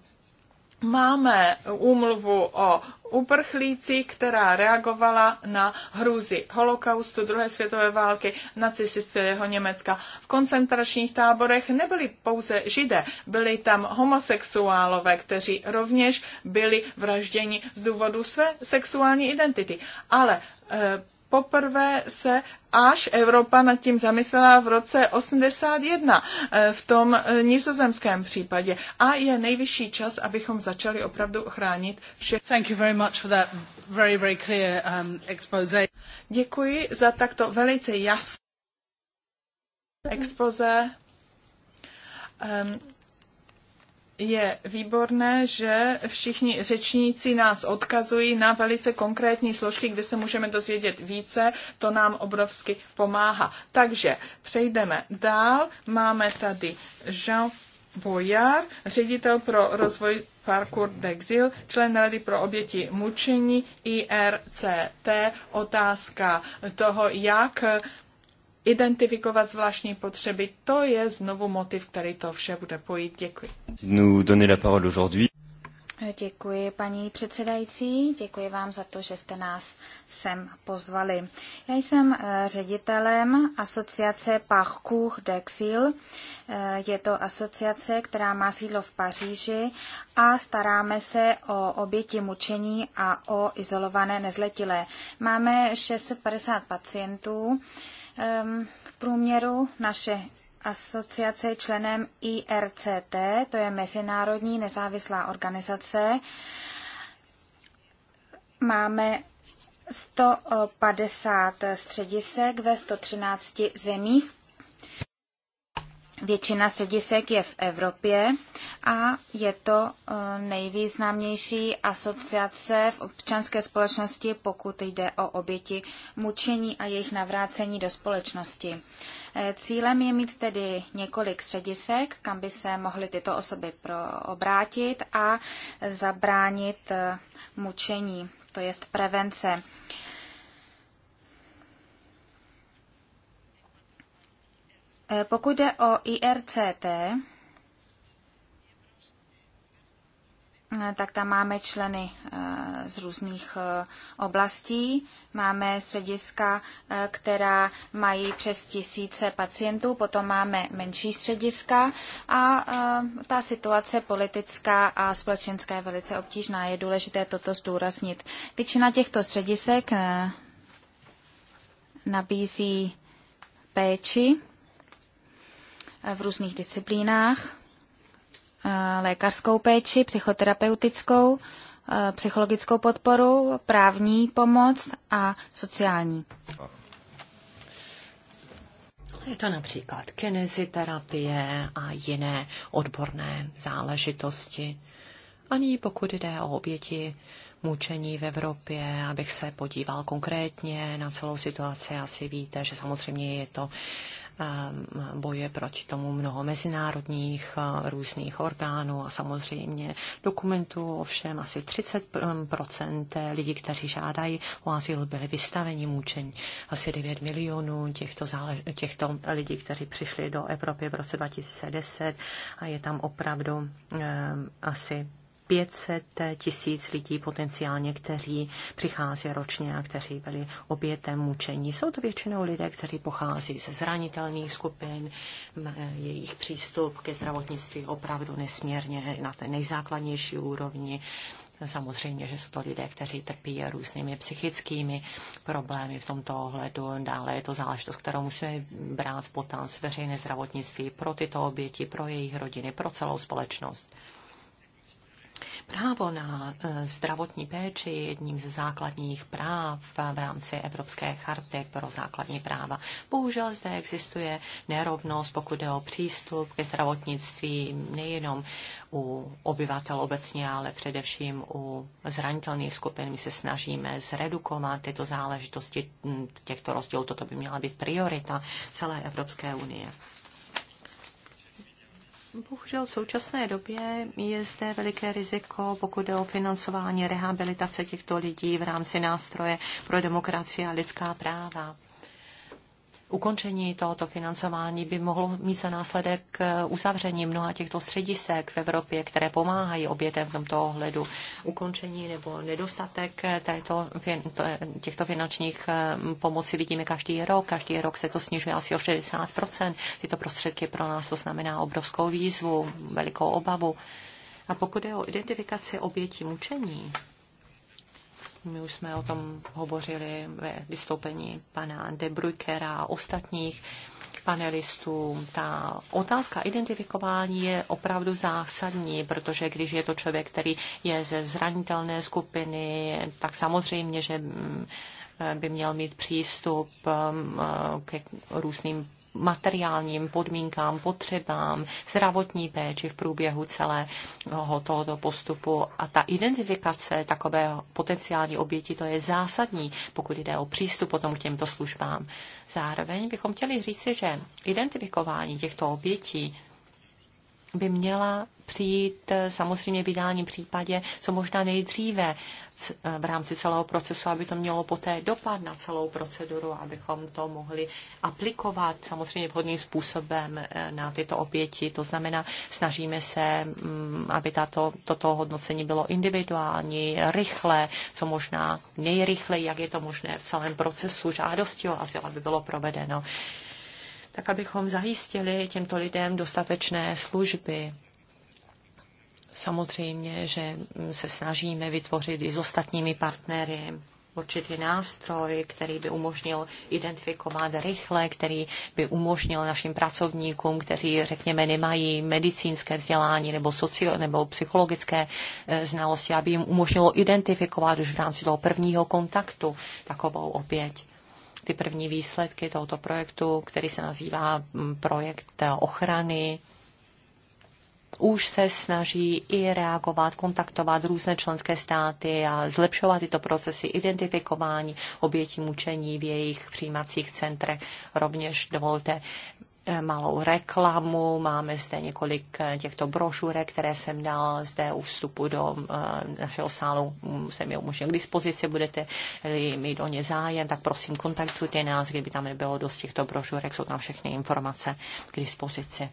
Máme úmluvu o uprchlíci, která reagovala na hrůzy holokaustu, druhé světové války, nacistického Německa. V koncentračních táborech nebyli pouze židé, byli tam homosexuálové, kteří rovněž byli vražděni z důvodu své sexuální identity. Ale eh, poprvé se až Evropa nad tím zamyslela v roce 81 eh, v tom eh, nizozemském případě. A je nejvyšší čas, abychom začali opravdu chránit všechny. Um, Děkuji za takto velice jasné expoze. Um, ehm, je výborné, že všichni řečníci nás odkazují na velice konkrétní složky, kde se můžeme dozvědět více. To nám obrovsky pomáhá. Takže přejdeme dál. Máme tady Jean Boyard, ředitel pro rozvoj Parkour d'Exil, člen Rady pro oběti mučení IRCT. Otázka toho, jak identifikovat zvláštní potřeby, to je znovu motiv, který to vše bude pojít. Děkuji. Děkuji, paní předsedající. Děkuji vám za to, že jste nás sem pozvali. Já jsem eh, ředitelem asociace Pachkuch d'Exil. Eh, je to asociace, která má sídlo v Paříži a staráme se o oběti mučení a o izolované nezletilé. Máme 650 pacientů v průměru naše asociace je členem IRCT, to je Mezinárodní nezávislá organizace. Máme 150 středisek ve 113 zemích Většina středisek je v Evropě a je to eh, nejvýznamnější asociace v občanské společnosti, pokud jde o oběti mučení a jejich navrácení do společnosti. Eh, cílem je mít tedy několik středisek, kam by se mohly tyto osoby obrátit a zabránit eh, mučení, to jest prevence. Eh, pokud jde o IRCT, eh, tak tam máme členy eh, z různých oblastí. Máme střediska, která mají přes tisíce pacientů, potom máme menší střediska a ta situace politická a společenská je velice obtížná. Je důležité toto zdůraznit. Většina těchto středisek nabízí péči v různých disciplínách, eh, lékařskou péči, psychoterapeutickou, eh, psychologickou podporu, právní pomoc a sociální. Je to například kineziterapie a jiné odborné záležitosti. Ani pokud jde o oběti mučení v Evropě, abych se podíval konkrétně na celou situaci, asi víte, že samozřejmě je to Ehm, boje proti tomu mnoho mezinárodních eh, různých orgánů a samozřejmě dokumentů. Ovšem asi 30 mm, eh, lidí, kteří žádají o azyl, byli vystaveni mučení. Asi 9 milionů těchto, zálež- těchto lidí, kteří přišli do Evropy v roce 2010 a je tam opravdu ehm, asi 500 tisíc lidí potenciálně, kteří přichází ročně a kteří byli obětem mučení. Jsou to většinou lidé, kteří pochází ze zranitelných skupin, jejich přístup ke zdravotnictví opravdu nesmírně na té nejzákladnější úrovni. Samozřejmě, že jsou to lidé, kteří trpí různými psychickými problémy v tomto ohledu. Dále je to záležitost, kterou musíme brát v potaz veřejné zdravotnictví pro tyto oběti, pro jejich rodiny, pro celou společnost. Právo na e, zdravotní péči je jedním ze základních práv v rámci Evropské charty pro základní práva. Bohužel zde existuje nerovnost, pokud jde o přístup ke zdravotnictví nejenom u obyvatel obecně, ale především u zranitelných skupin. My se snažíme zredukovat tyto záležitosti těchto rozdílů. Toto by měla být priorita celé Evropské unie. Bohužel v současné době je zde veliké riziko, pokud jde o financování rehabilitace těchto lidí v rámci nástroje pro demokracii a lidská práva ukončení tohoto financování by mohlo mít za následek eh, uzavření mnoha těchto středisek v Evropě, které pomáhají obětem v tomto ohledu. Ukončení nebo nedostatek eh, této, těchto finančních eh, pomoci vidíme každý rok. Každý rok se to snižuje asi o 60 Tyto prostředky pro nás to znamená obrovskou výzvu, velikou obavu. A pokud je o identifikaci obětí mučení, my už jsme o tom hovořili ve vystoupení pana De Bruckera a ostatních panelistů. Ta otázka identifikování je opravdu zásadní, protože když je to člověk, který je ze zranitelné skupiny, tak samozřejmě, že mm, by měl mít přístup mm, k různým materiálním podmínkám, potřebám, zdravotní péči v průběhu celého tohoto postupu. A ta identifikace takového potenciální oběti, to je zásadní, pokud jde o přístup potom k těmto službám. Zároveň bychom chtěli říci, že identifikování těchto obětí by měla přijít eh, samozřejmě v ideálním případě co možná nejdříve eh, v rámci celého procesu, aby to mělo poté dopad na celou proceduru, abychom to mohli aplikovat samozřejmě vhodným způsobem eh, na tyto oběti. To znamená, snažíme se, mm, aby tato, toto hodnocení bylo individuální, rychle, co možná nejrychleji, jak je to možné v celém procesu žádosti o azyl, aby bylo provedeno tak abychom zajistili těmto lidem dostatečné služby. Samozřejmě, že se snažíme vytvořit i s ostatními partnery určitý nástroj, který by umožnil identifikovat rychle, který by umožnil našim pracovníkům, kteří, řekněme, nemají medicínské vzdělání nebo, socio, nebo psychologické eh, znalosti, aby jim umožnilo identifikovat už v rámci toho prvního kontaktu takovou oběť ty první výsledky tohoto projektu, který se nazývá mm, projekt ochrany už se snaží i reagovat, kontaktovat různé členské státy a zlepšovat tyto procesy identifikování obětí mučení v jejich přijímacích centrech. Rovněž dovolte Eh, malou reklamu, máme zde několik eh, těchto brožurek, které jsem dal zde u vstupu do eh, našeho sálu, mm, jsem je umožnil k dispozici, budete mít o ně zájem, tak prosím kontaktujte nás, kdyby tam nebylo dost těchto brožurek, jsou tam všechny informace k dispozici.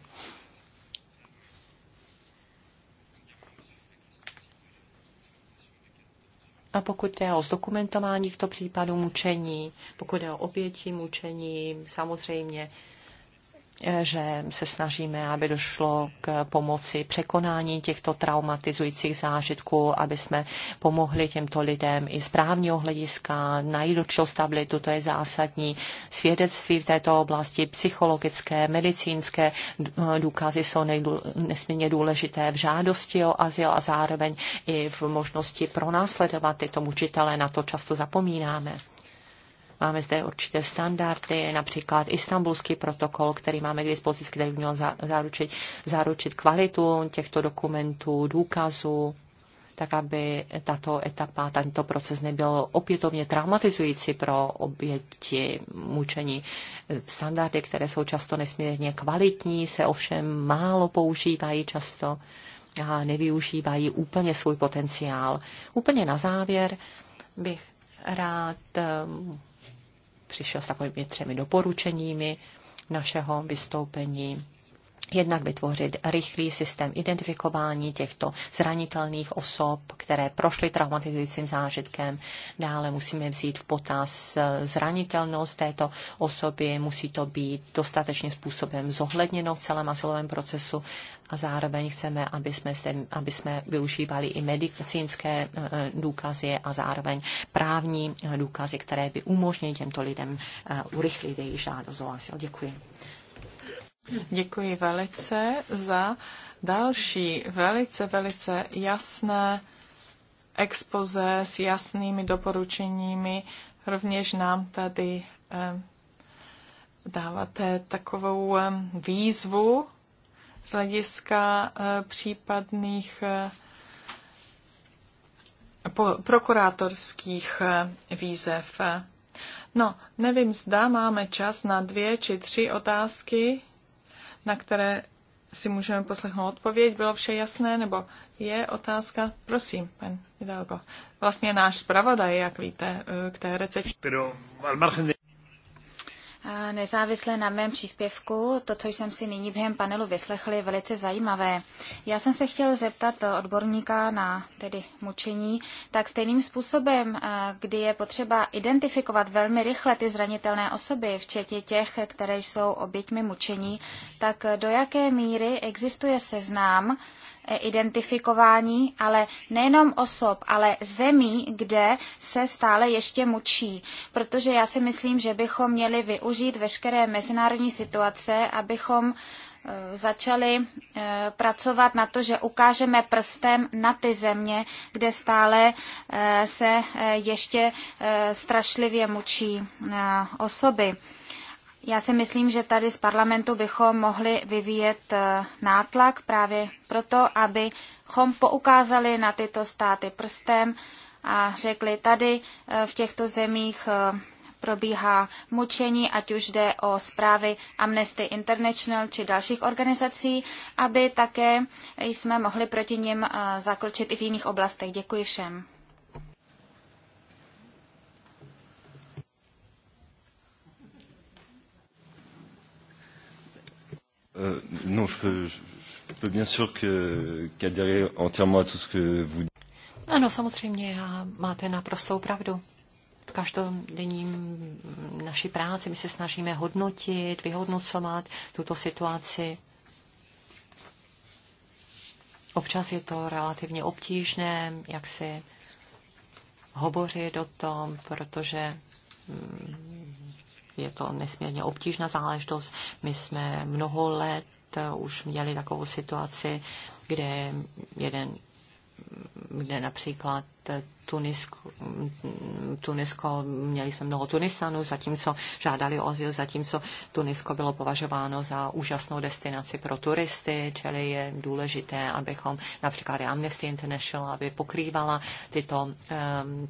A pokud je o zdokumentování těchto případů mučení, pokud je o oběti mučení, samozřejmě že se snažíme, aby došlo k pomoci překonání těchto traumatizujících zážitků, aby jsme pomohli těmto lidem i z právního hlediska, najít určitou stabilitu, to je zásadní. Svědectví v této oblasti, psychologické, medicínské důkazy jsou nesmírně důležité v žádosti o azyl a zároveň i v možnosti pronásledovat tyto mučitele, na to často zapomínáme. Máme zde určité standardy, například istambulský protokol, který máme k dispozici, který by měl zaručit, zaručit kvalitu těchto dokumentů, důkazů, tak aby tato etapa, tento proces nebyl opětovně traumatizující pro oběti mučení. Standardy, které jsou často nesmírně kvalitní, se ovšem málo používají často a nevyužívají úplně svůj potenciál. Úplně na závěr bych rád přišel s takovými třemi doporučeními našeho vystoupení jednak vytvořit rychlý systém identifikování těchto zranitelných osob, které prošly traumatizujícím zážitkem. Dále musíme vzít v potaz eh, zranitelnost této osoby, musí to být dostatečným způsobem zohledněno v celém asilovém procesu a zároveň chceme, aby jsme, zde, aby jsme využívali i medicínské eh, důkazy a zároveň právní eh, důkazy, které by umožnily těmto lidem urychlit jejich žádost o azyl. Děkuji. Děkuji velice za další velice, velice jasné expoze s jasnými doporučeními. Rovněž nám tady eh, dáváte takovou eh, výzvu z hlediska eh, případných prokurátorských výzev. No, nevím, zda máme čas na dvě či tři otázky na které si můžeme poslechnout odpověď. Bylo vše jasné, nebo je otázka? Prosím, pan Hidalgo. Vlastně náš zpravodaj, jak víte, eh, k té recepci. Nezávisle na mém příspěvku, to, co jsem si nyní během panelu vyslechli, je velice zajímavé. Já jsem se chtěl zeptat odborníka na tedy mučení, tak stejným způsobem, eh, kdy je potřeba identifikovat velmi rychle ty zranitelné osoby, včetně těch, které jsou oběťmi mučení, tak do jaké míry existuje seznám, E, identifikování, ale nejenom osob, ale zemí, kde se stále ještě mučí. Protože já si myslím, že bychom měli využít veškeré mezinárodní situace, abychom e, začali e, pracovat na to, že ukážeme prstem na ty země, kde stále se ještě strašlivě mučí osoby. Já si myslím, že tady z parlamentu bychom mohli vyvíjet eh, nátlak právě proto, abychom poukázali na tyto státy prstem a řekli, tady eh, v těchto zemích eh, probíhá mučení, ať už jde o zprávy Amnesty International či dalších organizací, aby také jsme mohli proti nim zakročit i v jiných oblastech. Děkuji všem. Euh, non, je peux, je je peux bien sûr qu'adhérer qu entièrement à tout ce que vous dites. Ano, samozřejmě, a máte naprostou pravdu. V každodenním naší práci my se snažíme hodnotit, vyhodnocovat tuto situaci. Občas je to relativně obtížné, jak si hovořit o tom, protože mm, je to nesmírně obtížná záležitost. My jsme mnoho let eh, už měli takovou situaci, kde jeden kde například Tunisko, Tunisko, měli jsme mnoho Tunisanů, zatímco žádali o azyl, zatímco Tunisko bylo považováno za úžasnou destinaci pro turisty, čili je důležité, abychom například Amnesty International, aby pokrývala tyto,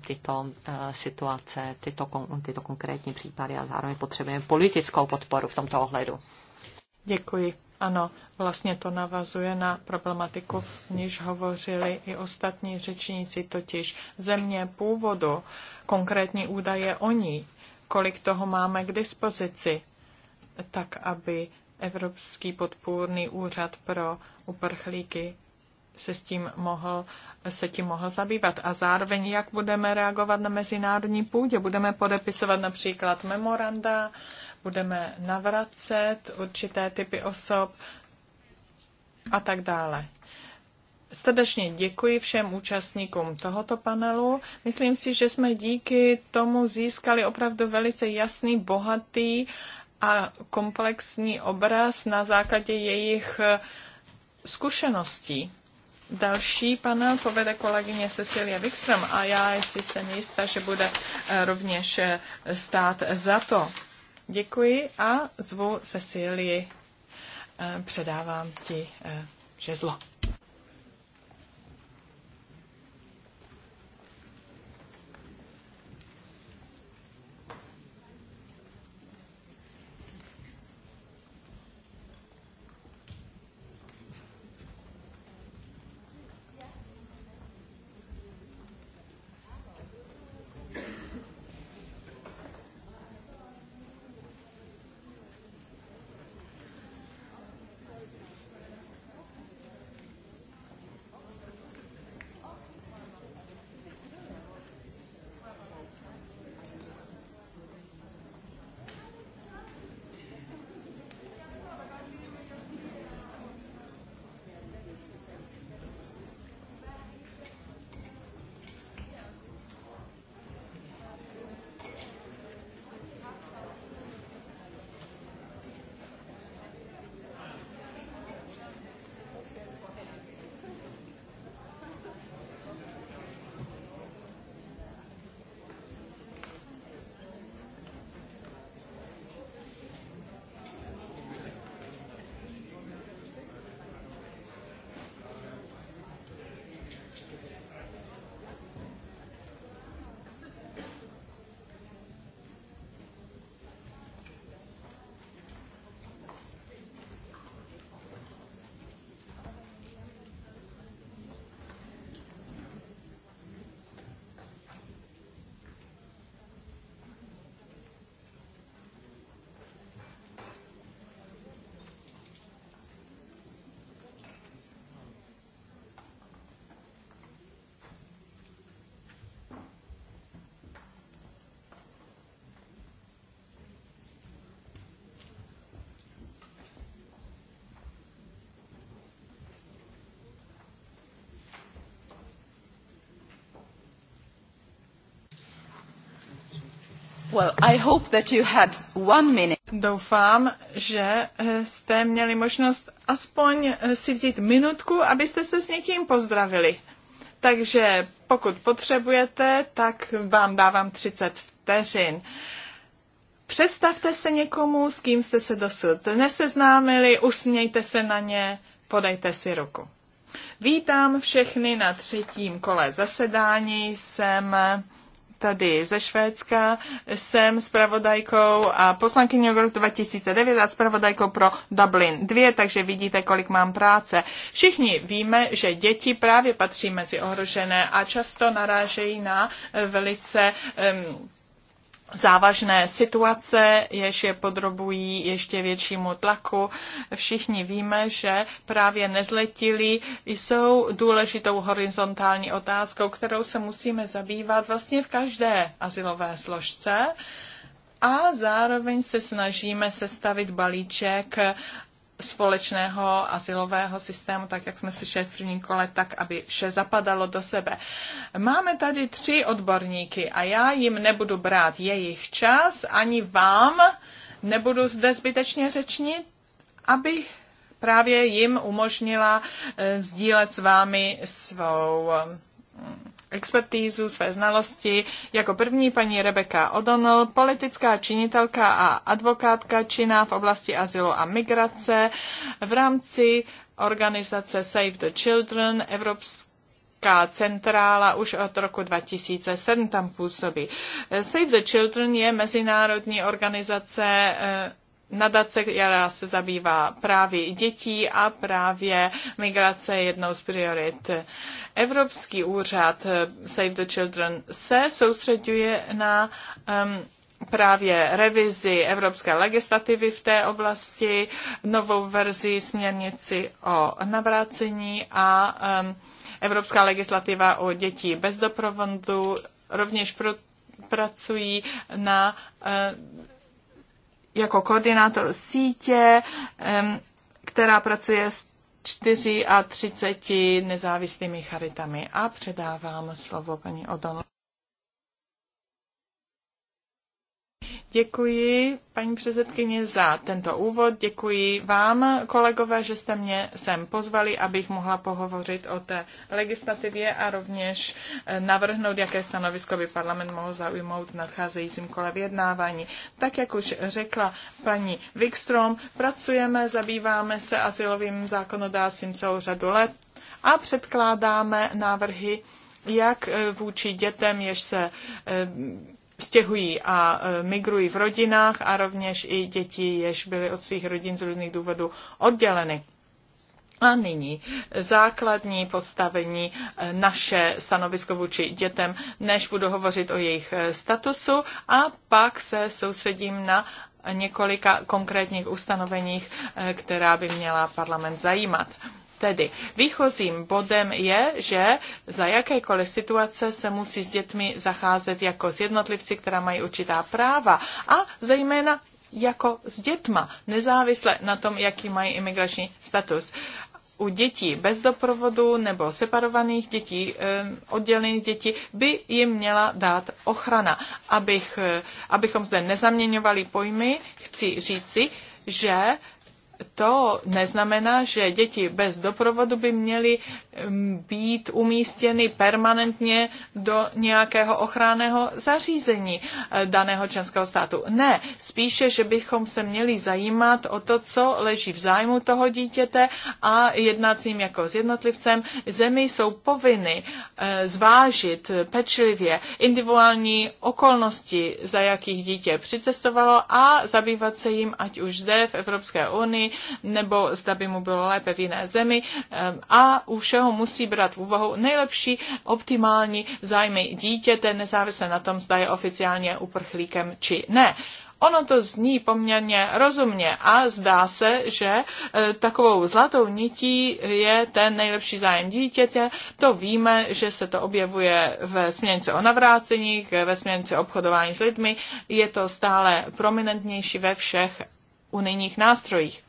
tyto eh, situace, tyto, tyto konkrétní případy a zároveň potřebujeme politickou podporu v tomto ohledu. Děkuji. Ano, vlastně to navazuje na problematiku, níž hovořili i ostatní řečníci, totiž země původu, konkrétní údaje o ní, kolik toho máme k dispozici, tak aby Evropský podpůrný úřad pro uprchlíky se s tím mohl, se tím mohl zabývat. A zároveň, jak budeme reagovat na mezinárodní půdě. Budeme podepisovat například memoranda, budeme navracet určité typy osob a tak dále. Srdečně děkuji všem účastníkům tohoto panelu. Myslím si, že jsme díky tomu získali opravdu velice jasný, bohatý a komplexní obraz na základě jejich eh, zkušeností. Další panel povede kolegyně Cecilia Wikström a já si jsem jistá, že bude eh, rovněž eh, stát za to. Děkuji a zvu Cecílii. Eh, předávám ti eh, žezlo. Well, I hope that you had one minute. Doufám, že eh, jste měli možnost aspoň eh, si vzít minutku, abyste se s někým pozdravili. Takže pokud potřebujete, tak vám dávám 30 vteřin. Představte se někomu, s kým jste se dosud neseznámili, usmějte se na ně, podejte si ruku. Vítám všechny na třetím kole zasedání. Jsem eh, tady ze Švédska. Jsem zpravodajkou a poslankyní roku 2009 a zpravodajkou pro Dublin 2, takže vidíte, kolik mám práce. Všichni víme, že děti právě patří mezi ohrožené a často narážejí na velice um, závažné situace, jež je podrobují ještě většímu tlaku. Všichni víme, že právě nezletilí jsou důležitou horizontální otázkou, kterou se musíme zabývat vlastně v každé asilové složce. A zároveň se snažíme sestavit balíček společného asilového systému, tak jak jsme slyšeli v prvním kole, tak aby vše zapadalo do sebe. Máme tady tři odborníky a já jim nebudu brát jejich čas, ani vám nebudu zde zbytečně řečnit, aby právě jim umožnila eh, sdílet s vámi svou mm, expertízu, své znalosti. Jako první paní Rebecca O'Donnell, politická činitelka a advokátka činná v oblasti azylu a migrace v rámci organizace Save the Children, Evropské centrála už od roku 2007 tam působí. Save the Children je mezinárodní organizace eh, nadace, která se zabývá právě dětí a právě migrace je jednou z priorit. Evropský úřad Save the Children se soustředuje na um, právě revizi evropské legislativy v té oblasti, novou verzi směrnici o navrácení a um, evropská legislativa o dětí bez doprovodu, rovněž pro, pracují na uh, jako koordinátor sítě, která pracuje s 34 nezávislými charitami. A předávám slovo paní Odonu. Děkuji, paní předsedkyně, za tento úvod. Děkuji vám, kolegové, že jste mě sem pozvali, abych mohla pohovořit o té legislativě a rovněž eh, navrhnout, jaké stanovisko by parlament mohl zaujmout v nadcházejícím kole vyjednávání. Tak, jak už řekla paní Wikstrom, pracujeme, zabýváme se asilovým zákonodácím celou řadu let a předkládáme návrhy, jak eh, vůči dětem, jež se eh, stěhují a e, migrují v rodinách a rovněž i děti, jež byly od svých rodin z různých důvodů odděleny. A nyní základní postavení e, naše stanovisko vůči dětem, než budu hovořit o jejich e, statusu a pak se soustředím na několika konkrétních ustanoveních, která by měla parlament zajímat. Tedy výchozím bodem je, že za jakékoliv situace se musí s dětmi zacházet jako s jednotlivci, která mají určitá práva a zejména jako s dětma, nezávisle na tom, jaký mají imigrační status u dětí bez doprovodu nebo separovaných dětí, oddělených dětí, by jim měla dát ochrana. Abych, eh, abychom zde nezaměňovali pojmy, chci říci, že to neznamená, že děti bez doprovodu by měly mm, být umístěny permanentně do nějakého ochranného zařízení eh, daného členského státu. Ne, spíše, že bychom se měli zajímat o to, co leží v zájmu toho dítěte a jednat s ním jako s jednotlivcem. Zemi jsou povinny eh, zvážit pečlivě individuální okolnosti, za jakých dítě přicestovalo a zabývat se jim, ať už zde v Evropské unii nebo zda by mu bylo lépe v jiné zemi a u všeho musí brát v úvahu nejlepší optimální zájmy dítěte, nezávisle na tom, zda je oficiálně uprchlíkem či ne. Ono to zní poměrně rozumně a zdá se, že e, takovou zlatou nití je ten nejlepší zájem dítěte. To víme, že se to objevuje ve směnce o navrácení, ve směnce obchodování s lidmi. Je to stále prominentnější ve všech unijních nástrojích.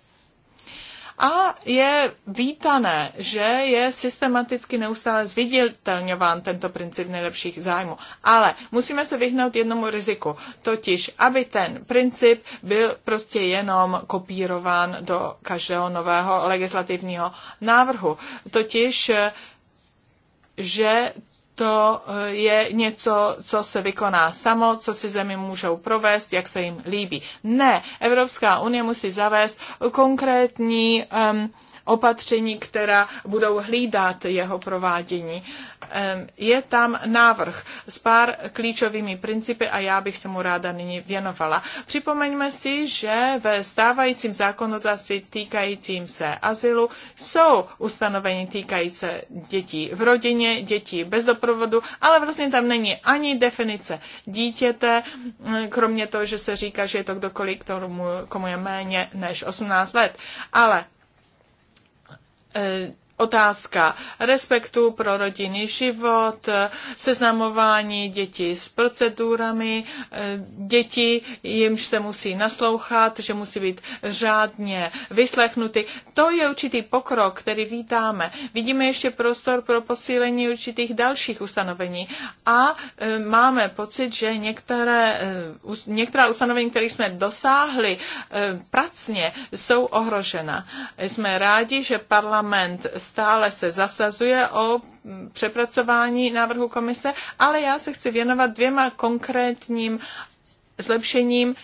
A je vítané, že je systematicky neustále zviditelňován tento princip nejlepších zájmů. Ale musíme se vyhnout jednomu riziku, totiž aby ten princip byl prostě jenom kopírován do každého nového legislativního návrhu. Totiž že to eh, je něco, co se vykoná samo, co si zemi můžou provést, jak se jim líbí. Ne, Evropská unie musí zavést konkrétní um, opatření, která budou hlídat jeho provádění. Uh, je tam návrh s pár klíčovými principy a já bych se mu ráda nyní věnovala. Připomeňme si, že ve stávajícím zákonodárství týkajícím se azylu jsou ustanovení týkající se dětí v rodině, dětí bez doprovodu, ale vlastně tam není ani definice dítěte, kromě toho, že se říká, že je to kdokoliv, komu je méně než 18 let. Ale eh, otázka respektu pro rodinný život, seznamování dětí s procedurami, eh, děti, jimž se musí naslouchat, že musí být řádně vyslechnuty. To je určitý pokrok, který vítáme. Vidíme ještě prostor pro posílení určitých dalších ustanovení a eh, máme pocit, že některé, eh, některá ustanovení, které jsme dosáhli pracně, jsou ohrožena. Jsme rádi, že parlament stále se zasazuje o přepracování návrhu komise, ale já se chci věnovat dvěma konkrétním zlepšením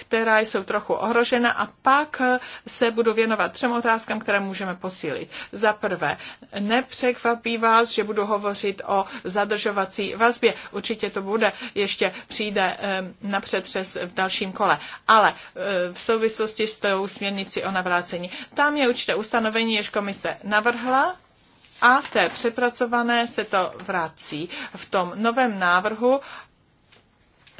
která jsou trochu ohrožena a pak se budu věnovat třem otázkám, které můžeme posílit. Za prvé, nepřekvapí vás, že budu hovořit o zadržovací vazbě. Určitě to bude, ještě přijde na přetřes v dalším kole. Ale e, v souvislosti s tou směrnici o navrácení. Tam je určité ustanovení, jež komise navrhla, a v té přepracované se to vrací. V tom novém návrhu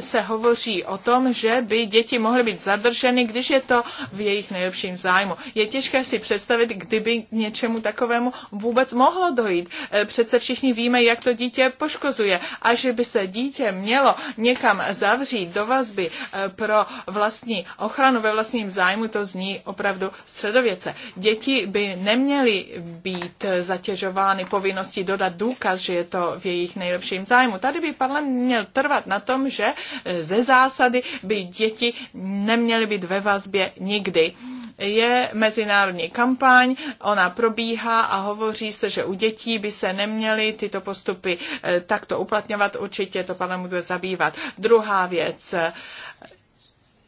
se hovoří o tom, že by děti mohly být zadrženy, když je to v jejich nejlepším zájmu. Je těžké si představit, kdyby k něčemu takovému vůbec mohlo dojít. E, přece všichni víme, jak to dítě poškozuje. A že by se dítě mělo někam zavřít do vazby e, pro vlastní ochranu ve vlastním zájmu, to zní opravdu středověce. Děti by neměly být zatěžovány povinností dodat důkaz, že je to v jejich nejlepším zájmu. Tady by parlament měl trvat na tom, že ze zásady by děti neměly být ve vazbě nikdy je mezinárodní kampaň, ona probíhá a hovoří se, že u dětí by se neměly tyto postupy eh, takto uplatňovat, určitě to pana bude zabývat. Druhá věc,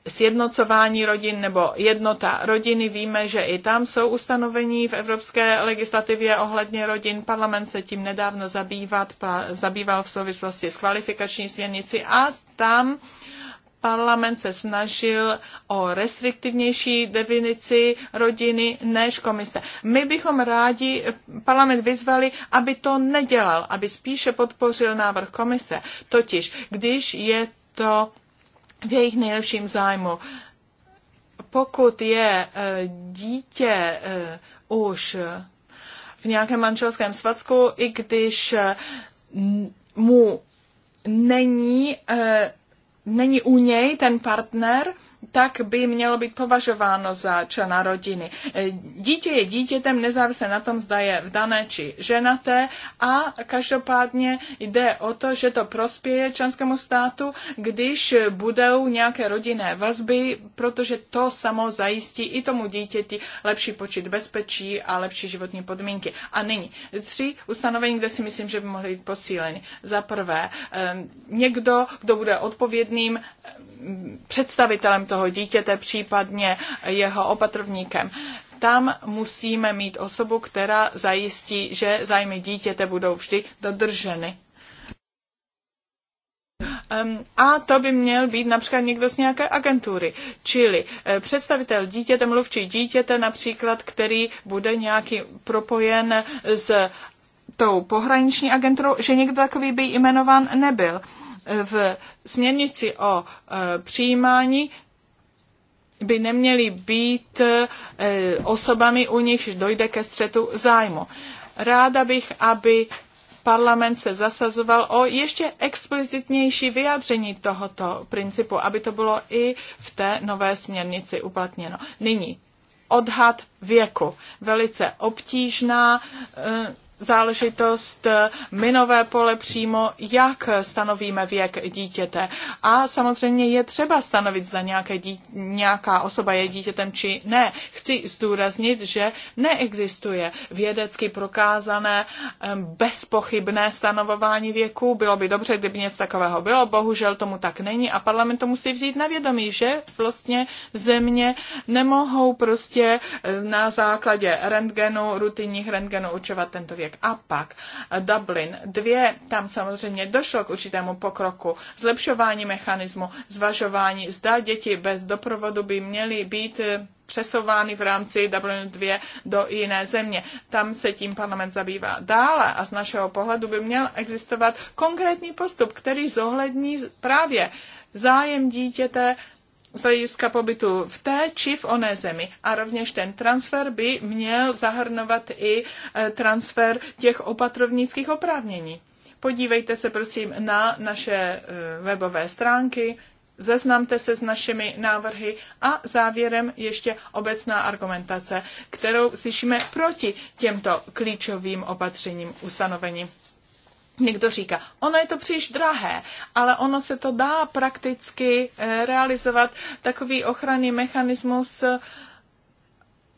sjednocování rodin nebo jednota rodiny. Víme, že i tam jsou ustanovení v evropské legislativě ohledně rodin. Parlament se tím nedávno zabývat, zabýval v souvislosti s kvalifikační směrnici a tam parlament se snažil o restriktivnější definici rodiny než komise. My bychom rádi parlament vyzvali, aby to nedělal, aby spíše podpořil návrh komise. Totiž, když je to v jejich nejlepším zájmu, pokud je e, dítě e, už v nějakém manželském svazku, i když e, mu není, eh, není u něj ten partner, tak by mělo být považováno za člena rodiny. E, dítě je dítětem nezávisle na tom, zda je vdané či ženaté a každopádně jde o to, že to prospěje členskému státu, když budou nějaké rodinné vazby, protože to samo zajistí i tomu dítěti lepší počet bezpečí a lepší životní podmínky. A nyní tři ustanovení, kde si myslím, že by mohly být posíleny. Za prvé, e, někdo, kdo bude odpovědným představitelem toho dítěte, případně jeho opatrovníkem. Tam musíme mít osobu, která zajistí, že zájmy dítěte budou vždy dodrženy. A to by měl být například někdo z nějaké agentury, čili eh, představitel dítěte, mluvčí dítěte například, který bude nějaký propojen s tou pohraniční agenturou, že někdo takový by jmenován nebyl v směrnici o e, přijímání by neměly být e, osobami, u nichž dojde ke střetu zájmu. Ráda bych, aby parlament se zasazoval o ještě explicitnější vyjádření tohoto principu, aby to bylo i v té nové směrnici uplatněno. Nyní, odhad věku. Velice obtížná e, záležitost minové pole přímo, jak stanovíme věk dítěte. A samozřejmě je třeba stanovit, zda nějaké dí, nějaká osoba je dítětem či ne. Chci zdůraznit, že neexistuje vědecky prokázané bezpochybné stanovování věku. Bylo by dobře, kdyby něco takového bylo, bohužel tomu tak není a parlament to musí vzít na vědomí, že vlastně země nemohou prostě na základě rentgenu, rutinních rentgenů určovat tento věk balíček a pak Dublin 2, tam samozřejmě došlo k určitému pokroku, zlepšování mechanismu, zvažování, zda děti bez doprovodu by měly být eh, přesouvány v rámci Dublin 2 do jiné země. Tam se tím parlament zabývá dále a z našeho pohledu by měl existovat konkrétní postup, který zohlední právě zájem dítěte z hlediska pobytu v té či v oné zemi. A rovněž ten transfer by měl zahrnovat i e, transfer těch opatrovnických oprávnění. Podívejte se prosím na naše e, webové stránky, Zeznamte se s našimi návrhy a závěrem ještě obecná argumentace, kterou slyšíme proti těmto klíčovým opatřením ustanovením. Někdo říká, ono je to příliš drahé, ale ono se to dá prakticky eh, realizovat. Takový ochranný mechanismus eh,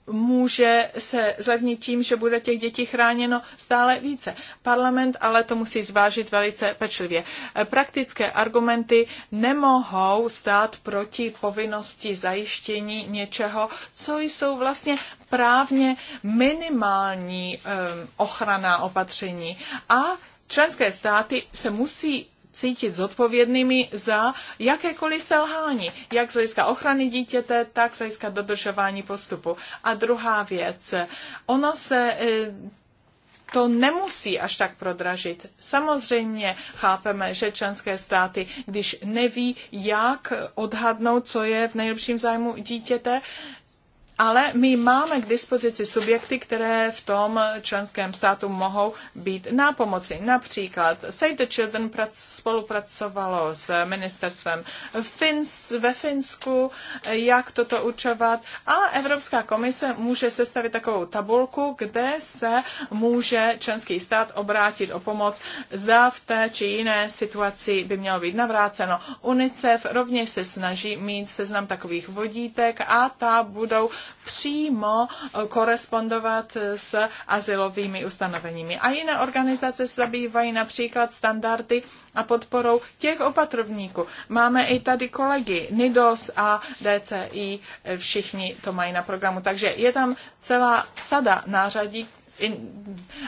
může se zlevnit tím, že bude těch dětí chráněno stále více. Parlament ale to musí zvážit velice pečlivě. Eh, praktické argumenty nemohou stát proti povinnosti zajištění něčeho, co jsou vlastně právně minimální ochrana opatření. A Členské státy se musí cítit zodpovědnými za jakékoliv selhání, jak z hlediska ochrany dítěte, tak z hlediska dodržování postupu. A druhá věc, ono se e, to nemusí až tak prodražit. Samozřejmě chápeme, že členské státy, když neví, jak odhadnout, co je v nejlepším zájmu dítěte, ale my máme k dispozici subjekty, které v tom členském státu mohou být na pomoci. Například Save the Children spolupracovalo s ministerstvem Fins, ve Finsku, jak toto učovat, A Evropská komise může sestavit takovou tabulku, kde se může členský stát obrátit o pomoc, zda v té či jiné situaci by mělo být navráceno. UNICEF rovněž se snaží mít seznam takových vodítek a ta budou přímo eh, korespondovat s asilovými ustanoveními. A jiné organizace se zabývají například standardy a podporou těch opatrovníků. Máme i tady kolegy NIDOS a DCI, eh, všichni to mají na programu. Takže je tam celá sada nářadí,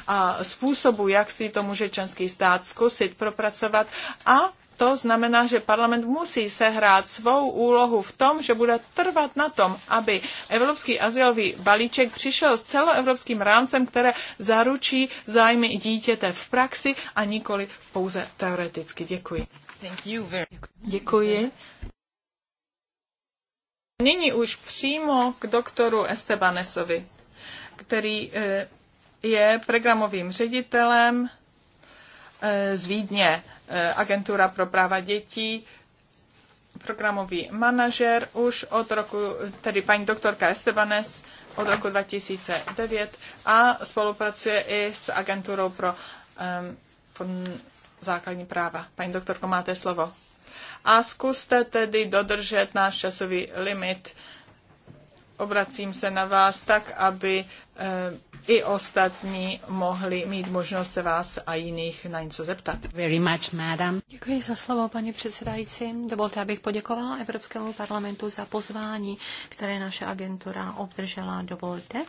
a způsobu, jak si to může členský stát zkusit propracovat a to znamená, že parlament musí sehrát svou úlohu v tom, že bude trvat na tom, aby evropský azylový balíček přišel s celoevropským rámcem, které zaručí zájmy dítěte v praxi a nikoli pouze teoreticky. Děkuji. Děkuji. Nyní už přímo k doktoru Estebanesovi, který eh, je programovým ředitelem E, z Vídně, e, agentura pro práva dětí, programový manažer už od roku, tedy paní doktorka Estebanes od roku 2009 a spolupracuje i s agenturou pro um, základní práva. Paní doktorko, máte slovo. A zkuste tedy dodržet náš časový limit. Obracím se na vás tak, aby um, i ostatní mohli mít možnost se vás a jiných na něco zeptat. Very much, madam. Děkuji za slovo, paní předsedající. Dovolte, abych poděkovala Evropskému parlamentu za pozvání, které naše agentura obdržela. Dovolte,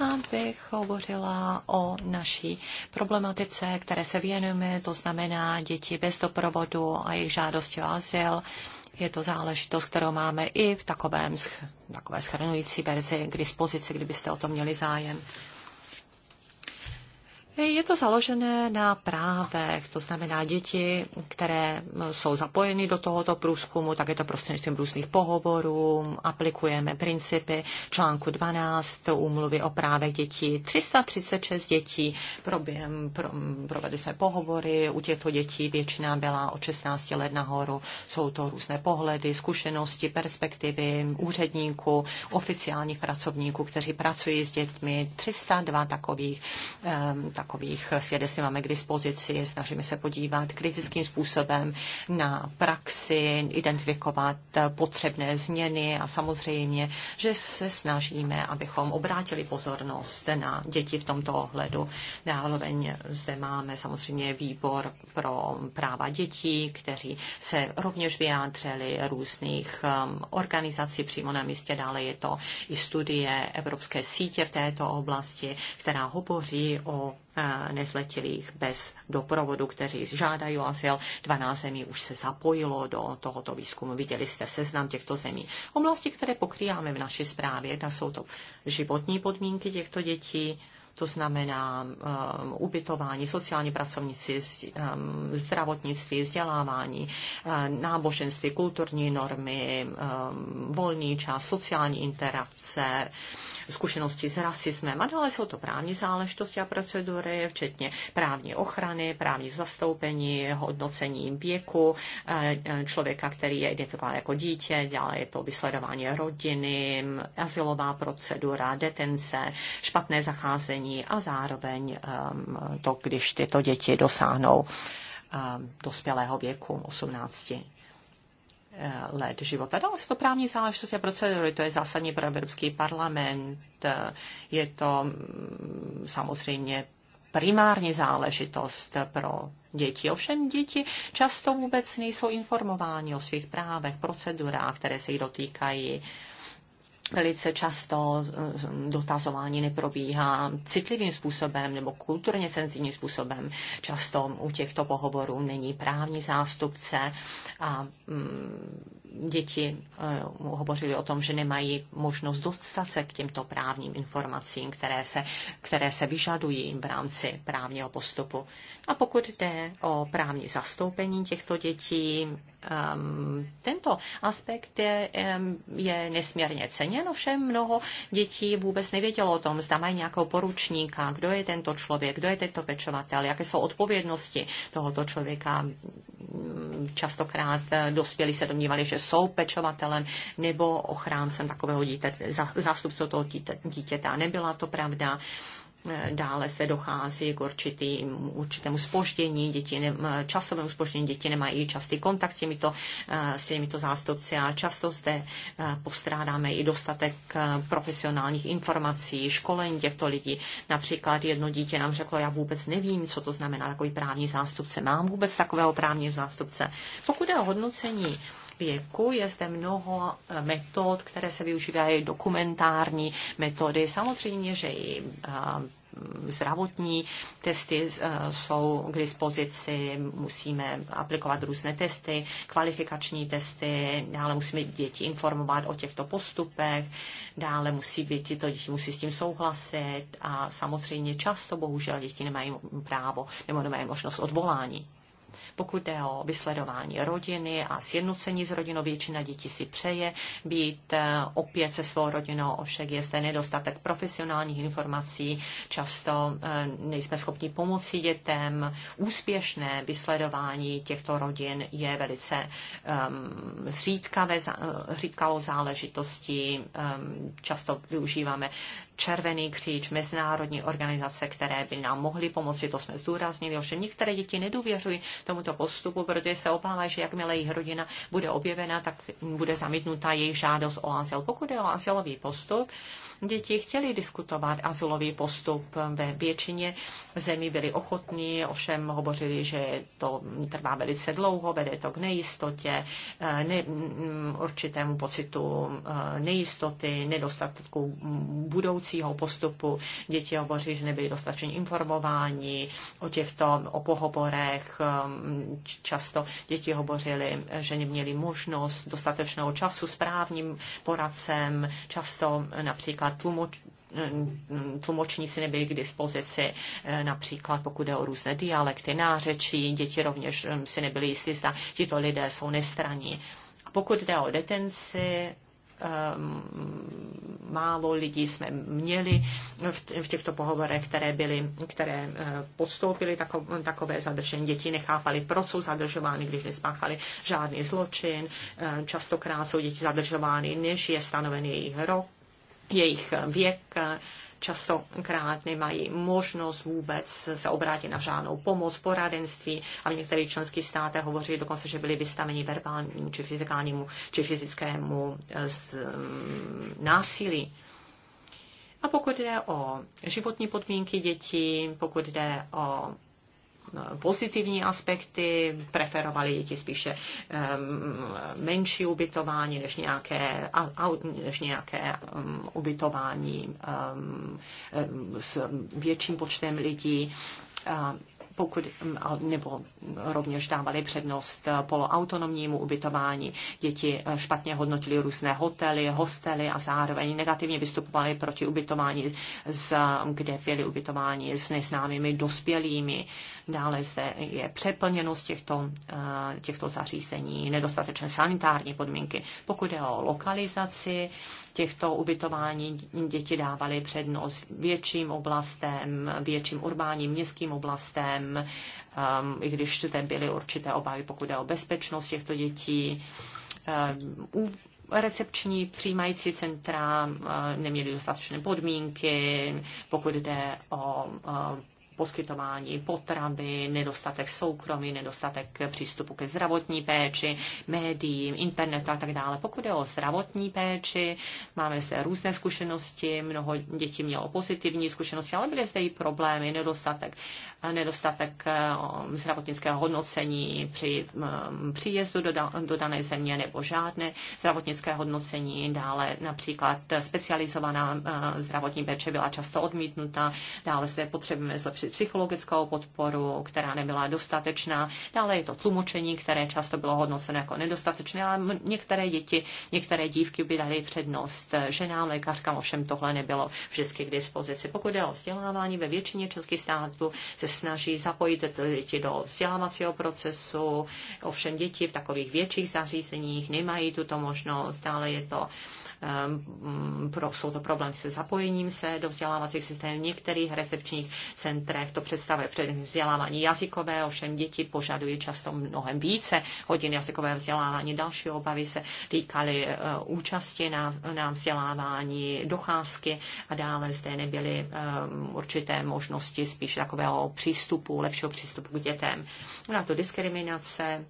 abych hovořila o naší problematice, které se věnujeme, to znamená děti bez doprovodu a jejich žádosti o azyl. Je to záležitost, kterou máme i v takovém, takové schrnující verzi k dispozici, kdybyste o to měli zájem. Je to založené na právech, to znamená děti, které jsou zapojeny do tohoto průzkumu, tak je to prostřednictvím různých pohovorů, aplikujeme principy článku 12 úmluvy o právech dětí. 336 dětí, proběhem, pro, provedli jsme pohovory, u těchto dětí většina byla od 16 let nahoru. Jsou to různé pohledy, zkušenosti, perspektivy úředníků, oficiálních pracovníků, kteří pracují s dětmi. 302 takových, um, takových svědectví máme k dispozici, snažíme se podívat kritickým způsobem na praxi, identifikovat potřebné změny a samozřejmě, že se snažíme, abychom obrátili pozornost na děti v tomto ohledu. Zároveň zde máme samozřejmě výbor pro práva dětí, kteří se rovněž vyjádřili různých um, organizací přímo na místě. Dále je to i studie Evropské sítě v této oblasti, která hovoří o Eh, nezletilých bez doprovodu, kteří žádají o azyl. 12 zemí už se zapojilo do tohoto výzkumu. Viděli jste seznam těchto zemí. Oblasti, které pokrýváme v naší zprávě, jsou to životní podmínky těchto dětí, to znamená um, ubytování, sociální pracovníci, um, zdravotnictví, vzdělávání, um, náboženství, kulturní normy, um, volný čas, sociální interakce, zkušenosti s rasismem a dále jsou to právní záležitosti a procedury, včetně právní ochrany, právní zastoupení, hodnocení věku uh, uh, člověka, který je identifikován jako dítě, dále je to vysledování rodiny, asilová procedura, detence, špatné zacházení vzdělání a zároveň um, to, když tyto děti dosáhnou um, dospělého věku, 18 uh, let života. Dále se to právní záležitosti a procedury, to je zásadní pro Evropský parlament, je to mm, samozřejmě primární záležitost pro děti. Ovšem děti často vůbec nejsou informováni o svých právech, procedurách, které se jich dotýkají velice často eh, dotazování neprobíhá citlivým způsobem nebo kulturně senzitivním způsobem. Často u těchto pohovorů není právní zástupce a mm, děti uh, hovořili o tom, že nemají možnost dostat se k těmto právním informacím, které se, které se vyžadují v rámci právního postupu. A pokud jde o právní zastoupení těchto dětí, um, tento aspekt je, um, je nesmírně ceněn, ovšem mnoho dětí vůbec nevědělo o tom, zda mají nějakou poručníka, kdo je tento člověk, kdo je tento pečovatel, jaké jsou odpovědnosti tohoto člověka častokrát eh, dospělí se domnívali, že jsou pečovatelem nebo ochráncem takového dítěte, zástupce toho dítěte. A nebyla to pravda. Dále se dochází k určitým, určitému spoždění, děti ne, časovému spoždění, děti nemají častý kontakt s těmito, eh, s těmito zástupci a často zde eh, postrádáme i dostatek eh, profesionálních informací, školení těchto lidí. Například jedno dítě nám řeklo, já vůbec nevím, co to znamená takový právní zástupce, mám vůbec takového právního zástupce. Pokud je o hodnocení, věku. Je zde mnoho eh, metod, které se využívají, dokumentární metody. Samozřejmě, že i eh, zdravotní testy eh, jsou k dispozici, musíme aplikovat různé testy, kvalifikační testy, dále musíme děti informovat o těchto postupech, dále musí být, tyto děti musí s tím souhlasit a samozřejmě často bohužel děti nemají právo nebo nemají možnost odvolání. Pokud jde o vysledování rodiny a sjednocení s rodinou, většina dětí si přeje být eh, opět se svou rodinou, ovšem je zde nedostatek profesionálních informací, často eh, nejsme schopni pomoci dětem. Úspěšné vysledování těchto rodin je velice um, zřídkavé, eh, zřídkavou záležitostí. Um, často využíváme Červený kříž, mezinárodní organizace, které by nám mohly pomoci, to jsme zdůraznili, ovšem některé děti nedůvěřují tomuto postupu, protože se obávají, že jakmile jejich rodina bude objevena, tak bude zamítnuta jejich žádost o azyl. Pokud je o azylový postup, děti chtěli diskutovat azylový postup. Ve většině zemí byli ochotní, ovšem hovořili, že to trvá velice dlouho, vede to k nejistotě, eh, ne, mm, určitému pocitu eh, nejistoty, nedostatku budoucího postupu. Děti hovoří, že nebyli dostatečně informováni o těchto o pohovorech. Eh, často děti hovořili, že neměli možnost dostatečného času s právním poradcem. Často například tlumoč, si nebyli k dispozici, eh, například pokud jde o různé dialekty, nářečí, děti rovněž eh, si nebyli jistý, zda tito lidé jsou nestraní. Pokud jde o detenci, ehm, málo lidí jsme měli v těchto pohovorech, které, byly, které eh, podstoupily takové zadržení. Děti nechápali, proč jsou zadržovány, když nespáchali žádný zločin. Častokrát jsou děti zadržovány, než je stanoven jejich rok jejich věk častokrát nemají možnost vůbec se obrátit na žádnou pomoc, poradenství a v některých členských státech hovoří dokonce, že byli vystaveni verbálnímu či fyzikálnímu či fyzickému eh, z, mm, násilí. A pokud jde o životní podmínky dětí, pokud jde o pozitivní aspekty, preferovali děti spíše menší ubytování než nějaké, než nějaké ubytování s větším počtem lidí pokud, mm, nebo rovněž dávali přednost eh, poloautonomnímu ubytování. Děti eh, špatně hodnotili různé hotely, hostely a zároveň negativně vystupovali proti ubytování, z, mm, kde byli ubytováni s neznámými dospělými. Dále zde je přeplněnost těchto, eh, těchto zařízení, nedostatečné sanitární podmínky. Pokud je o lokalizaci, těchto ubytování děti dávaly přednost větším oblastem, větším urbáním městským oblastem, um, i když zde byly určité obavy, pokud je o bezpečnost těchto dětí. Um, u recepční přijímající centra uh, neměly dostatečné podmínky, pokud jde o uh, poskytování potravy, nedostatek soukromí, nedostatek přístupu ke zdravotní péči, médiím, internetu a tak dále. Pokud je o zdravotní péči, máme zde různé zkušenosti, mnoho dětí mělo pozitivní zkušenosti, ale byly zde i problémy, nedostatek, nedostatek eh, zdravotnického hodnocení při mm, příjezdu do, do dané země nebo žádné zdravotnické hodnocení. Dále například specializovaná eh, zdravotní péče byla často odmítnuta, dále zde potřebujeme zlepšit psychologickou podporu, která nebyla dostatečná. Dále je to tlumočení, které často bylo hodnoceno jako nedostatečné, ale některé děti, některé dívky by dali přednost ženám, lékařkám, ovšem tohle nebylo vždycky k dispozici. Pokud je o vzdělávání, ve většině českých států se snaží zapojit děti do vzdělávacího procesu, ovšem děti v takových větších zařízeních nemají tuto možnost, dále je to Ehm, mm, pro, jsou to problémy se zapojením se do vzdělávacích systémů. V některých recepčních centrech to představuje před vzdělávání jazykové, ovšem děti požadují často mnohem více hodin jazykové vzdělávání. Další obavy se týkaly eh, účasti na, na vzdělávání, docházky a dále zde nebyly ehm, určité možnosti spíš takového přístupu, lepšího přístupu k dětem. Na to diskriminace,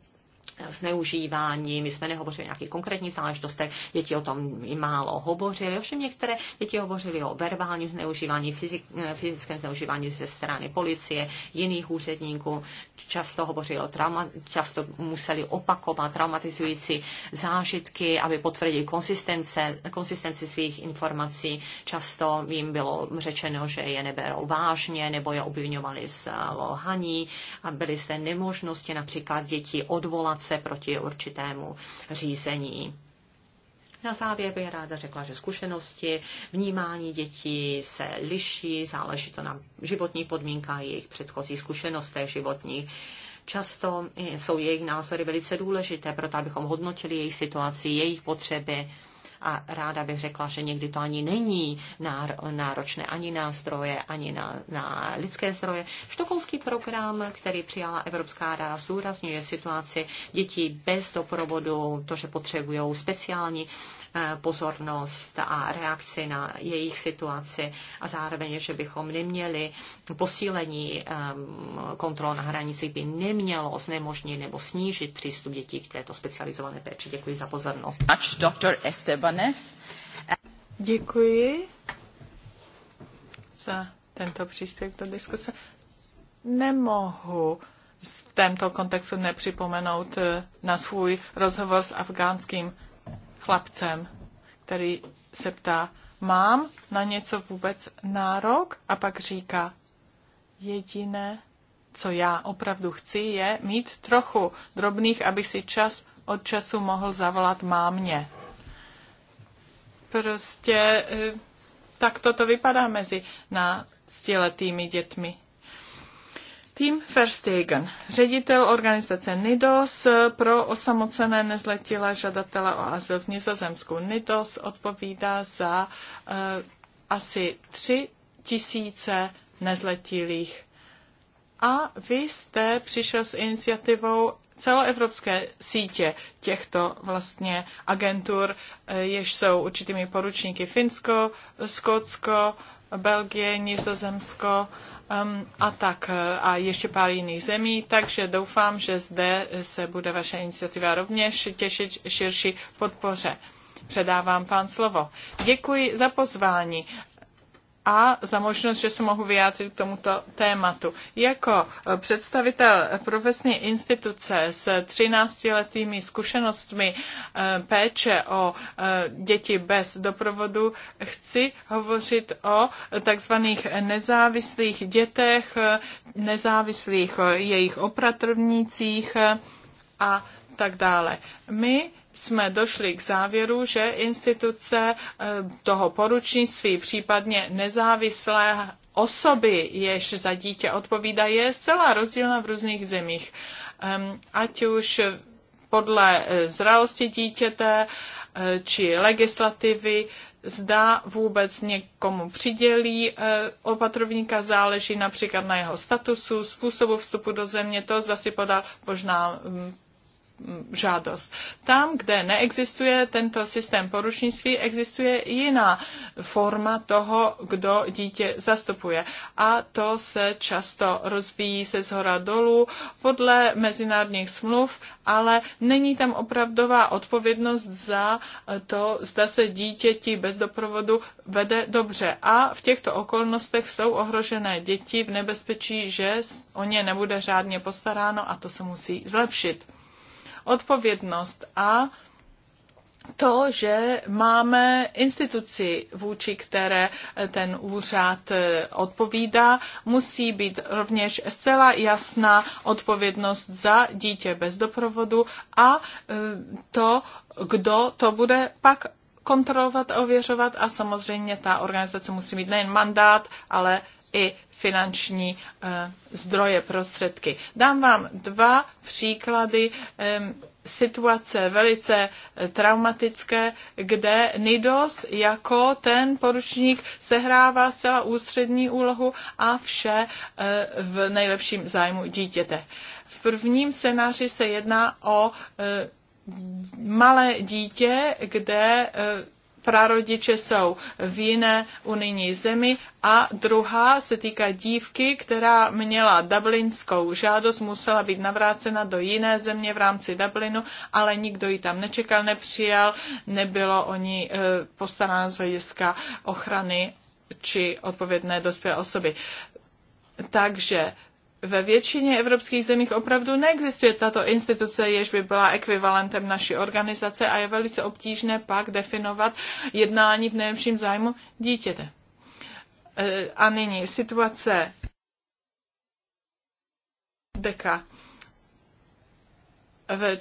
zneužívání, my jsme nehovořili o nějakých konkrétních záležitostech, děti o tom i málo hovořili, ovšem některé děti hovořili o verbálním zneužívání, fyzik, eh, fyzickém zneužívání ze strany policie, jiných úředníků, často hovořili o trauma, často museli opakovat traumatizující zážitky, aby potvrdili konsistence, konsistenci svých informací, často jim bylo řečeno, že je neberou vážně, nebo je obvinovali z lohaní a byly zde nemožnosti například děti odvolat se proti určitému řízení. Na závěr bych ráda řekla, že zkušenosti, vnímání dětí se liší, záleží to na životní podmínka, jejich předchozí zkušenosti životních. Často jsou jejich názory velice důležité, proto abychom hodnotili jejich situaci, jejich potřeby a ráda bych řekla, že někdy to ani není náročné ani na zdroje, ani na, na lidské zdroje. Štokolský program, který přijala Evropská rada, zdůrazňuje situaci dětí bez doprovodu, to, že potřebují speciální Eh, pozornost a reakci na jejich situaci a zároveň, že bychom neměli posílení eh, kontrol na hranicích by nemělo znemožnit nebo snížit přístup dětí k této specializované péči. Děkuji za pozornost. Dr. Estebanes. Děkuji za tento příspěvek do diskuse. Nemohu v tomto kontextu nepřipomenout eh, na svůj rozhovor s afgánským chlapcem, který se ptá, mám na něco vůbec nárok? A pak říká, jediné, co já opravdu chci, je mít trochu drobných, aby si čas od času mohl zavolat mámě. Prostě eh, tak toto vypadá mezi náctiletými dětmi. Tim Verstegen, ředitel organizace NIDOS pro osamocené nezletilé žadatele o azyl v Nizozemsku. NIDOS odpovídá za uh, asi tři tisíce nezletilých. A vy jste přišel s iniciativou celoevropské sítě těchto vlastně agentur, eh, jež jsou určitými poručníky Finsko, Skotsko, Belgie, Nizozemsko, uh, a tak e, a ještě pár jiných zemí, takže doufám, že zde se bude vaše iniciativa rovněž těšit širší podpoře. Předávám pán slovo. Děkuji za pozvání a za možnost, že se mohu vyjádřit k tomuto tématu. Jako eh, představitel profesní instituce s 13-letými zkušenostmi eh, péče o eh, děti bez doprovodu chci hovořit o takzvaných nezávislých dětech, nezávislých jejich opatrovnících a tak dále. My jsme došli k závěru, že instituce eh, toho poručnictví, případně nezávislé osoby, jež za dítě odpovídá, je zcela rozdílná v různých zemích. Ať už podle eh, zralosti dítěte eh, či legislativy, zda vůbec někomu přidělí opatrovníka, záleží například na jeho statusu, způsobu vstupu do země, to zda si podal možná mm, žádost. Tam, kde neexistuje tento systém poručnictví, existuje jiná forma toho, kdo dítě zastupuje. A to se často rozvíjí se zhora dolů podle mezinárodních smluv, ale není tam opravdová odpovědnost za to, zda se dítěti bez doprovodu vede dobře. A v těchto okolnostech jsou ohrožené děti v nebezpečí, že o ně nebude řádně postaráno a to se musí zlepšit odpovědnost a to, že máme instituci, vůči které ten úřad eh, odpovídá, musí být rovněž zcela jasná odpovědnost za dítě bez doprovodu a eh, to, kdo to bude pak kontrolovat, ověřovat a samozřejmě ta organizace musí mít nejen mandát, ale i finanční eh, zdroje, prostředky. Dám vám dva příklady situace velice eh, traumatické, kde Nidos jako ten poručník sehrává zcela ústřední úlohu a vše eh, v nejlepším zájmu dítěte. V prvním scénáři se jedná o malé dítě, kde prarodiče jsou v jiné unijní zemi a druhá se týká dívky, která měla dublinskou žádost, musela být navrácena do jiné země v rámci Dublinu, ale nikdo ji tam nečekal, nepřijal, nebylo o ní eh, postaráno z hlediska ochrany či odpovědné dospělé osoby. Takže ve většině evropských zemích opravdu neexistuje tato instituce, jež by byla ekvivalentem naší organizace a je velice obtížné pak definovat jednání v nejlepším zájmu dítěte. E, a nyní situace deka v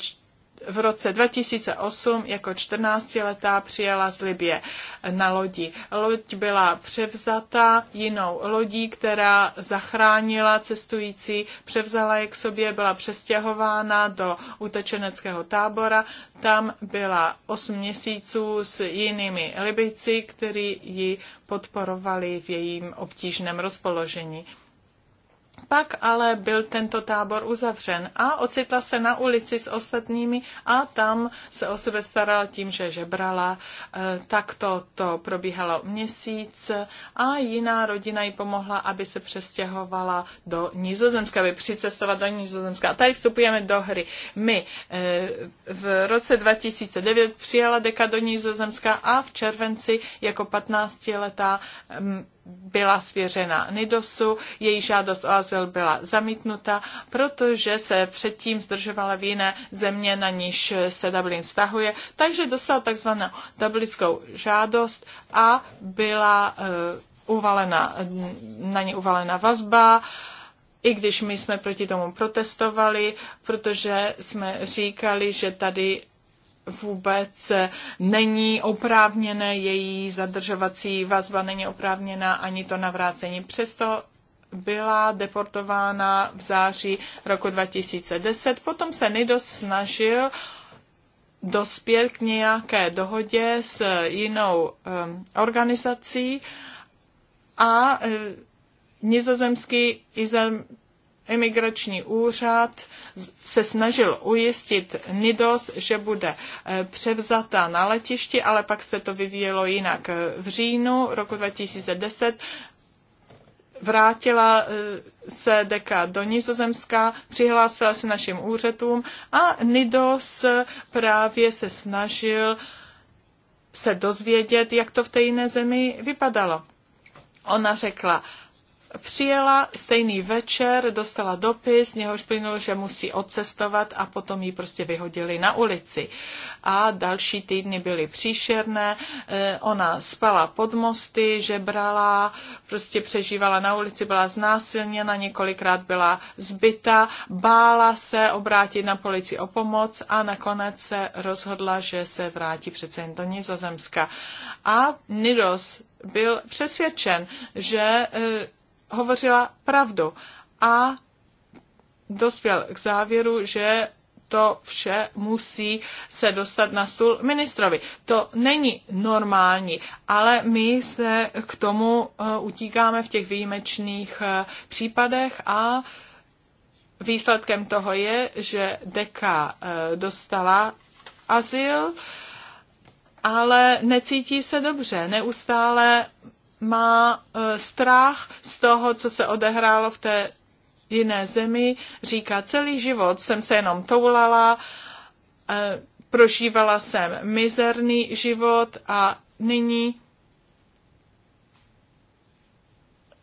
v roce 2008 jako 14-letá přijela z Libie na lodi. Loď byla převzata jinou lodí, která zachránila cestující, převzala je k sobě, byla přestěhována do utečeneckého tábora. Tam byla 8 měsíců s jinými Libici, kteří ji podporovali v jejím obtížném rozpoložení. Pak ale byl tento tábor uzavřen a ocitla se na ulici s ostatními a tam se o sebe starala tím, že žebrala. E, Takto to probíhalo měsíc a jiná rodina jí pomohla, aby se přestěhovala do Nizozemska, aby přicestovala do Nizozemska. A tady vstupujeme do hry. My e, v roce 2009 přijala deka do Nizozemska a v červenci jako 15 letá byla svěřena Nidosu, její žádost o azyl byla zamítnuta, protože se předtím zdržovala v jiné země, na níž se Dublin vztahuje, takže dostal takzvanou dublinskou žádost a byla uh, uvalena, na ní uvalena vazba, i když my jsme proti tomu protestovali, protože jsme říkali, že tady vůbec není oprávněné, její zadržovací vazba není oprávněná ani to navrácení. Přesto byla deportována v září roku 2010. Potom se Nidos snažil dospět k nějaké dohodě s jinou um, organizací a uh, nizozemský imigrační úřad se snažil ujistit Nidos, že bude eh, převzata na letišti, ale pak se to vyvíjelo jinak. V říjnu roku 2010 vrátila eh, se deka do Nizozemska, přihlásila se našim úřadům a Nidos právě se snažil se dozvědět, jak to v té jiné zemi vypadalo. Ona řekla, přijela stejný večer, dostala dopis, z něhož plynul, že musí odcestovat a potom ji prostě vyhodili na ulici. A další týdny byly příšerné, e, ona spala pod mosty, žebrala, prostě přežívala na ulici, byla znásilněna, několikrát byla zbyta, bála se obrátit na policii o pomoc a nakonec se rozhodla, že se vrátí přece jen do Nizozemska. A Nidos byl přesvědčen, že e, hovořila pravdu a dospěl k závěru, že to vše musí se dostat na stůl ministrovi. To není normální, ale my se k tomu eh, utíkáme v těch výjimečných eh, případech a výsledkem toho je, že deka eh, dostala azyl, ale necítí se dobře, neustále má e, strach z toho, co se odehrálo v té jiné zemi. Říká, celý život jsem se jenom toulala, e, prožívala jsem mizerný život a nyní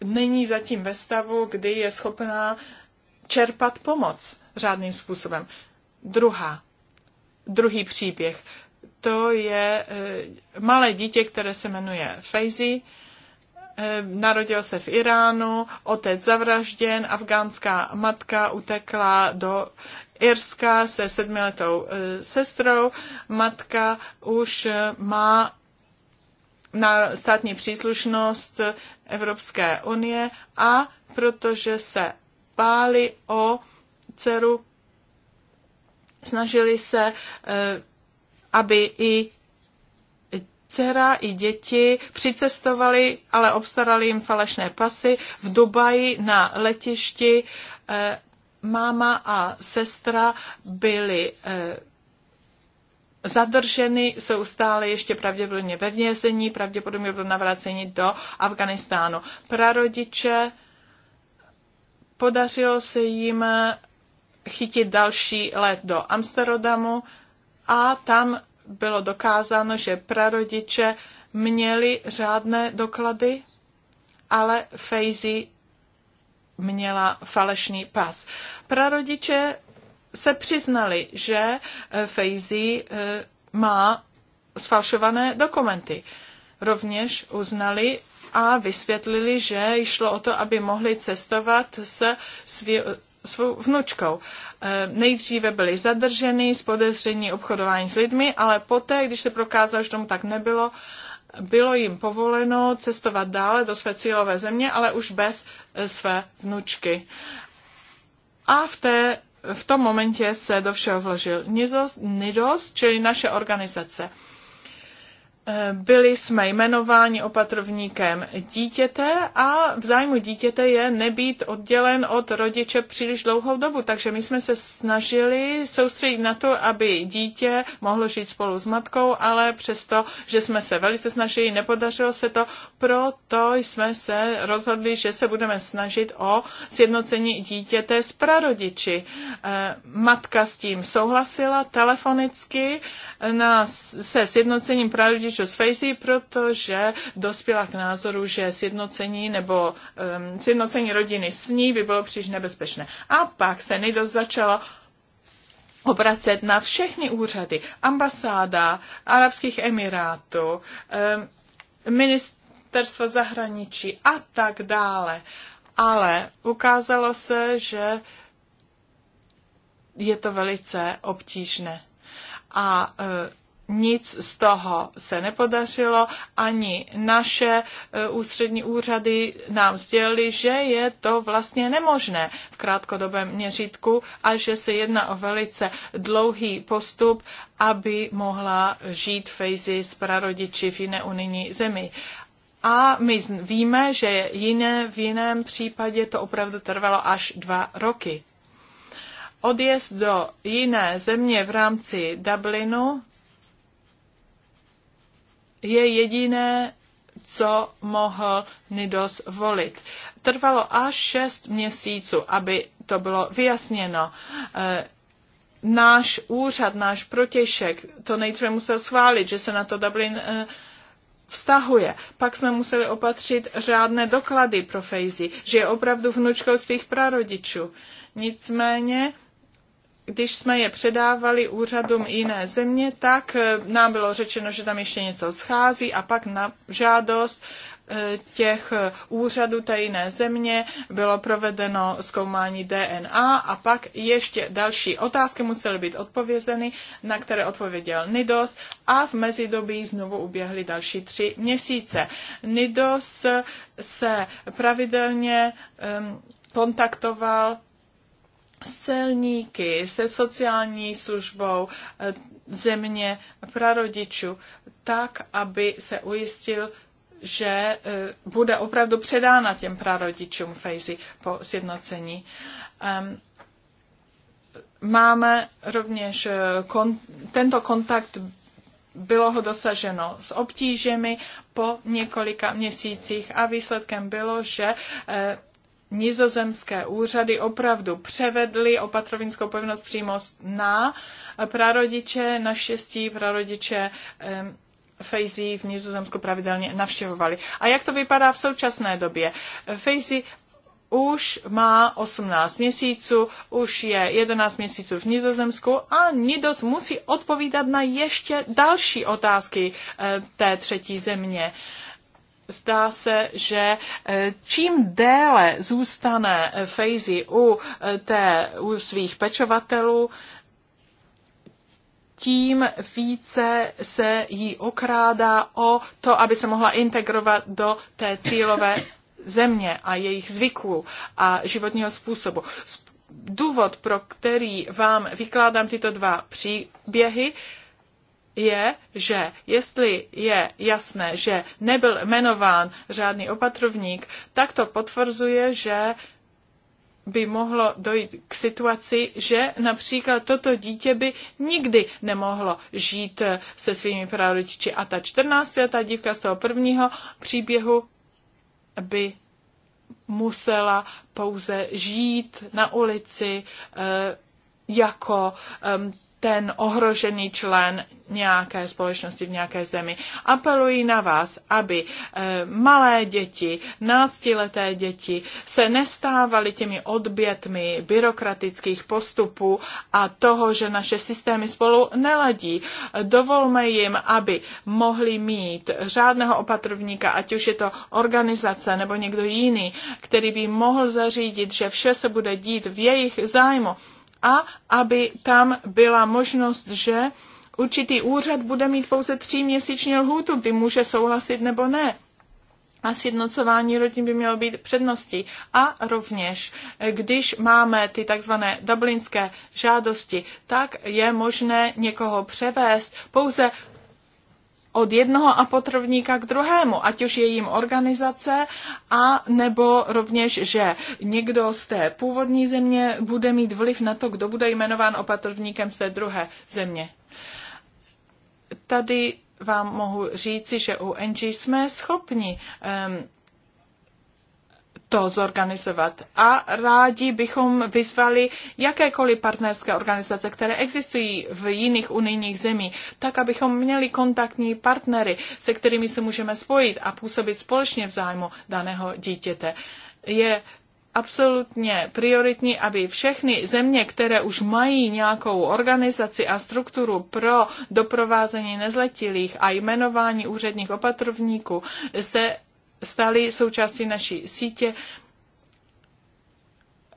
není zatím ve stavu, kdy je schopná čerpat pomoc řádným způsobem. Druhá, druhý příběh. To je e, malé dítě, které se jmenuje Fejzi, Eh, narodil se v Iránu, otec zavražděn, afgánská matka utekla do Irska se sedmiletou eh, sestrou. Matka už eh, má na státní příslušnost Evropské unie a protože se báli o dceru, snažili se, aby i dcera i děti přicestovali, ale obstarali jim falešné pasy v Dubaji na letišti. Eh, máma a sestra byly eh, zadrženy, jsou stále ještě pravděpodobně ve vězení, pravděpodobně byly navráceni do Afganistánu. Prarodiče podařilo se jim eh, chytit další let do Amsterdamu a tam bylo dokázáno, že prarodiče měli řádné doklady, ale Fejzi měla falešný pas. Prarodiče se přiznali, že eh, Fejzi eh, má sfalšované dokumenty. Rovněž uznali a vysvětlili, že šlo o to, aby mohli cestovat s, svou vnučkou. Eh, nejdříve byli zadrženi z podezření obchodování s lidmi, ale poté, když se prokázalo, že tomu tak nebylo, bylo jim povoleno cestovat dále do své cílové země, ale už bez eh, své vnučky. A v té v tom momentě se do všeho vložil NIDOS, NIDOS čili naše organizace. Eh, byli jsme jmenováni opatrovníkem dítěte a v zájmu dítěte je nebýt oddělen od rodiče příliš dlouhou dobu. Takže my jsme se snažili soustředit na to, aby dítě mohlo žít spolu s matkou, ale přesto, že jsme se velice snažili, nepodařilo se to, proto jsme se rozhodli, že se budeme snažit o sjednocení dítěte s prarodiči. Eh, matka s tím souhlasila telefonicky eh, na, se sjednocením prarodiči. Justice Facey, protože dospěla k názoru, že sjednocení nebo um, sjednocení rodiny s ní by bylo příliš nebezpečné. A pak se Nidos začala obracet na všechny úřady, ambasáda Arabských Emirátů, um, ministerstva zahraničí a tak dále. Ale ukázalo se, že je to velice obtížné. A e, nic z toho se nepodařilo, ani naše e, ústřední úřady nám sdělili, že je to vlastně nemožné v krátkodobém měřítku a že se jedná o velice dlouhý postup, aby mohla žít fejzy s prarodiči v jiné unijní zemi. A my víme, že jiné, v jiném případě to opravdu trvalo až dva roky. Odjezd do jiné země v rámci Dublinu je jediné, co mohl Nidos volit. Trvalo až šest měsíců, aby to bylo vyjasněno. Eh, náš úřad, náš protěšek to nejdříve musel schválit, že se na to Dublin eh, vztahuje. Pak jsme museli opatřit řádné doklady pro Fejzi, že je opravdu vnučkou svých prarodičů. Nicméně když jsme je předávali úřadům jiné země, tak eh, nám bylo řečeno, že tam ještě něco schází a pak na žádost eh, těch eh, úřadů té jiné země bylo provedeno zkoumání DNA a pak ještě další otázky musely být odpovězeny, na které odpověděl NIDOS a v mezidobí znovu uběhly další tři měsíce. NIDOS se pravidelně ehm, kontaktoval s celníky, se sociální službou eh, země prarodičů, tak, aby se ujistil, že eh, bude opravdu předána těm prarodičům Fejzi po sjednocení. Ehm, máme rovněž eh, kon, tento kontakt bylo ho dosaženo s obtížemi po několika měsících a výsledkem bylo, že nizozemské úřady opravdu převedly opatrovinskou povinnost přímo na prarodiče, naštěstí prarodiče um, Fejzí v Nizozemsku pravidelně navštěvovali. A jak to vypadá v současné době? Fejzí už má 18 měsíců, už je 11 měsíců v Nizozemsku a Nidos musí odpovídat na ještě další otázky eh, té třetí země zdá se, že eh, čím déle zůstane eh, Fejzi u, eh, té, u svých pečovatelů, tím více se jí okrádá o to, aby se mohla integrovat do té cílové země a jejich zvyků a životního způsobu. Důvod, pro který vám vykládám tyto dva příběhy, je, že jestli je jasné, že nebyl jmenován žádný opatrovník, tak to potvrzuje, že by mohlo dojít k situaci, že například toto dítě by nikdy nemohlo žít se svými prarodiči. A ta 14. ta dívka z toho prvního příběhu by musela pouze žít na ulici eh, jako ten ohrožený člen nějaké společnosti v nějaké zemi. Apeluji na vás, aby eh, malé děti, náctileté děti se nestávaly těmi odbětmi byrokratických postupů a toho, že naše systémy spolu neladí. Dovolme jim, aby mohli mít řádného opatrovníka, ať už je to organizace nebo někdo jiný, který by mohl zařídit, že vše se bude dít v jejich zájmu a aby tam byla možnost, že určitý úřad bude mít pouze tříměsíční lhůtu, kdy může souhlasit nebo ne. A sjednocování rodin by mělo být předností. A rovněž, když máme ty takzvané dublinské žádosti, tak je možné někoho převést pouze od jednoho apotrovníka k druhému, ať už je jim organizace, a nebo rovněž, že někdo z té původní země bude mít vliv na to, kdo bude jmenován opatrovníkem z té druhé země. Tady vám mohu říci, že u NG jsme schopni um, to zorganizovat. A rádi bychom vyzvali jakékoliv partnerské organizace, které existují v jiných unijních zemí, tak abychom měli kontaktní partnery, se kterými se můžeme spojit a působit společně v zájmu daného dítěte. Je absolutně prioritní, aby všechny země, které už mají nějakou organizaci a strukturu pro doprovázení nezletilých a jmenování úředních opatrovníků, se stali součástí naší sítě,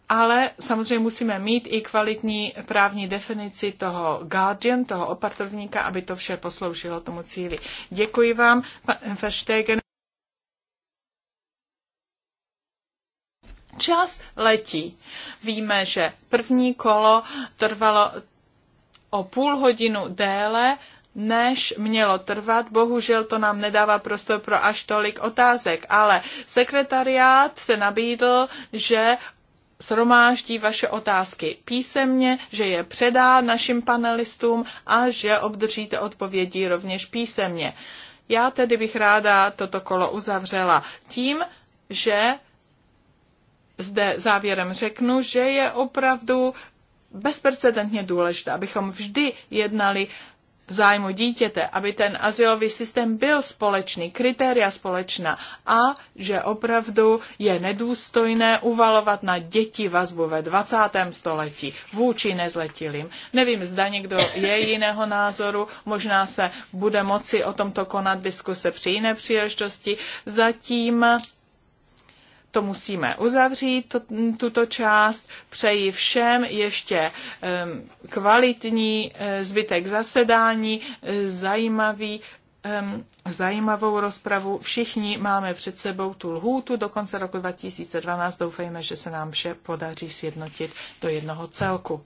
ale samozřejmě musíme mít i kvalitní právní definici toho guardian, toho opatrovníka, aby to vše posloužilo tomu cíli. Děkuji vám, pan Verstegen. Čas letí. Víme, že první kolo trvalo o půl hodinu déle, než mělo trvat. Bohužel to nám nedává prostor pro až tolik otázek, ale sekretariát se nabídl, že sromáždí vaše otázky písemně, že je předá našim panelistům a že obdržíte odpovědi rovněž písemně. Já tedy bych ráda toto kolo uzavřela tím, že zde závěrem řeknu, že je opravdu bezprecedentně důležité, abychom vždy jednali v zájmu dítěte, aby ten asilový systém byl společný, kritéria společná a že opravdu je nedůstojné uvalovat na děti vazbu ve 20. století vůči nezletilým. Nevím, zda někdo je jiného názoru, možná se bude moci o tomto konat diskuse při jiné příležitosti. Zatím to musíme uzavřít, to, tuto část. Přeji všem ještě um, kvalitní uh, zbytek zasedání, uh, zajímavý um, zajímavou rozpravu. Všichni máme před sebou tu lhůtu do konce roku 2012. Doufejme, že se nám vše podaří sjednotit do jednoho celku.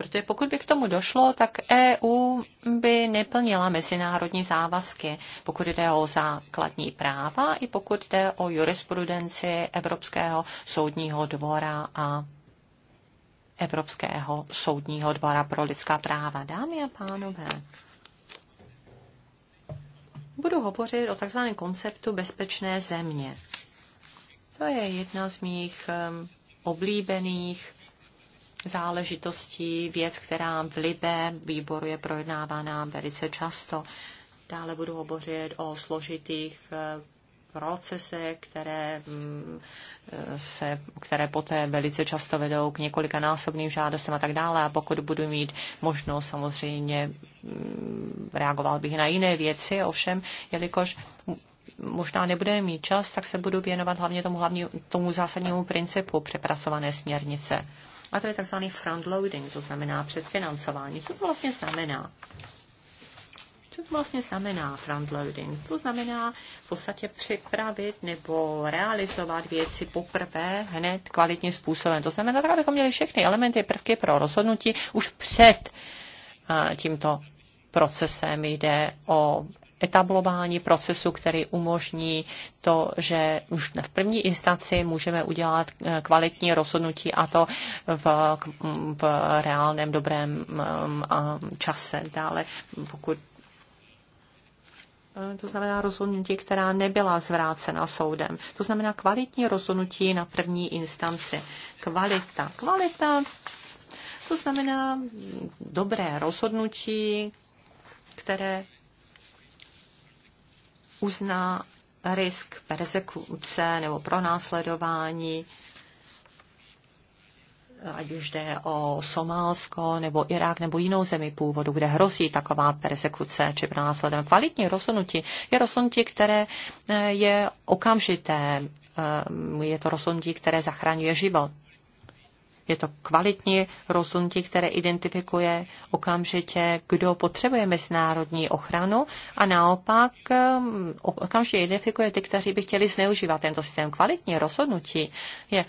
protože pokud by k tomu došlo, tak EU by neplnila mezinárodní závazky, pokud jde o základní práva i pokud jde o jurisprudenci Evropského soudního dvora a Evropského soudního dvora pro lidská práva. Dámy a pánové, budu hovořit o takzvaném konceptu bezpečné země. To je jedna z mých oblíbených záležitostí, věc, která v Libé výboru je projednávána velice často. Dále budu hovořit o složitých eh, procesech, které, mm, eh, se, které poté velice často vedou k několika násobným žádostem a tak dále. A pokud budu mít možnost, samozřejmě mm, reagoval bych na jiné věci, ovšem, jelikož možná nebudeme mít čas, tak se budu věnovat hlavně tomu, hlavní, tomu zásadnímu principu přepracované směrnice. A to je tzv. frontloading, to znamená předfinancování. Co to vlastně znamená? Co to vlastně znamená frontloading? To znamená v podstatě připravit nebo realizovat věci poprvé hned kvalitním způsobem. To znamená tak, abychom měli všechny elementy, prvky pro rozhodnutí už před eh, tímto procesem. Jde o etablování procesu, který umožní to, že už v první instanci můžeme udělat eh, kvalitní rozhodnutí a to v, v reálném dobrém mm, čase. Dále, pokud eh, to znamená rozhodnutí, která nebyla zvrácena soudem. To znamená kvalitní rozhodnutí na první instanci. Kvalita. Kvalita, to znamená dobré rozhodnutí, které uzná risk persekuce nebo pronásledování, ať už jde o Somálsko nebo Irák nebo jinou zemi původu, kde hrozí taková persekuce či pronásledování. Kvalitní rozhodnutí je rozhodnutí, které eh, je okamžité, eh, je to rozhodnutí, které zachraňuje život. Je to kvalitní rozhodnutí, které identifikuje okamžitě, kdo potřebuje mezinárodní ochranu a naopak um, okamžitě identifikuje ty, kteří by chtěli zneužívat tento systém. Kvalitní rozhodnutí je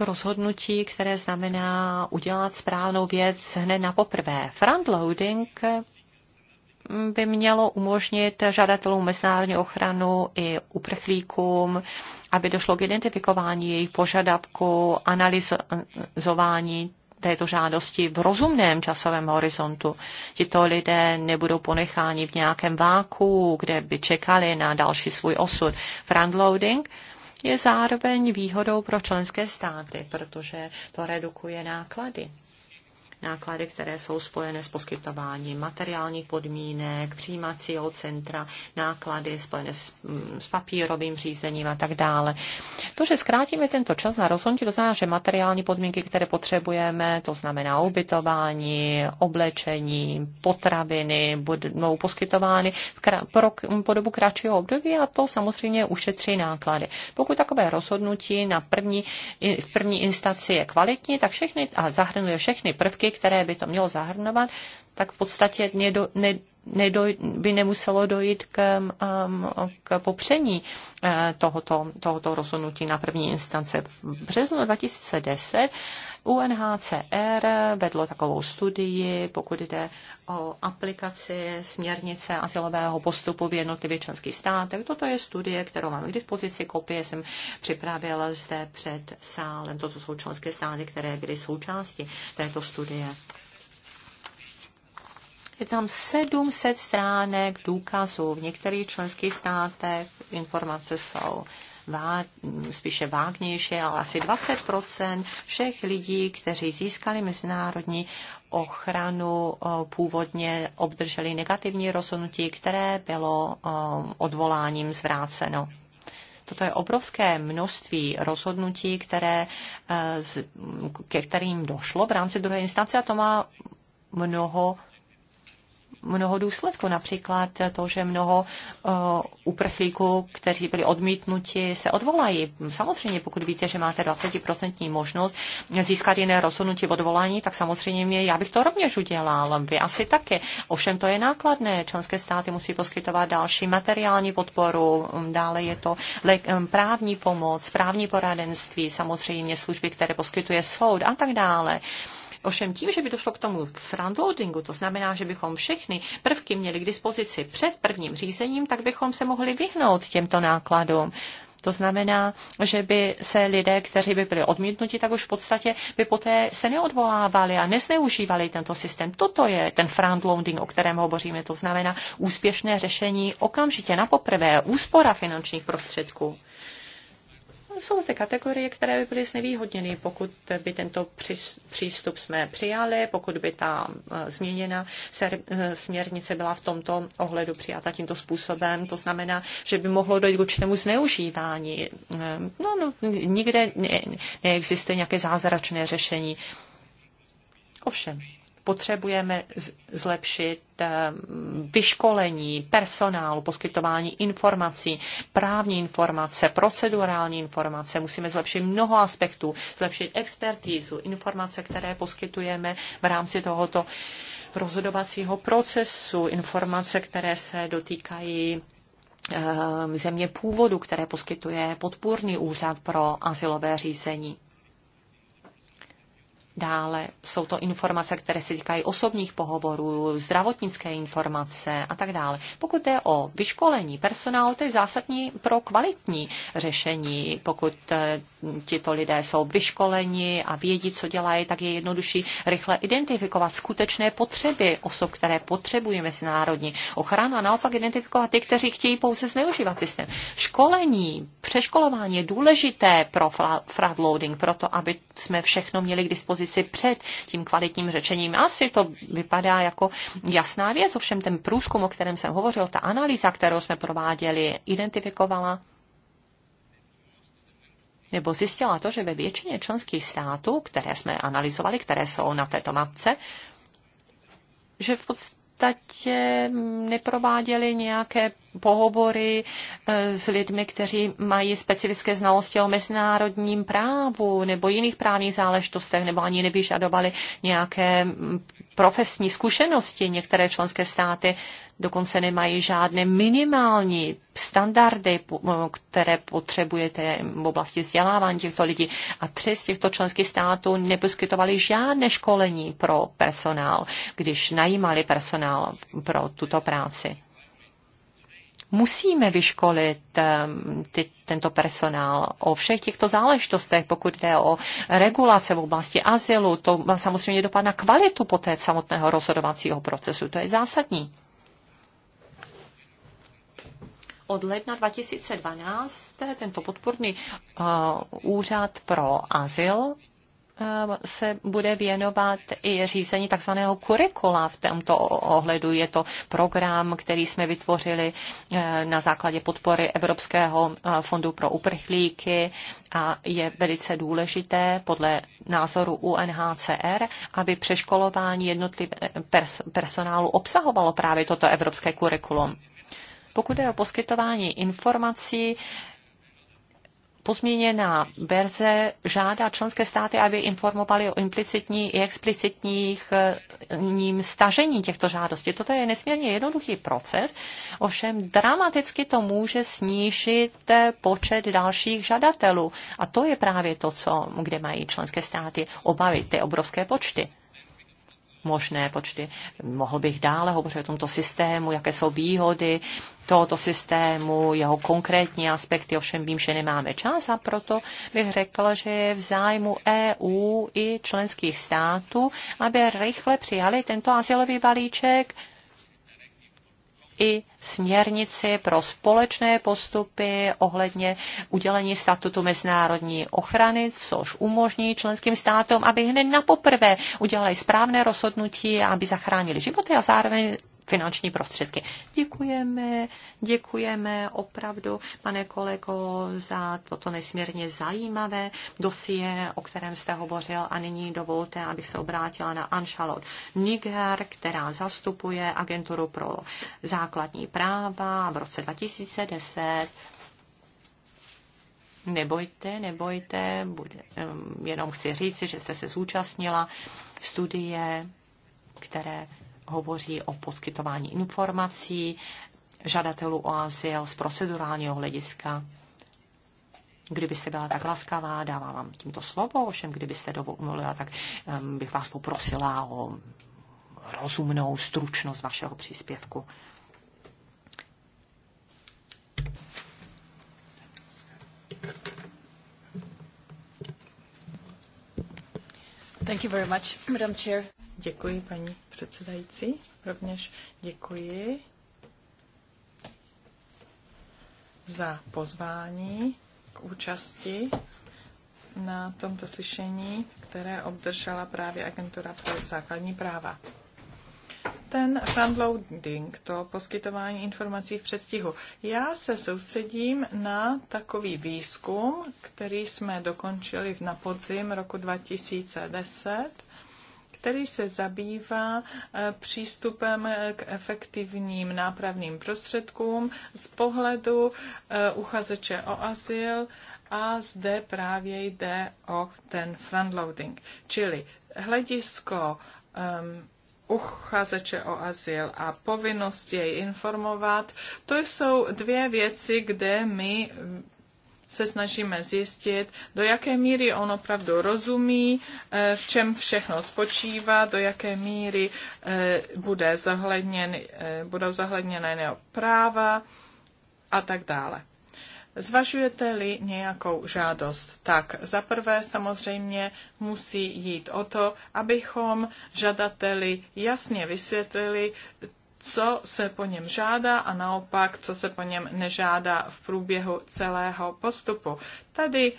rozhodnutí, které znamená udělat správnou věc hned na poprvé. Frontloading by mělo umožnit žadatelům mezinárodní ochranu i uprchlíkům, aby došlo k identifikování jejich požadavku, analyzování této žádosti v rozumném časovém horizontu. Tito lidé nebudou ponecháni v nějakém váku, kde by čekali na další svůj osud. Frontloading je zároveň výhodou pro členské státy, protože to redukuje náklady náklady, které jsou spojené s poskytováním materiálních podmínek, přijímacího centra, náklady spojené s, mm, s papírovým řízením a tak dále. To, že zkrátíme tento čas na rozhodnutí, to znamená, že materiální podmínky, které potřebujeme, to znamená ubytování, oblečení, potraviny, budou poskytovány v pro, po dobu kratšího období a to samozřejmě ušetří náklady. Pokud takové rozhodnutí na první, v první instanci je kvalitní, tak všechny a zahrnuje všechny prvky prvky, které by to mělo zahrnovat, tak v podstatě nedo, ne, nedoj, by nemuselo dojít k, um, k popření eh, tohoto, tohoto rozhodnutí na první instance. V březnu 2010 UNHCR vedlo takovou studii, pokud jde o aplikaci směrnice asilového postupu v jednotlivých členských státech. Toto je studie, kterou mám k dispozici. Kopie jsem připravila zde před sálem. Toto jsou členské státy, které byly součástí této studie. Je tam 700 stránek důkazů. V některých členských státech informace jsou vá, spíše vágnější, ale asi 20 všech lidí, kteří získali mezinárodní ochranu původně obdrželi negativní rozhodnutí, které bylo odvoláním zvráceno. Toto je obrovské množství rozhodnutí, které, e, ke kterým došlo v rámci druhé instance a to má mnoho mnoho důsledků, například to, že mnoho eh, uprchlíků, kteří byli odmítnuti, se odvolají. Samozřejmě, pokud víte, že máte 20% možnost získat jiné rozhodnutí v odvolání, tak samozřejmě já bych to rovněž udělal. Vy asi taky. Ovšem to je nákladné. Členské státy musí poskytovat další materiální podporu, mm, dále je to mm, právní pomoc, právní poradenství, samozřejmě služby, které poskytuje soud a tak dále. Ovšem tím, že by došlo k tomu frontloadingu, to znamená, že bychom všechny prvky měli k dispozici před prvním řízením, tak bychom se mohli vyhnout těmto nákladům. To znamená, že by se lidé, kteří by byli odmítnuti, tak už v podstatě by poté se neodvolávali a nezneužívali tento systém. Toto je ten frontloading, o kterém hovoříme. To znamená úspěšné řešení okamžitě na poprvé, úspora finančních prostředků jsou zde kategorie, které by byly znevýhodněny, pokud by tento přístup jsme přijali, pokud by ta eh, změněna eh, směrnice byla v tomto ohledu přijata tímto způsobem. To znamená, že by mohlo dojít k určitému zneužívání. Eh, no, no nikde ne, neexistuje nějaké zázračné řešení. Ovšem, potřebujeme zlepšit eh, vyškolení personálu, poskytování informací, právní informace, procedurální informace. Musíme zlepšit mnoho aspektů, zlepšit expertízu, informace, které poskytujeme v rámci tohoto rozhodovacího procesu, informace, které se dotýkají eh, země původu, které poskytuje podpůrný úřad pro asilové řízení. Dále jsou to informace, které se týkají osobních pohovorů, zdravotnické informace a tak dále. Pokud jde o vyškolení personálu, to je zásadní pro kvalitní řešení. Pokud eh, tito lidé jsou vyškoleni a vědí, co dělají, tak je jednodušší rychle identifikovat skutečné potřeby osob, které potřebují mezinárodní ochranu a naopak identifikovat ty, kteří chtějí pouze zneužívat systém. Školení, přeškolování je důležité pro front-loading, proto aby jsme všechno měli k dispozici pozici před tím kvalitním řečením. Asi to vypadá jako jasná věc, ovšem ten průzkum, o kterém jsem hovořil, ta analýza, kterou jsme prováděli, identifikovala nebo zjistila to, že ve většině členských států, které jsme analyzovali, které jsou na této mapce, že v podstatě podstatě neprováděli nějaké pohovory eh, s lidmi, kteří mají specifické znalosti o mezinárodním právu nebo jiných právních záležitostech, nebo ani nevyžadovali nějaké mm, profesní zkušenosti. Některé členské státy dokonce nemají žádné minimální standardy, které potřebujete v oblasti vzdělávání těchto lidí. A tři z těchto členských států neposkytovali žádné školení pro personál, když najímali personál pro tuto práci musíme vyškolit ty, tento personál o všech těchto záležitostech, pokud jde o regulace v oblasti azylu. To má samozřejmě dopad na kvalitu poté samotného rozhodovacího procesu. To je zásadní od ledna 2012 tento podporný uh, úřad pro azyl uh, se bude věnovat i řízení takzvaného kurikula v tomto ohledu. Je to program, který jsme vytvořili uh, na základě podpory Evropského uh, fondu pro uprchlíky a je velice důležité podle názoru UNHCR, aby přeškolování jednotlivého pers- personálu obsahovalo právě toto evropské kurikulum. Pokud je o poskytování informací, pozměněná verze žádá členské státy, aby informovali o implicitní i explicitních ním stažení těchto žádostí. Toto je nesmírně jednoduchý proces, ovšem dramaticky to může snížit počet dalších žadatelů. A to je právě to, co, kde mají členské státy obavy, ty obrovské počty možné počty. Mohl bych dále hovořit o tomto systému, jaké jsou výhody tohoto systému, jeho konkrétní aspekty, ovšem vím, že nemáme čas a proto bych řekla, že je v zájmu EU i členských států, aby rychle přijali tento asilový balíček i směrnici pro společné postupy ohledně udělení statutu mezinárodní ochrany, což umožní členským státům, aby hned na poprvé udělali správné rozhodnutí, aby zachránili životy a zároveň finanční prostředky. Děkujeme, děkujeme opravdu, pane kolego, za toto nesmírně zajímavé dosie, o kterém jste hovořil a nyní dovolte, abych se obrátila na Anšalot Niger, která zastupuje agenturu pro základní práva v roce 2010 nebojte, nebojte, bude, um, jenom chci říci, že jste se zúčastnila studie, které hovoří o poskytování informací žadatelů o azyl z procedurálního hlediska. Kdybyste byla tak laskavá, dávám vám tímto slovo, ovšem kdybyste dovolila, tak bych vás poprosila o rozumnou stručnost vašeho příspěvku. Thank you very much, Madam Chair. Děkuji, paní předsedající. Rovněž děkuji za pozvání k účasti na tomto slyšení, které obdržela právě Agentura pro základní práva. Ten frontloading, to poskytování informací v předstihu. Já se soustředím na takový výzkum, který jsme dokončili na podzim roku 2010 který se zabývá eh, přístupem k efektivním nápravným prostředkům z pohledu eh, uchazeče o azyl a zde právě jde o ten frontloading, čili hledisko um, uchazeče o azyl a povinnost jej informovat, to jsou dvě věci, kde my se snažíme zjistit, do jaké míry on opravdu rozumí, eh, v čem všechno spočívá, do jaké míry eh, bude zahledněn, eh, budou zahledněna jeho práva a tak dále. Zvažujete-li nějakou žádost, tak za prvé samozřejmě musí jít o to, abychom žadateli jasně vysvětlili co se po něm žádá a naopak, co se po něm nežádá v průběhu celého postupu. Tady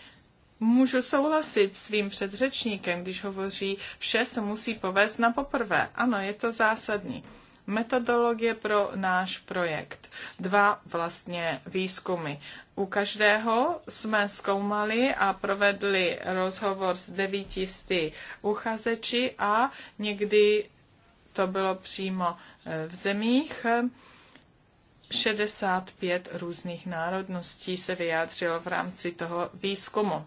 Můžu souhlasit svým předřečníkem, když hovoří, vše se musí povést na poprvé. Ano, je to zásadní. Metodologie pro náš projekt. Dva vlastně výzkumy. U každého jsme zkoumali a provedli rozhovor s devítisty uchazeči a někdy to bylo přímo v zemích 65 různých národností se vyjádřilo v rámci toho výzkumu.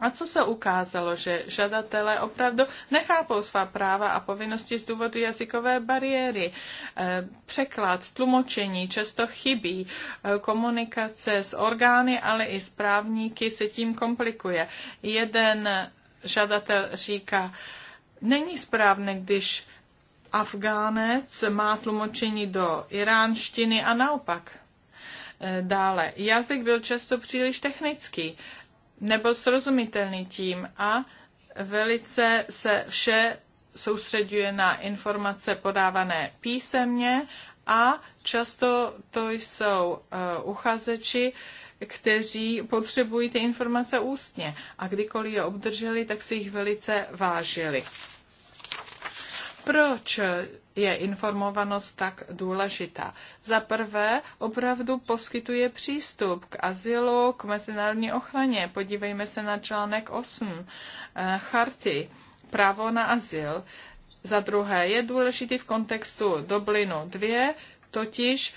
A co se ukázalo, že žadatelé opravdu nechápou svá práva a povinnosti z důvodu jazykové bariéry. E, překlad, tlumočení často chybí, e, komunikace s orgány, ale i s právníky se tím komplikuje. Jeden žadatel říká, není správné, když Afgánec má tlumočení do iránštiny a naopak. E, dále, jazyk byl často příliš technický nebo srozumitelný tím a velice se vše soustředuje na informace podávané písemně a často to jsou uh, uchazeči, kteří potřebují ty informace ústně a kdykoliv je obdrželi, tak si jich velice vážili. Proč je informovanost tak důležitá? Za prvé, opravdu poskytuje přístup k azylu, k mezinárodní ochraně. Podívejme se na článek 8 eh, charty právo na azyl. Za druhé, je důležitý v kontextu Dublinu 2, totiž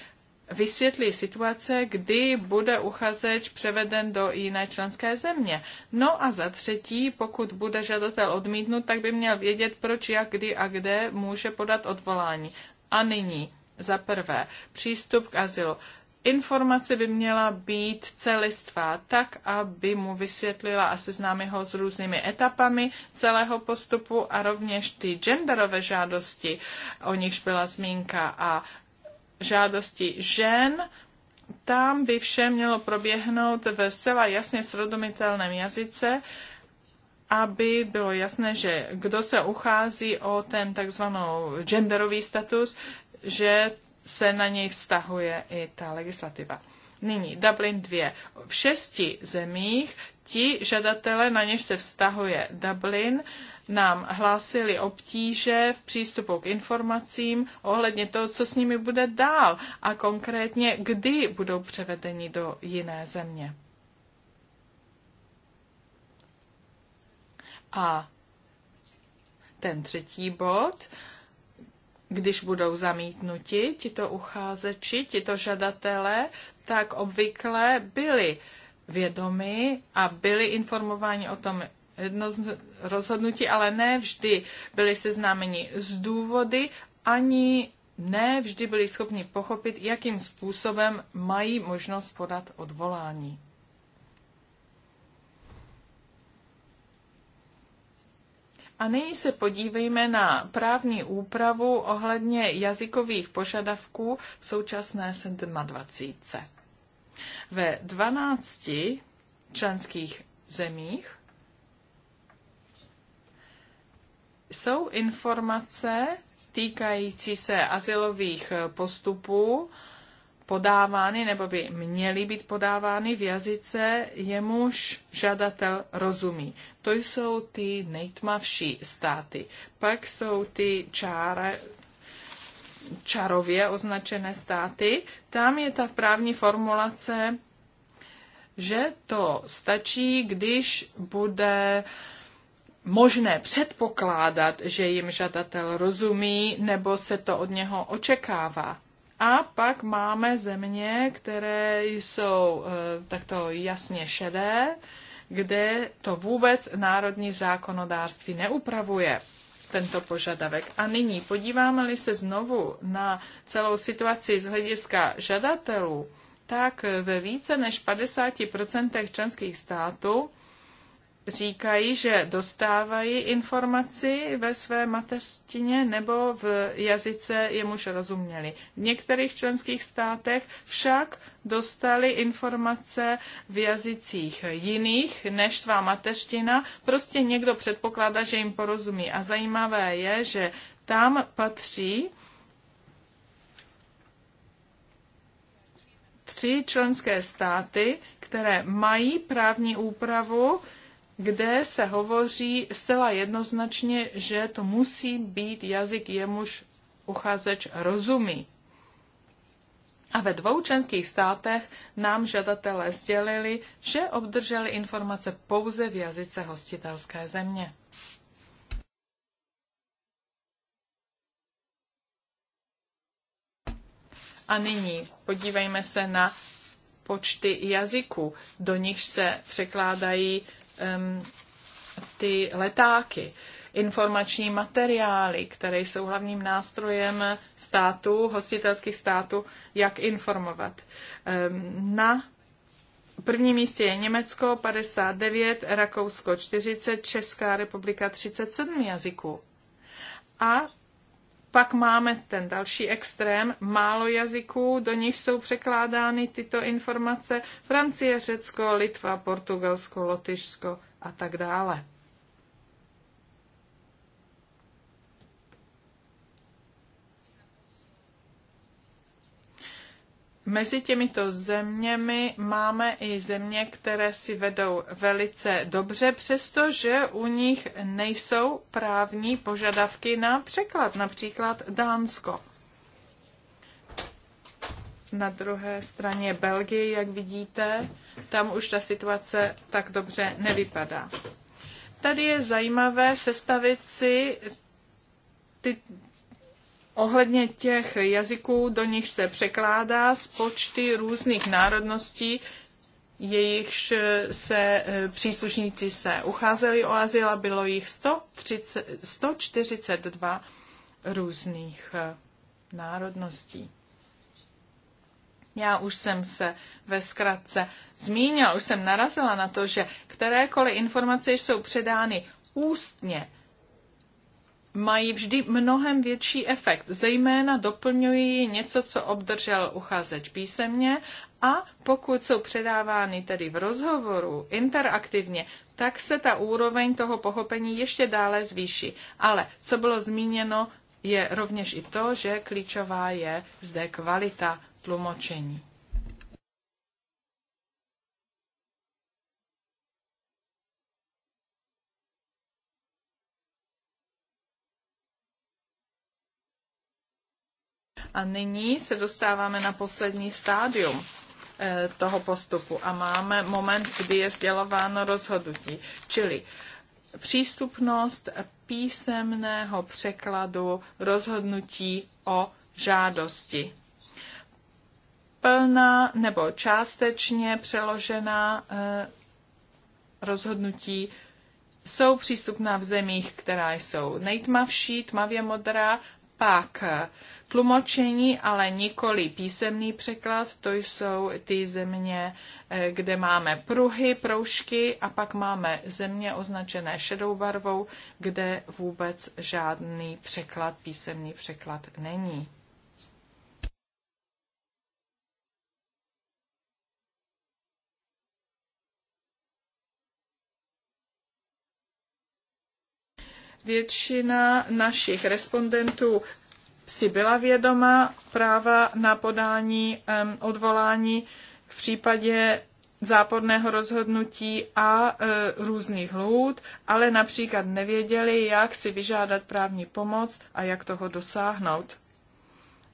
vysvětlí situace, kdy bude uchazeč převeden do jiné členské země. No a za třetí, pokud bude žadatel odmítnut, tak by měl vědět, proč, jak, kdy a kde může podat odvolání. A nyní, za prvé, přístup k azylu. Informace by měla být celistvá, tak, aby mu vysvětlila a seznámi ho s různými etapami celého postupu a rovněž ty genderové žádosti, o nichž byla zmínka a žádosti žen, tam by vše mělo proběhnout ve zcela jasně srozumitelném jazyce, aby bylo jasné, že kdo se uchází o ten takzvanou genderový status, že se na něj vztahuje i ta legislativa. Nyní Dublin 2. V šesti zemích ti žadatele, na něž se vztahuje Dublin, uh, nám hlásili obtíže v přístupu k informacím ohledně toho, co s nimi bude dál a konkrétně kdy budou převedeni do jiné země. A ten třetí bod, když budou zamítnuti tito ucházeči, tito žadatelé, tak obvykle byli vědomi a byli informováni o tom rozhodnutí, ale ne vždy byli seznámeni s důvody, ani ne vždy byli schopni pochopit, jakým způsobem mají možnost podat odvolání. A nyní se podívejme na právní úpravu ohledně jazykových požadavků v současné 27. Ve 12 členských zemích Jsou informace týkající se asilových postupů podávány nebo by měly být podávány v jazyce, jemuž žadatel rozumí. To jsou ty nejtmavší státy. Pak jsou ty čáre, čarově označené státy. Tam je ta právní formulace, že to stačí, když bude uh, možné předpokládat, že jim žadatel rozumí nebo se to od něho očekává. A pak máme země, které jsou eh, takto jasně šedé, kde to vůbec národní zákonodárství neupravuje tento požadavek. A nyní podíváme-li se znovu na celou situaci z hlediska žadatelů, tak ve více než 50% členských států říkají, že dostávají informaci ve své mateřtině nebo v jazyce jemuž rozuměli. V některých členských státech však dostali informace v jazycích jiných než svá mateřština. Prostě někdo předpokládá, že jim porozumí. A zajímavé je, že tam patří tři členské státy, které mají právní úpravu, kde se hovoří zcela jednoznačně, že to musí být jazyk, jemuž uchazeč rozumí. A ve dvou členských státech nám žadatelé sdělili, že obdrželi informace pouze v jazyce hostitelské země. A nyní podívejme se na počty jazyků, do nich se překládají ty letáky, informační materiály, které jsou hlavním nástrojem států, hostitelských států, jak informovat. Na prvním místě je Německo 59, Rakousko 40, Česká republika 37 jazyků. A pak máme ten další extrém, málo jazyků, do níž jsou překládány tyto informace Francie, Řecko, Litva, Portugalsko, Lotyšsko a tak dále. Mezi těmito zeměmi máme i země, které si vedou velice dobře, přestože u nich nejsou právní požadavky na překlad, například Dánsko. Na druhé straně Belgie, jak vidíte, tam už ta situace tak dobře nevypadá. Tady je zajímavé sestavit si ty ohledně těch jazyků, do nich se překládá z počty různých národností, jejichž se eh, příslušníci se ucházeli o azyl a bylo jich 130, 142 různých eh, národností. Já už jsem se ve zkratce zmínila, už jsem narazila na to, že kterékoliv informace jsou předány ústně mají vždy mnohem větší efekt. Zejména doplňují něco, co obdržel uchazeč písemně a pokud jsou předávány tedy v rozhovoru interaktivně, tak se ta úroveň toho pochopení ještě dále zvýší. Ale co bylo zmíněno, je rovněž i to, že klíčová je zde kvalita tlumočení. A nyní se dostáváme na poslední stádium eh, toho postupu a máme moment, kdy je sdělováno rozhodnutí, čili přístupnost písemného překladu rozhodnutí o žádosti. Plná nebo částečně přeložená eh, rozhodnutí jsou přístupná v zemích, která jsou nejtmavší, tmavě modrá, pak eh, Tlumočení, ale nikoli písemný překlad, to jsou ty země, eh, kde máme pruhy, proužky a pak máme země označené šedou barvou, kde vůbec žádný překlad, písemný překlad není. většina našich respondentů si byla vědoma práva na podání odvolání v případě záporného rozhodnutí a e, různých lhůt, ale například nevěděli, jak si vyžádat právní pomoc a jak toho dosáhnout.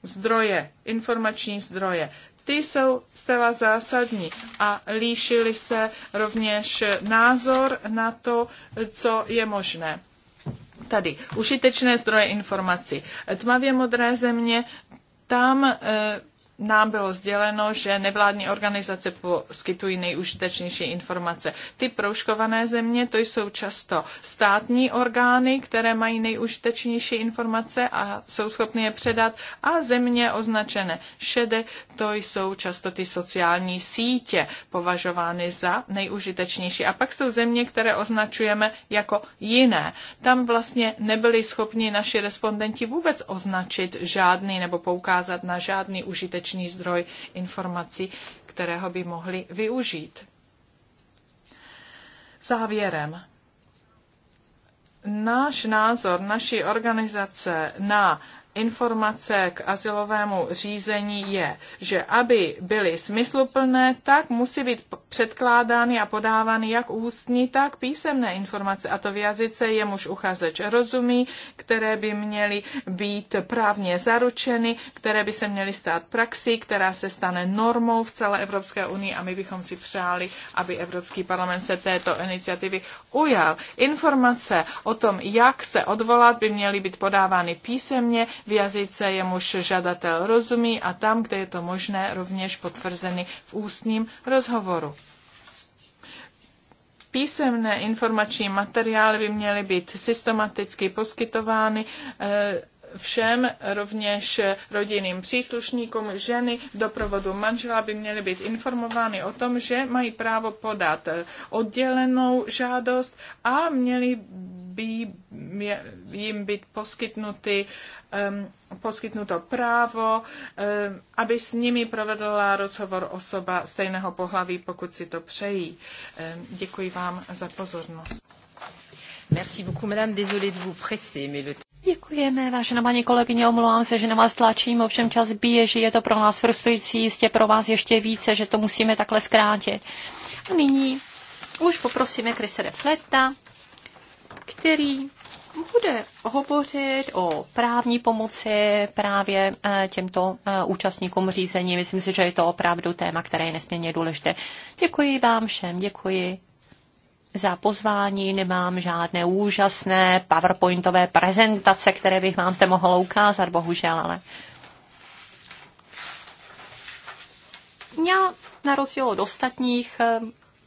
Zdroje, informační zdroje, ty jsou zcela zásadní a líšili se rovněž názor na to, co je možné. Tady užitečné zdroje informací. Tmavě modré země, tam e, nám bylo sděleno, že nevládní organizace poskytují nejužitečnější informace. Ty proužkované země, to jsou často státní orgány, které mají nejužitečnější informace a jsou schopny je předat, a země označené šede, to jsou často ty sociální sítě považovány za nejužitečnější. A pak jsou země, které označujeme jako jiné. Tam vlastně nebyli schopni naši respondenti vůbec označit žádný nebo poukázat na žádný užitečný zdroj informací, kterého by mohli využít. Závěrem. Náš názor, naší organizace na informace k asilovému řízení je, že aby byly smysluplné, tak musí být předkládány a podávány jak ústní, tak písemné informace, a to v jazyce jemuž uchazeč rozumí, které by měly být právně zaručeny, které by se měly stát praxí, která se stane normou v celé Evropské unii a my bychom si přáli, aby Evropský parlament se této iniciativy ujal. Informace o tom, jak se odvolat, by měly být podávány písemně, v jazyce, jemuž žadatel rozumí a tam, kde je to možné, rovněž potvrzeny v ústním rozhovoru. Písemné informační materiály by měly být systematicky poskytovány eh, všem, rovněž rodinným příslušníkům ženy v doprovodu manžela by měly být informovány o tom, že mají právo podat eh, oddělenou žádost a měly by jim být poskytnuty poskytnuto právo, aby s nimi provedla rozhovor osoba stejného pohlaví, pokud si to přejí. Děkuji vám za pozornost. Merci beaucoup, madame. Désolé de vous presser, mais le Děkujeme, vážená paní kolegyně, omlouvám se, že na vás tlačím, ovšem čas běží, je to pro nás frustrující, jistě pro vás ještě více, že to musíme takhle zkrátit. A nyní už poprosíme Krise refleta, který bude hovořit o právní pomoci právě eh, těmto eh, účastníkům řízení. Myslím si, že je to opravdu téma, které je nesmírně důležité. Děkuji vám všem, děkuji za pozvání, nemám žádné úžasné powerpointové prezentace, které bych vám zde mohla ukázat, bohužel, ale... Já na rozdíl od ostatních eh,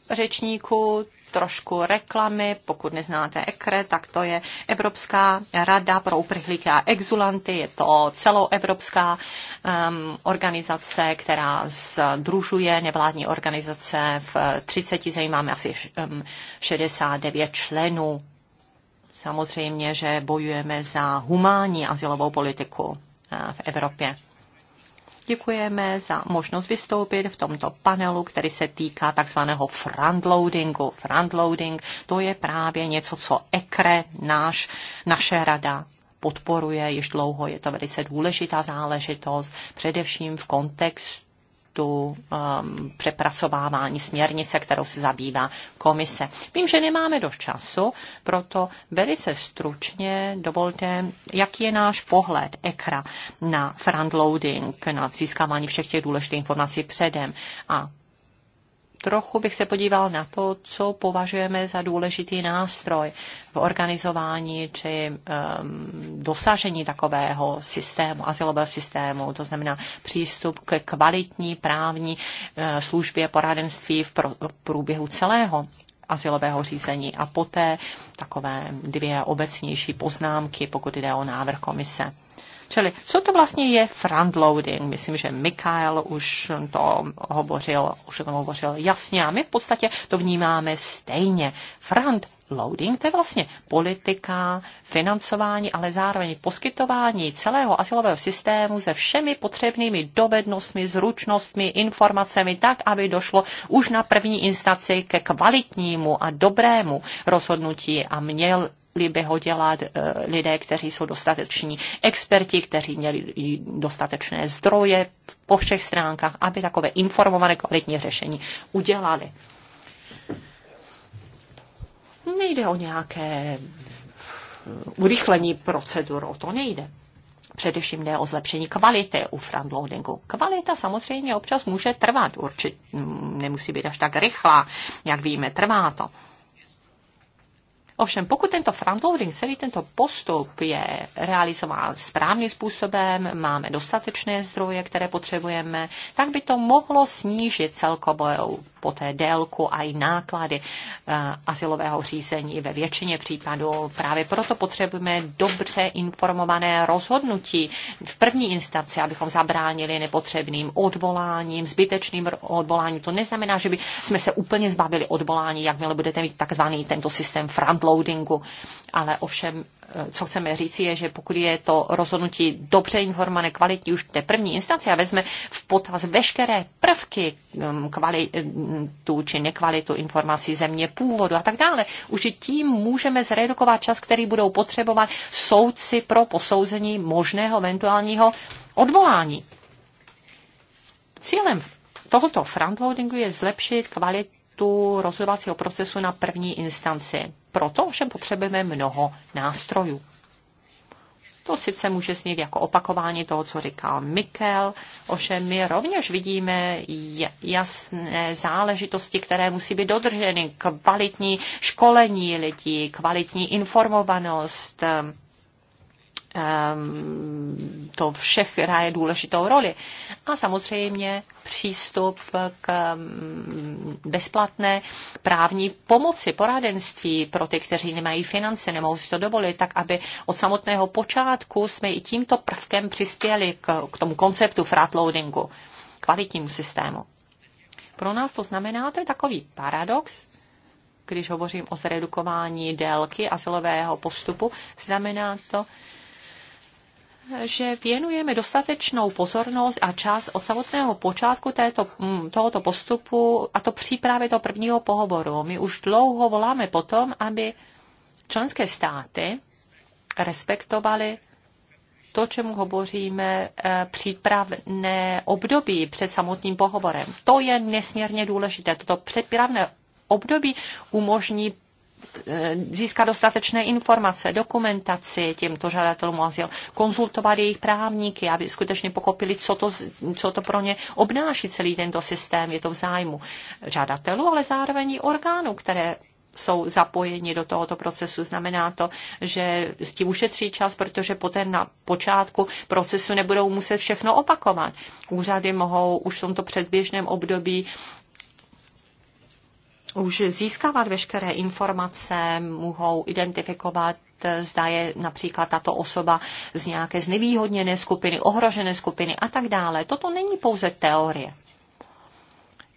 řečníků, trošku reklamy. Pokud neznáte EKRE, tak to je Evropská rada pro uprchlíky a exulanty. Je to celoevropská um, organizace, která združuje nevládní organizace v 30 zemí. Máme asi um, 69 členů. Samozřejmě, že bojujeme za humánní asilovou politiku uh, v Evropě. Děkujeme za možnost vystoupit v tomto panelu, který se týká takzvaného frontloadingu. Frontloading to je právě něco, co EKRE, náš, naše rada podporuje již dlouho. Je to velice důležitá záležitost, především v kontextu tématu um, přepracovávání směrnice, kterou se zabývá komise. Vím, že nemáme dost času, proto velice stručně dovolte, jaký je náš pohled EKRA na frontloading, na získávání všech těch důležitých informací předem a trochu bych se podíval na to, co považujeme za důležitý nástroj v organizování či um, dosažení takového systému, asilového systému, to znamená přístup k kvalitní právní uh, službě poradenství v, pro, v průběhu celého asilového řízení a poté takové dvě obecnější poznámky, pokud jde o návrh komise. Čili co to vlastně je frontloading? Myslím, že Mikael už to hovořil, už to hovořil jasně a my v podstatě to vnímáme stejně. Frontloading to je vlastně politika, financování, ale zároveň poskytování celého asilového systému se všemi potřebnými dovednostmi, zručnostmi, informacemi, tak, aby došlo už na první instanci ke kvalitnímu a dobrému rozhodnutí a měl by ho dělat eh, lidé, kteří jsou dostateční experti, kteří měli dostatečné zdroje po všech stránkách, aby takové informované kvalitní řešení udělali. Nejde o nějaké eh, urychlení procedur, o to nejde. Především jde o zlepšení kvality u frontloadingu. Kvalita samozřejmě občas může trvat, určitě mm, nemusí být až tak rychlá, jak víme, trvá to. Ovšem, pokud tento frontloading, celý tento postup je realizován správným způsobem, máme dostatečné zdroje, které potřebujeme, tak by to mohlo snížit celkovou poté délku a i náklady eh, asilového řízení ve většině případů. Právě proto potřebujeme dobře informované rozhodnutí v první instanci, abychom zabránili nepotřebným odvoláním, zbytečným odvoláním. To neznamená, že by jsme se úplně zbavili odvolání, jakmile budete mít takzvaný tento systém frontloading uploadingu. loadingu Ale ovšem, eh, co chceme říci, je, že pokud je to rozhodnutí dobře informované, kvalitní už v té první instanci a vezme v potaz veškeré prvky, mm, kvalitu mm, či nekvalitu informací země původu a tak dále, už tím můžeme zredukovat čas, který budou potřebovat soudci pro posouzení možného eventuálního odvolání. Cílem tohoto frontloadingu je zlepšit kvalitu rozhodovacího procesu na první instanci. Proto ovšem potřebujeme mnoho nástrojů. To sice může znít jako opakování toho, co říkal Mikel, ovšem my rovněž vidíme jasné záležitosti, které musí být dodrženy. Kvalitní školení lidí, kvalitní informovanost, Ehm, to všech hraje důležitou roli. A samozřejmě přístup k ehm, bezplatné právní pomoci, poradenství pro ty, kteří nemají finance, nemohou si to dovolit, tak aby od samotného počátku jsme i tímto prvkem přispěli k, k tomu konceptu fratloadingu, kvalitnímu systému. Pro nás to znamená, to je takový paradox, když hovořím o zredukování délky asilového postupu, znamená to, že věnujeme dostatečnou pozornost a čas od samotného počátku této, mm, tohoto postupu a to přípravy toho prvního pohovoru. My už dlouho voláme potom, aby členské státy respektovaly to, čemu hovoříme, eh, přípravné období před samotným pohovorem. To je nesmírně důležité. Toto přípravné období umožní získat dostatečné informace, dokumentaci těmto žadatelům azyl, konzultovat jejich právníky, aby skutečně pochopili, co to, co to pro ně obnáší celý tento systém. Je to v zájmu žadatelů, ale zároveň i orgánů, které jsou zapojeni do tohoto procesu. Znamená to, že s tím ušetří čas, protože poté na počátku procesu nebudou muset všechno opakovat. Úřady mohou už v tomto předběžném období už získávat veškeré informace, mohou identifikovat zda je například tato osoba z nějaké znevýhodněné skupiny, ohrožené skupiny a tak dále. Toto není pouze teorie.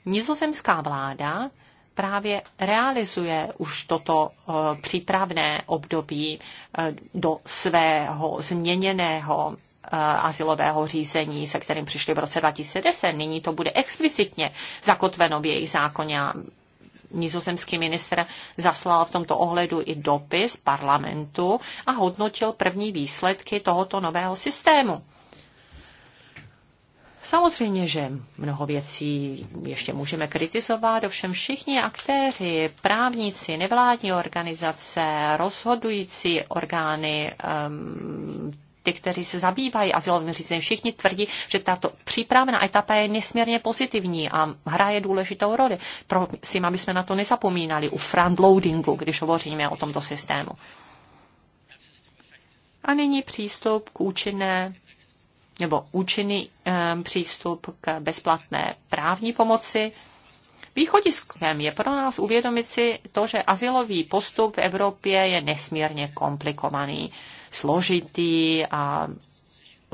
Nizozemská vláda právě realizuje už toto eh, přípravné období eh, do svého změněného eh, azylového řízení, se kterým přišli v roce 2010. Nyní to bude explicitně zakotveno v jejich zákoně a nizozemský ministr zaslal v tomto ohledu i dopis parlamentu a hodnotil první výsledky tohoto nového systému. Samozřejmě, že mnoho věcí ještě můžeme kritizovat, ovšem všichni aktéři, právníci, nevládní organizace, rozhodující orgány, ehm, ty, kteří se zabývají asilovým řízením, všichni tvrdí, že tato přípravná etapa je nesmírně pozitivní a hraje důležitou roli. Prosím, aby jsme na to nezapomínali u frontloadingu, když hovoříme o tomto systému. A nyní přístup k účinné nebo účinný um, přístup k bezplatné právní pomoci. Východiskem je pro nás uvědomit si to, že asilový postup v Evropě je nesmírně komplikovaný složitý a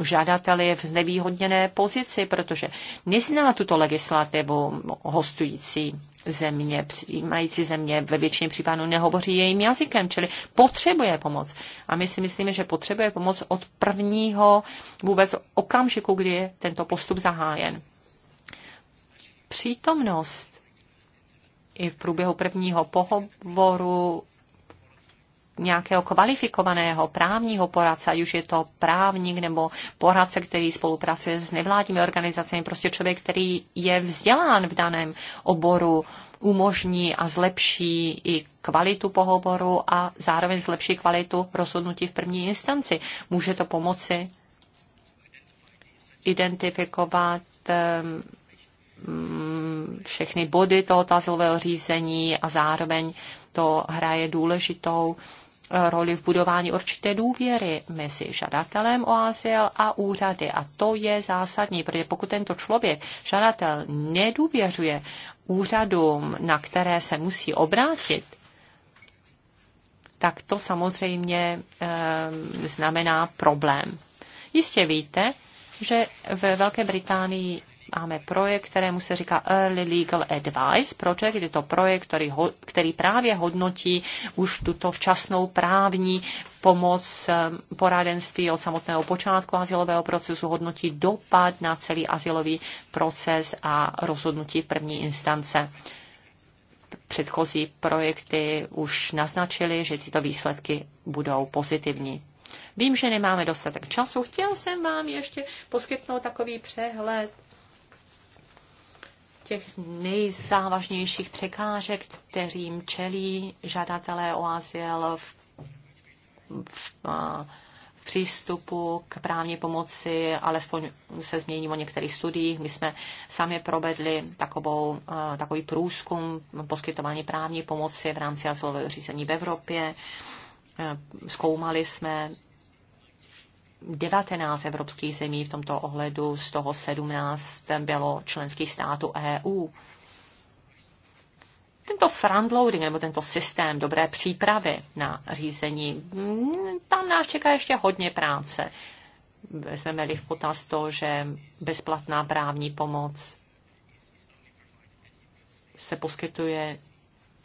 žádatel je v znevýhodněné pozici, protože nezná tuto legislativu hostující země, přijímající země ve většině případů nehovoří jejím jazykem, čili potřebuje pomoc. A my si myslíme, že potřebuje pomoc od prvního vůbec okamžiku, kdy je tento postup zahájen. Přítomnost i v průběhu prvního pohovoru nějakého kvalifikovaného právního poradce, ať už je to právník nebo poradce, který spolupracuje s nevládními organizacemi, prostě člověk, který je vzdělán v daném oboru, umožní a zlepší i kvalitu pohovoru a zároveň zlepší kvalitu rozhodnutí v první instanci. Může to pomoci identifikovat ehm, všechny body toho tazlového řízení a zároveň to hraje důležitou roli v budování určité důvěry mezi žadatelem o azyl a úřady. A to je zásadní, protože pokud tento člověk, žadatel, nedůvěřuje úřadům, na které se musí obrátit, tak to samozřejmě e, znamená problém. Jistě víte, že ve Velké Británii máme projekt, kterému se říká Early Legal Advice Project. Je to projekt, který, ho, který právě hodnotí už tuto včasnou právní pomoc ehm, poradenství od samotného počátku asilového procesu, hodnotí dopad na celý asilový proces a rozhodnutí první instance předchozí projekty už naznačily, že tyto výsledky budou pozitivní. Vím, že nemáme dostatek času. Chtěl jsem vám ještě poskytnout takový přehled těch nejzávažnějších překážek, kterým čelí žadatelé o azyl v, v, v přístupu k právní pomoci, alespoň se změní o některých studiích. My jsme sami provedli takovou, takový průzkum poskytování právní pomoci v rámci azylového řízení v Evropě. Zkoumali jsme 19 evropských zemí v tomto ohledu, z toho 17 bylo členských států EU. Tento frontloading nebo tento systém dobré přípravy na řízení, mm, tam nás čeká ještě hodně práce. Vezmeme-li v potaz to, že bezplatná právní pomoc se poskytuje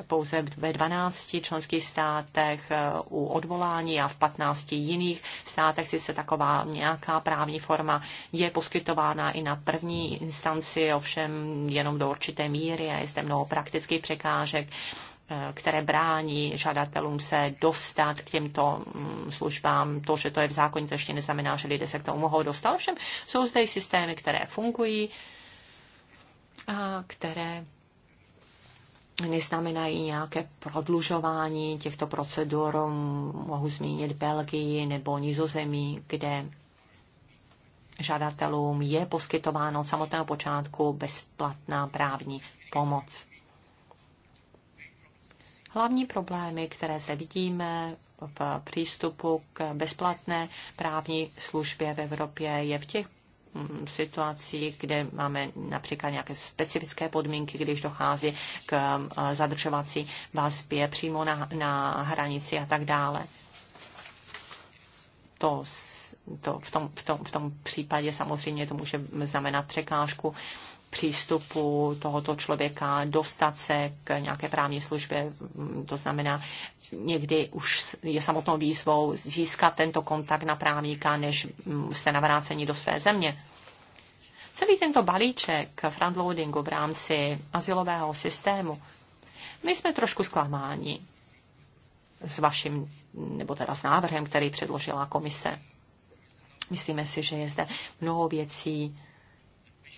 pouze ve 12 členských státech eh, u odvolání a v 15 jiných státech si se taková nějaká právní forma je poskytována i na první instanci, ovšem jenom do určité míry a je zde mnoho praktických překážek eh, které brání žadatelům se dostat k těmto mm, službám. To, že to je v zákoně, to ještě neznamená, že lidé se k tomu mohou dostat. ovšem jsou zde systémy, které fungují a které neznamenají nějaké prodlužování těchto procedur. Mohu zmínit Belgii nebo Nizozemí, kde žadatelům je poskytováno od samotného počátku bezplatná právní pomoc. Hlavní problémy, které zde vidíme v přístupu k bezplatné právní službě v Evropě, je v těch Mm, situacích, kde máme například nějaké specifické podmínky, když dochází k eh, zadržovací vazbě přímo na, na hranici a tak dále. To, to v, tom, v, tom, v tom případě samozřejmě to může znamenat překážku přístupu tohoto člověka, dostat se k nějaké právní službě, mm, to znamená někdy už je samotnou výzvou získat tento kontakt na právníka, než mm, jste navráceni do své země. Celý tento balíček frontloadingu v rámci asilového systému, my jsme trošku zklamáni s vaším, nebo teda s návrhem, který předložila komise. Myslíme si, že je zde mnoho věcí,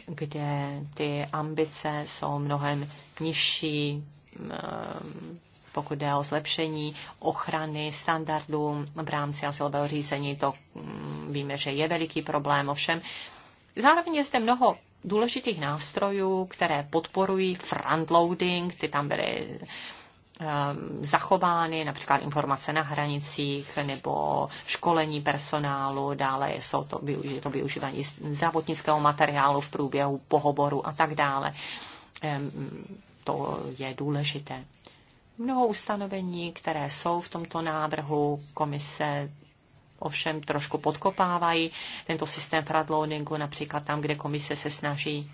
kde ty ambice jsou mnohem nižší, mm, pokud jde o zlepšení ochrany standardů v rámci asilového řízení. To mm, víme, že je veliký problém, ovšem zároveň je zde mnoho důležitých nástrojů, které podporují frontloading, ty tam byly ehm, zachovány, například informace na hranicích nebo školení personálu, dále jsou to, využi- to využívání zdravotnického materiálu v průběhu pohovoru a tak dále. Ehm, to je důležité. Mnoho ustanovení, které jsou v tomto návrhu komise, ovšem trošku podkopávají tento systém frontloadingu, například tam, kde komise se snaží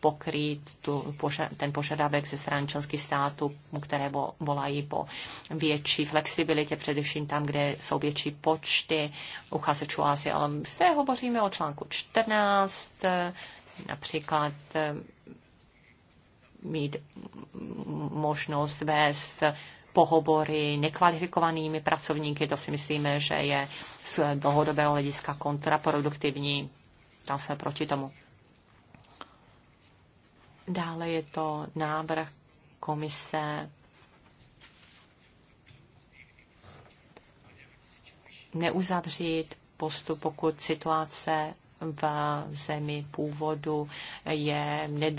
pokrýt tu, ten požadavek ze strany členských států, které volají po větší flexibilitě, především tam, kde jsou větší počty uchazečů asi. Ale zde hovoříme o článku 14, například mít možnost vést pohovory nekvalifikovanými pracovníky, to si myslíme, že je z dlouhodobého hlediska kontraproduktivní. Tam jsme proti tomu. Dále je to návrh komise neuzavřít postup, pokud situace v zemi původu je ne,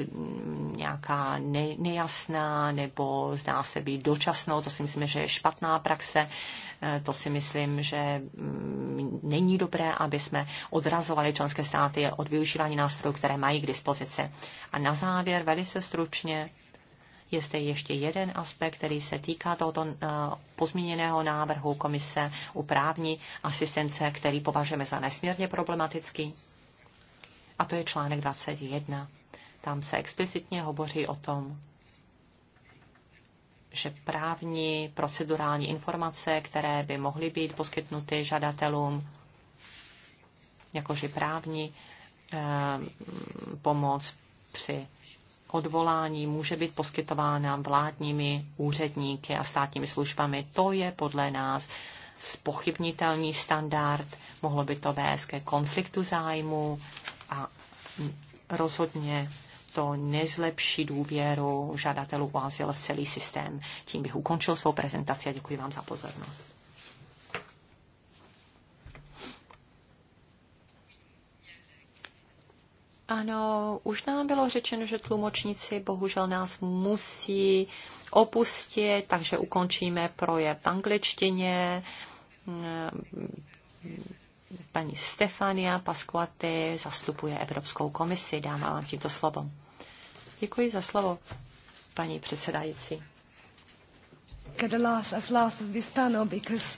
nějaká ne, nejasná nebo zdá se být dočasnou. To si myslím, že je špatná praxe. Eh, to si myslím, že mm, není dobré, aby jsme odrazovali členské státy od využívání nástrojů, které mají k dispozici. A na závěr velice stručně je zde ještě jeden aspekt, který se týká tohoto eh, pozměněného návrhu komise u právní asistence, který považujeme za nesmírně problematický. A to je článek 21. Tam se explicitně hovoří o tom, že právní procedurální informace, které by mohly být poskytnuty žadatelům, jakože právní eh, pomoc při odvolání může být poskytována vládními úředníky a státními službami. To je podle nás spochybnitelný standard, mohlo by to vést ke konfliktu zájmu a rozhodně to nezlepší důvěru žadatelů o azyl v celý systém. Tím bych ukončil svou prezentaci a děkuji vám za pozornost. Ano, už nám bylo řečeno, že tlumočníci bohužel nás musí opustit, takže ukončíme projev v angličtině. Paní Stefania Pasquaty zastupuje Evropskou komisi. Dám vám tímto slovo. Děkuji za slovo, paní předsedající. As last of this panel because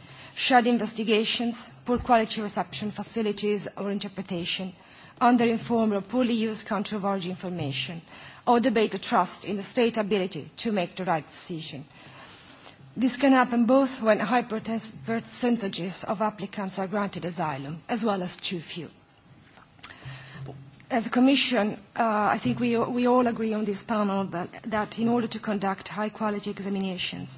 shared investigations, poor quality reception facilities or interpretation, under-informed or poorly used country of origin information, or debate the trust in the state ability to make the right decision. This can happen both when high percentages of applicants are granted asylum, as well as too few. As a Commission, uh, I think we, we all agree on this panel that, that in order to conduct high-quality examinations,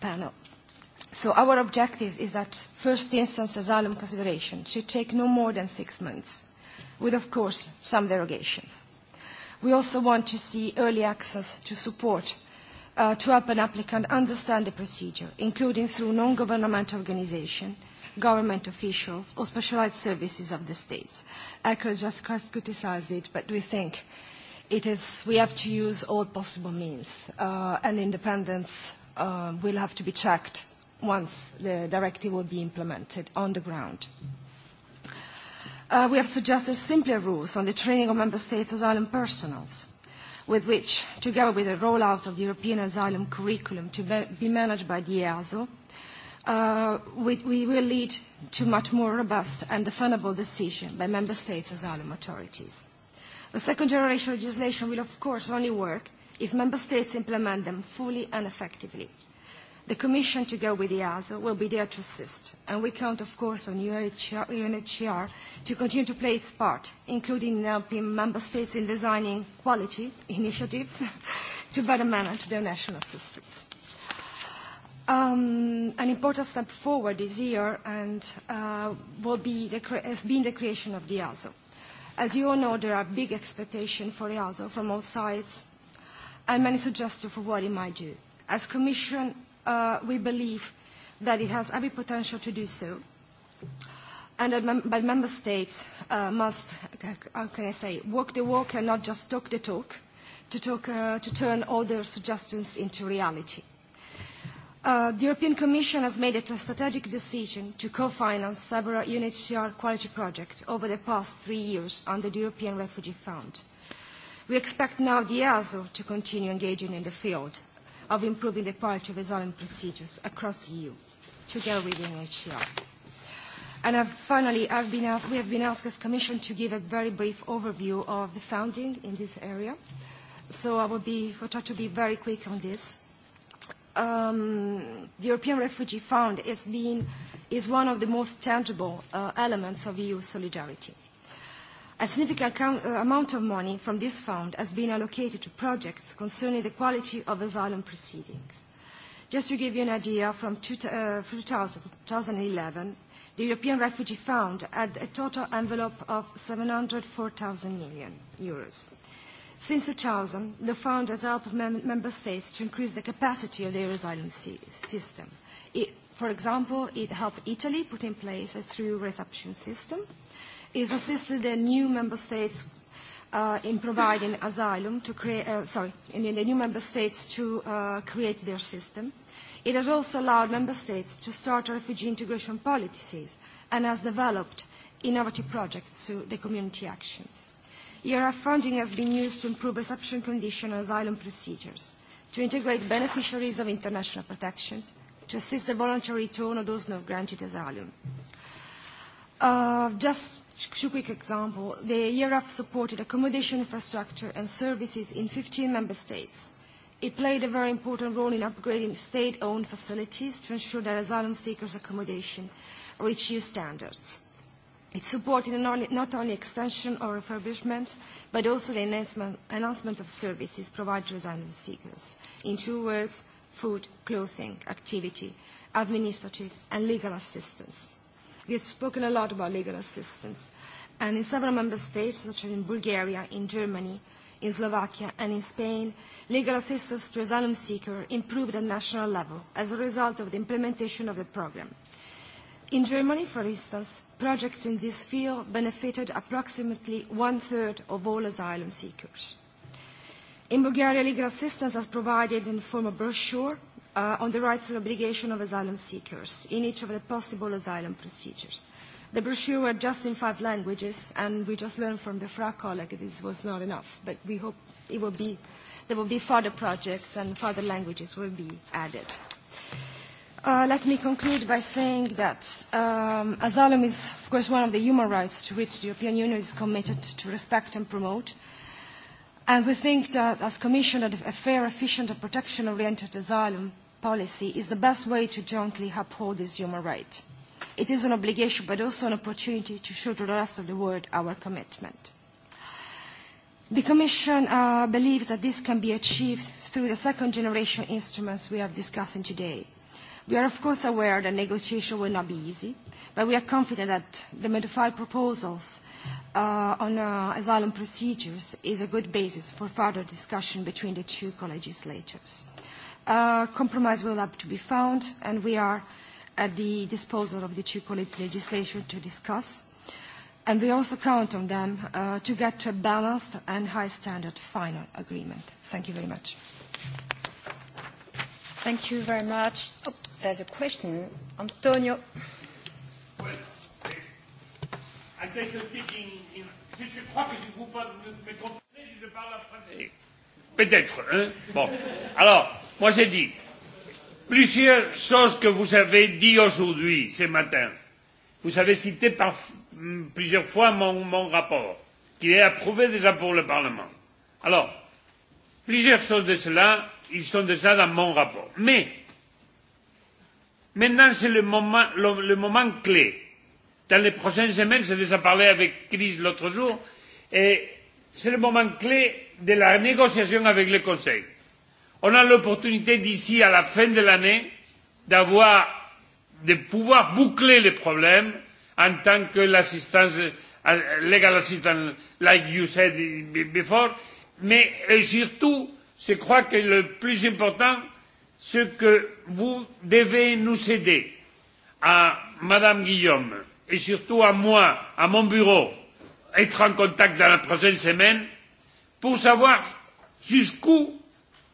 panel. So our objective is that first instance asylum consideration should take no more than six months, with of course some derogations. We also want to see early access to support uh, to help an applicant understand the procedure, including through non-governmental organizations, government officials, or specialized services of the states. ECHO just criticized it, but we think it is, we have to use all possible means uh, and independence uh, will have to be checked once the directive will be implemented on the ground. Uh, we have suggested simpler rules on the training of member states' asylum personnel, with which, together with the rollout of the European asylum curriculum to be managed by the EASO, uh, we, we will lead to much more robust and definable decision by member states' asylum authorities. The second generation legislation will, of course, only work if Member States implement them fully and effectively. The Commission, together with EASO, will be there to assist, and we count, of course, on UNHCR, UNHCR to continue to play its part, including helping Member States in designing quality initiatives to better manage their national systems. Um, an important step forward this year and uh, will be the, has been the creation of the EASO. As you all know, there are big expectations for EASO from all sides, and many suggestions for what it might do. As Commission, uh, we believe that it has every potential to do so, and that mem but Member States uh, must, how can I say, walk the walk and not just talk the talk, to, talk, uh, to turn all their suggestions into reality. Uh, the European Commission has made a strategic decision to co-finance several UNHCR quality projects over the past three years under the European Refugee Fund. We expect now the EASO to continue engaging in the field of improving the quality of asylum procedures across the EU, together with UNHCR. And I've, finally, I've been asked, we have been asked as Commission to give a very brief overview of the founding in this area. So I will, be, will try to be very quick on this. Um, the European Refugee Fund is, being, is one of the most tangible uh, elements of EU solidarity. A significant uh, amount of money from this fund has been allocated to projects concerning the quality of asylum proceedings. Just to give you an idea, from 2011, uh, the European Refugee Fund had a total envelope of 704,000 million euros. Since 2000, the fund has helped mem member states to increase the capacity of their asylum si system. It, for example, it helped Italy put in place a through reception system – is assisting the new member states uh, in providing asylum to create, uh, sorry, in the new member states to uh, create their system. It has also allowed member states to start refugee integration policies and has developed innovative projects through the community actions. ERF funding has been used to improve reception conditions and asylum procedures, to integrate beneficiaries of international protections, to assist the voluntary return of those not granted asylum. Uh, just two quick example. The ERF supported accommodation infrastructure and services in 15 member states. It played a very important role in upgrading state-owned facilities to ensure that asylum seekers' accommodation reach EU standards. It supported not only extension or refurbishment, but also the enhancement of services provided to asylum seekers. In two words, food, clothing, activity, administrative and legal assistance. We have spoken a lot about legal assistance. And in several member states, such as in Bulgaria, in Germany, in Slovakia and in Spain, legal assistance to asylum seekers improved at national level as a result of the implementation of the program. In Germany, for instance, projects in this field benefited approximately one-third of all asylum seekers. In Bulgaria, legal assistance is provided in the form of brochure uh, on the rights and obligations of asylum seekers in each of the possible asylum procedures. The brochure were just in five languages, and we just learned from the FRA colleague that this was not enough, but we hope it will be, there will be further projects and further languages will be added. Uh, let me conclude by saying that um, asylum is, of course, one of the human rights to which the European Union is committed to respect and promote. And we think that as Commission, a fair, efficient and protection-oriented asylum policy is the best way to jointly uphold this human right. It is an obligation but also an opportunity to show to the rest of the world our commitment. The Commission uh, believes that this can be achieved through the second generation instruments we are discussing today. We are of course aware that negotiation will not be easy, but we are confident that the modified proposals uh, on uh, asylum procedures is a good basis for further discussion between the two co-legislators a compromise will have to be found, and we are at the disposal of the two quality legislation to discuss. And we also count on them uh, to get to a balanced and high-standard final agreement. Thank you very much. Thank you very much. Oh, there's a question. Antonio. Well, eh, I think you're speaking in... Eh, peut-être, hein Bon. Alors, Moi, j'ai dit plusieurs choses que vous avez dit aujourd'hui, ce matin. Vous avez cité par, hmm, plusieurs fois mon, mon rapport, qui est approuvé déjà pour le Parlement. Alors, plusieurs choses de cela, ils sont déjà dans mon rapport. Mais, maintenant, c'est le moment, le, le moment clé. Dans les prochaines semaines, j'ai déjà parlé avec Chris l'autre jour, et c'est le moment clé de la négociation avec le Conseil on a l'opportunité d'ici à la fin de l'année d'avoir de pouvoir boucler les problèmes en tant que l'assistance euh, legal assistance like you said before mais surtout je crois que le plus important ce que vous devez nous aider à madame Guillaume et surtout à moi à mon bureau être en contact dans la prochaine semaine pour savoir jusqu'où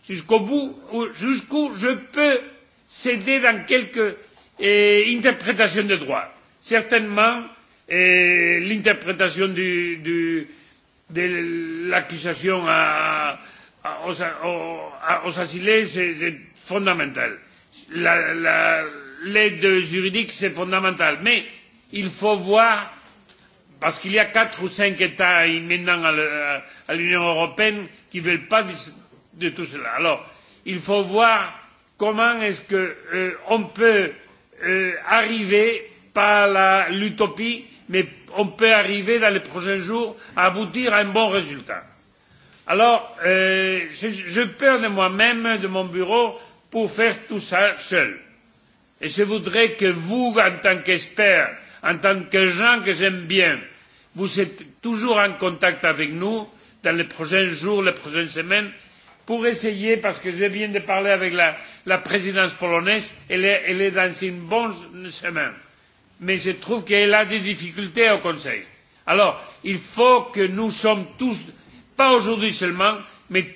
jusqu'au bout, jusqu'où je peux céder dans quelques eh, interprétations de droit. Certainement, eh, l'interprétation du, du, de l'accusation à, à, aux, aux, aux asilés, c'est fondamental. L'aide La, la, juridique, c'est fondamental. Mais il faut voir, parce qu'il y a quatre ou cinq États maintenant à l'Union européenne qui ne veulent pas de tout cela. Alors, il faut voir comment est-ce que euh, on peut euh, arriver pas à l'utopie, mais on peut arriver dans les prochains jours à aboutir à un bon résultat. Alors, euh, je, je perds de moi-même, de mon bureau, pour faire tout ça seul. Et je voudrais que vous, en tant qu'experts, en tant que gens que j'aime bien, vous êtes toujours en contact avec nous dans les prochains jours, les prochaines semaines, pour essayer, parce que je viens de parler avec la, la présidence polonaise, elle est, elle est dans une bonne chemin. Mais je trouve qu'elle a des difficultés au Conseil. Alors, il faut que nous sommes tous, pas aujourd'hui seulement, mais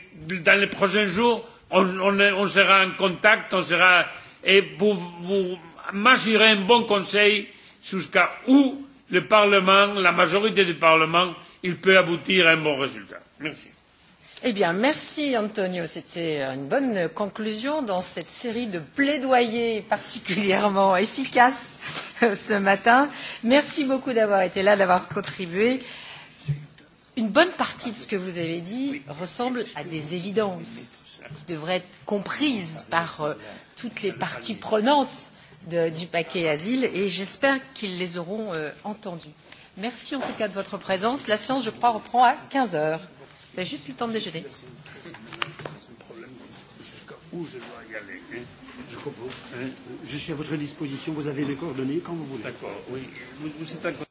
dans les prochains jours, on, on, on sera en contact, on sera, et pour vous m'assurer un bon conseil jusqu'à où le Parlement, la majorité du Parlement, il peut aboutir à un bon résultat. Merci. Eh merci Antonio. C'était une bonne conclusion dans cette série de plaidoyers particulièrement efficaces euh, ce matin. Merci beaucoup d'avoir été là, d'avoir contribué. Une bonne partie de ce que vous avez dit ressemble à des évidences qui devraient être comprises par euh, toutes les parties prenantes de, du paquet asile et j'espère qu'ils les auront euh, entendues. Merci en tout cas de votre présence. La séance, je crois, reprend à 15 heures. C'était juste le temps de déjeuner. Où je dois y aller hein Je comprends. Hein je suis à votre disposition. Vous avez les coordonnées quand vous voulez. D'accord. Oui. Vous, vous êtes